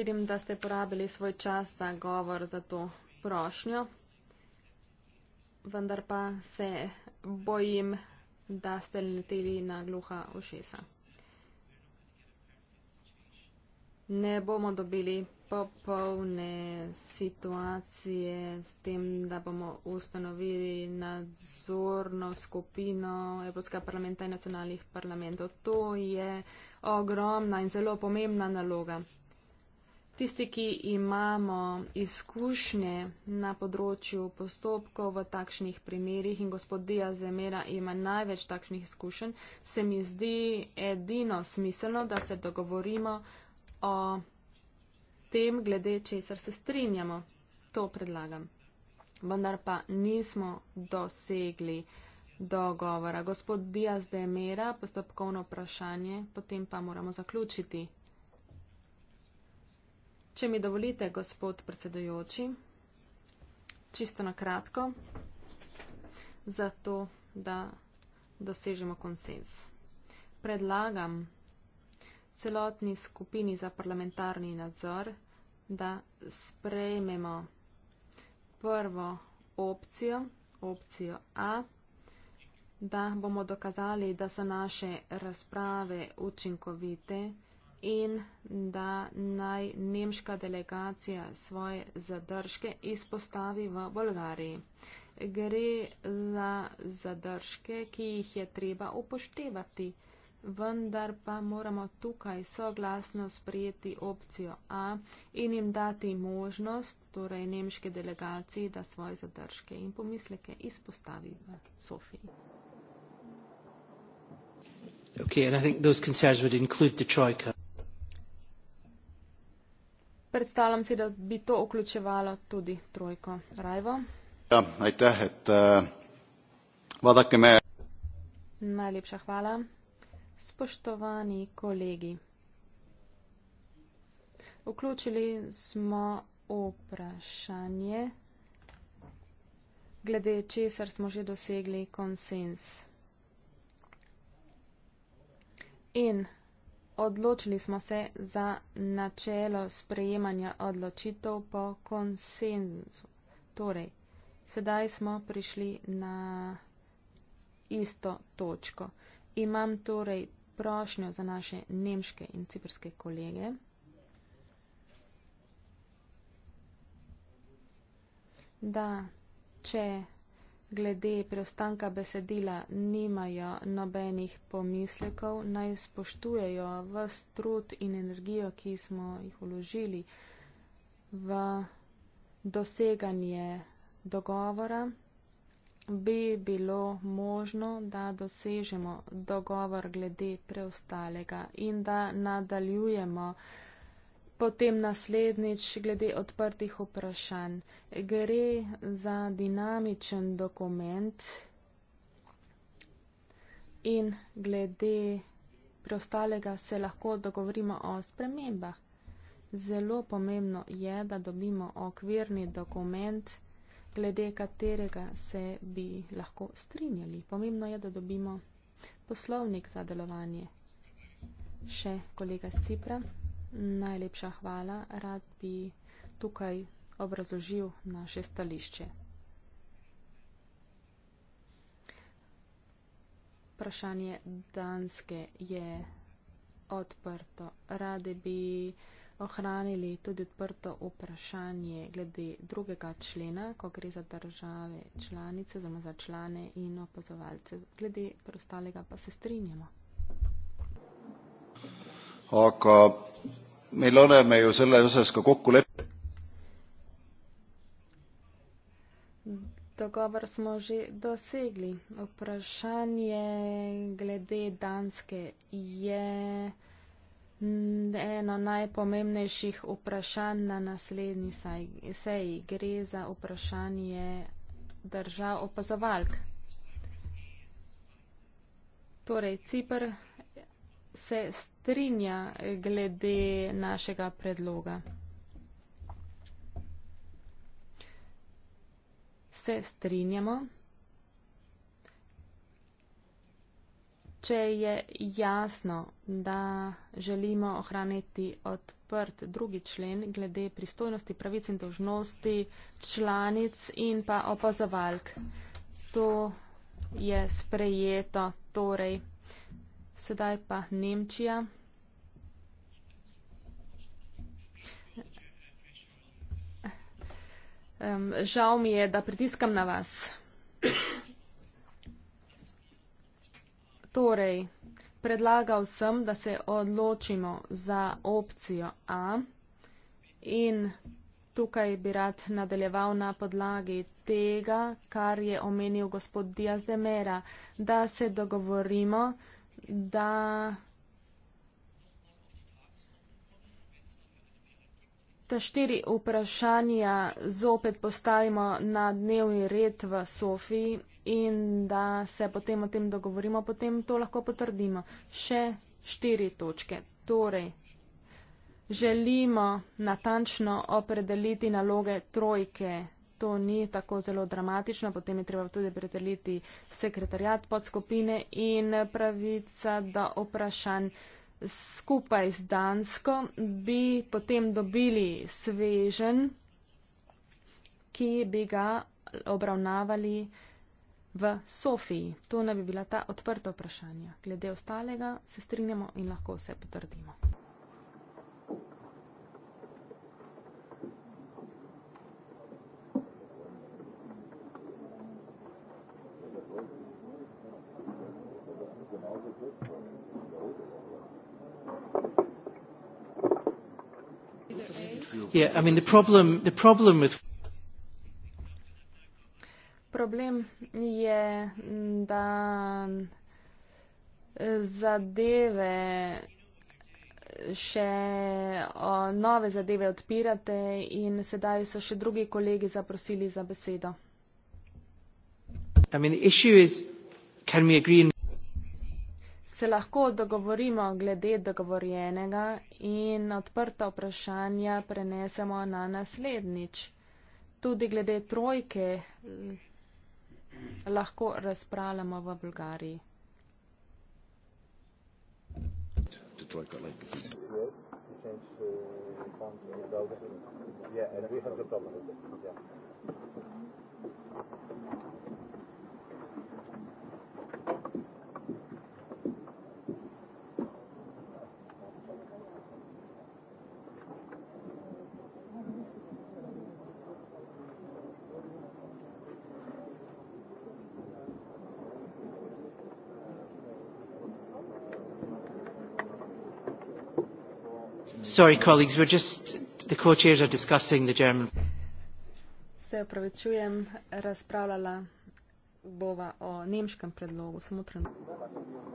Vidim, da ste porabili svoj čas za govor za to prošnjo, vendar pa se bojim, da ste leteli na gluha ušesa. ne bomo dobili popolne situacije s tem, da bomo ustanovili nadzorno skupino Evropskega parlamenta in nacionalnih parlamentov. To je ogromna in zelo pomembna naloga. Tisti, ki imamo izkušnje na področju postopkov v takšnih primerjih in gospod Dija Zemera ima največ takšnih izkušenj, se mi zdi edino smiselno, da se dogovorimo o tem, glede česar se strinjamo. To predlagam. Vendar pa nismo dosegli dogovora. Gospod Diaz de Mera, postopkovno vprašanje, potem pa moramo zaključiti. Če mi dovolite, gospod predsedujoči, čisto na kratko, zato da dosežemo konsens. Predlagam, celotni skupini za parlamentarni nadzor, da sprejmemo prvo opcijo, opcijo A, da bomo dokazali, da so naše razprave učinkovite in da naj nemška delegacija svoje zadržke izpostavi v Bolgariji. Gre za zadržke, ki jih je treba upoštevati vendar pa moramo tukaj soglasno sprijeti opcijo A in jim dati možnost, torej nemške delegaciji, da svoje zadržke in pomisleke izpostavi v Sofiji. Okay, Predstavljam si, da bi to vključevalo tudi trojko. Rajvo. Ja, ajte, et, uh, äh, vada, me... Najlepša hvala. Spoštovani kolegi, vključili smo vprašanje, glede česar smo že dosegli konsens. In odločili smo se za načelo sprejemanja odločitev po konsenzu. Torej, sedaj smo prišli na isto točko. Imam torej prošnjo za naše nemške in ciprske kolege. Da, če glede preostanka besedila nimajo nobenih pomislekov, naj spoštujejo vas trud in energijo, ki smo jih vložili v doseganje dogovora bi bilo možno, da dosežemo dogovor glede preostalega in da nadaljujemo potem naslednjič glede odprtih vprašanj. Gre za dinamičen dokument in glede preostalega se lahko dogovorimo o spremembah. Zelo pomembno je, da dobimo okvirni dokument glede katerega se bi lahko strinjali. Pomembno je, da dobimo poslovnik za delovanje. Še kolega z Cipra, najlepša hvala, rad bi tukaj obrazložil naše stališče. Vprašanje Danske je odprto. Rade bi uh, ohranili tudi odprto vprašanje glede drugega člena, ko gre za države članice, zelo za člane in opazovalce. Glede preostalega pa se strinjamo. Aga meil oleme ju selle osas ka kokku leppinud. Dogovor smo že dosegli. Vprašanje glede Danske je Mm, eno najpomembnejših vprašanj na naslednji seji gre za vprašanje držav opazovalk. Torej, Cipr se strinja glede našega predloga. Se strinjamo. Če je jasno, da želimo ohraniti odprt drugi člen glede pristojnosti, pravic in dožnosti članic in pa opazovalk, to je sprejeto. Torej, sedaj pa Nemčija. Ehm, žal mi je, da pritiskam na vas torej predlagal sem, da se odločimo za opcijo A in tukaj bi rad nadaljeval na podlagi tega, kar je omenil gospod Diaz de Mera, da se dogovorimo, da ta štiri vprašanja zopet postavimo na dnevni red v Sofiji in da se potem o tem dogovorimo, potem to lahko potrdimo. Še štiri točke. Torej, želimo natančno opredeliti naloge trojke. To ni tako zelo dramatično, potem je treba tudi predeliti sekretarjat podskupine in pravica do vprašanj. Skupaj z Dansko bi potem dobili svežen, ki bi ga obravnavali uh, v Sofiji. To naj bi bila ta odprta vprašanja. Glede ostalega se strinjamo in lahko vse potrdimo. Yeah, I mean, the problem, the problem with problem je, da zadeve še o, nove zadeve odpirate in sedaj so še drugi kolegi zaprosili za besedo. I mean, is, in... Se lahko dogovorimo glede dogovorjenega in odprta vprašanja prenesemo na naslednjič. Tudi glede trojke lahko razpravljamo v Bulgariji. Thank you. Sorry, colleagues, we're just, the co-chairs are discussing the German. Se opravičujem, razpravljala bova o nemškem predlogu, samo trenutno.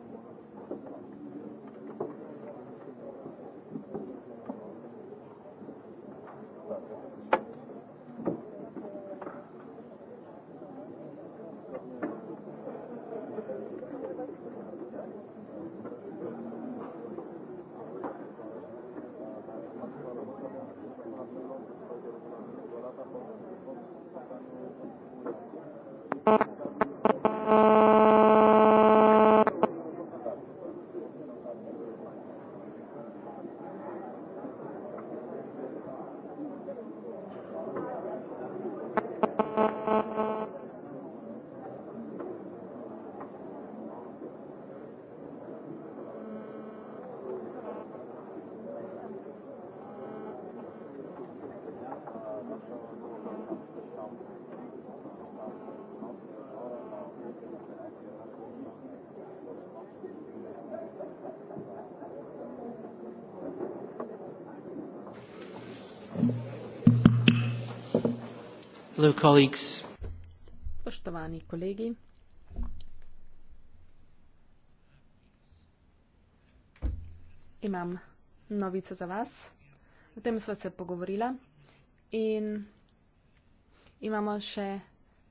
spoštovani kolegi imam novico za vas o tem sva se pogovorila in imamo še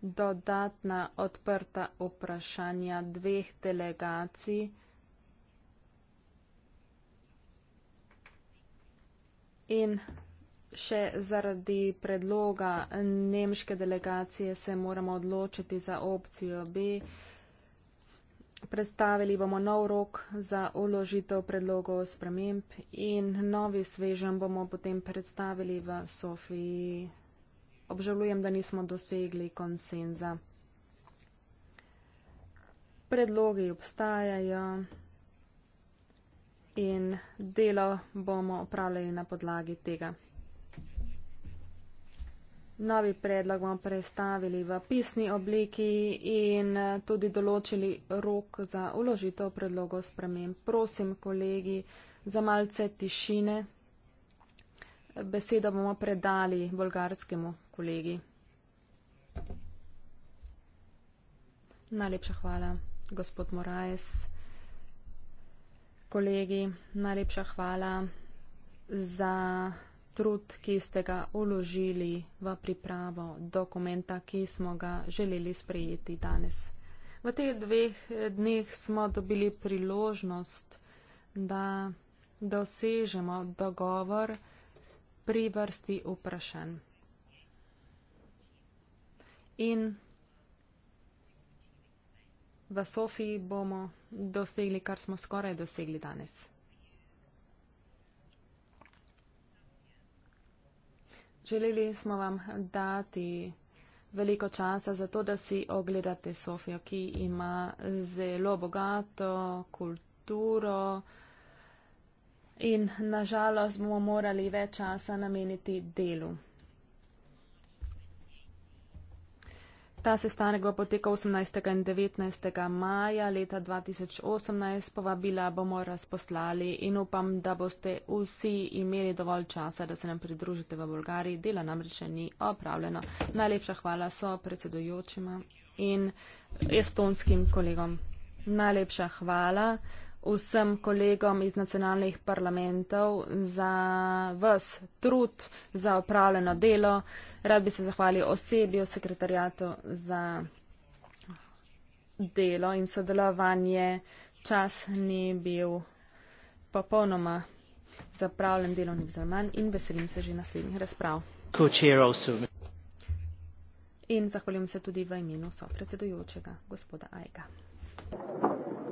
dodatna odprta vprašanja dveh delegacij in še zaradi predloga nemške delegacije se moramo odločiti za opcijo B. Predstavili bomo nov rok za uložitev predlogov sprememb in novi svežen bomo potem predstavili v Sofiji. Obžalujem, da nismo dosegli konsenza. Predlogi obstajajo in delo bomo opravljali na podlagi tega. Novi predlog bomo predstavili v pisni obliki in eh, tudi določili rok za uložitev predlogov spremen. Prosim, kolegi, za malce tišine. Besedo bomo predali bolgarskemu kolegi. Najlepša hvala, gospod Morajes. Kolegi, najlepša hvala za trud, ki ste ga uložili v pripravo dokumenta, ki smo ga želeli sprejeti danes. V teh dveh dneh smo dobili priložnost, da dosežemo dogovor pri vrsti vprašanj. In v Sofiji bomo dosegli, kar smo skoraj dosegli danes. Želeli smo vam dati veliko časa za to, da si ogledate Sofijo, ki ima zelo bogato kulturo in nažalost bomo morali več časa nameniti delu. Ta sestanek bo potekal 18. in 19. maja leta 2018. Povabila bomo razposlali in upam, da boste vsi imeli dovolj časa, da se nam pridružite v Bulgariji. Dela namreč še ni opravljeno. Najlepša hvala so predsedujočima in estonskim kolegom. Najlepša hvala vsem kolegom iz nacionalnih parlamentov za vas trud, za opravljeno delo. Rad bi se zahvalil osebju, sekretarjatu za delo in sodelovanje. Čas ni bil popolnoma zapravljen delovnik za manj in veselim se že naslednjih razprav. In zahvaljujem se tudi v imenu sopredsedujočega gospoda Ajga. Thank you.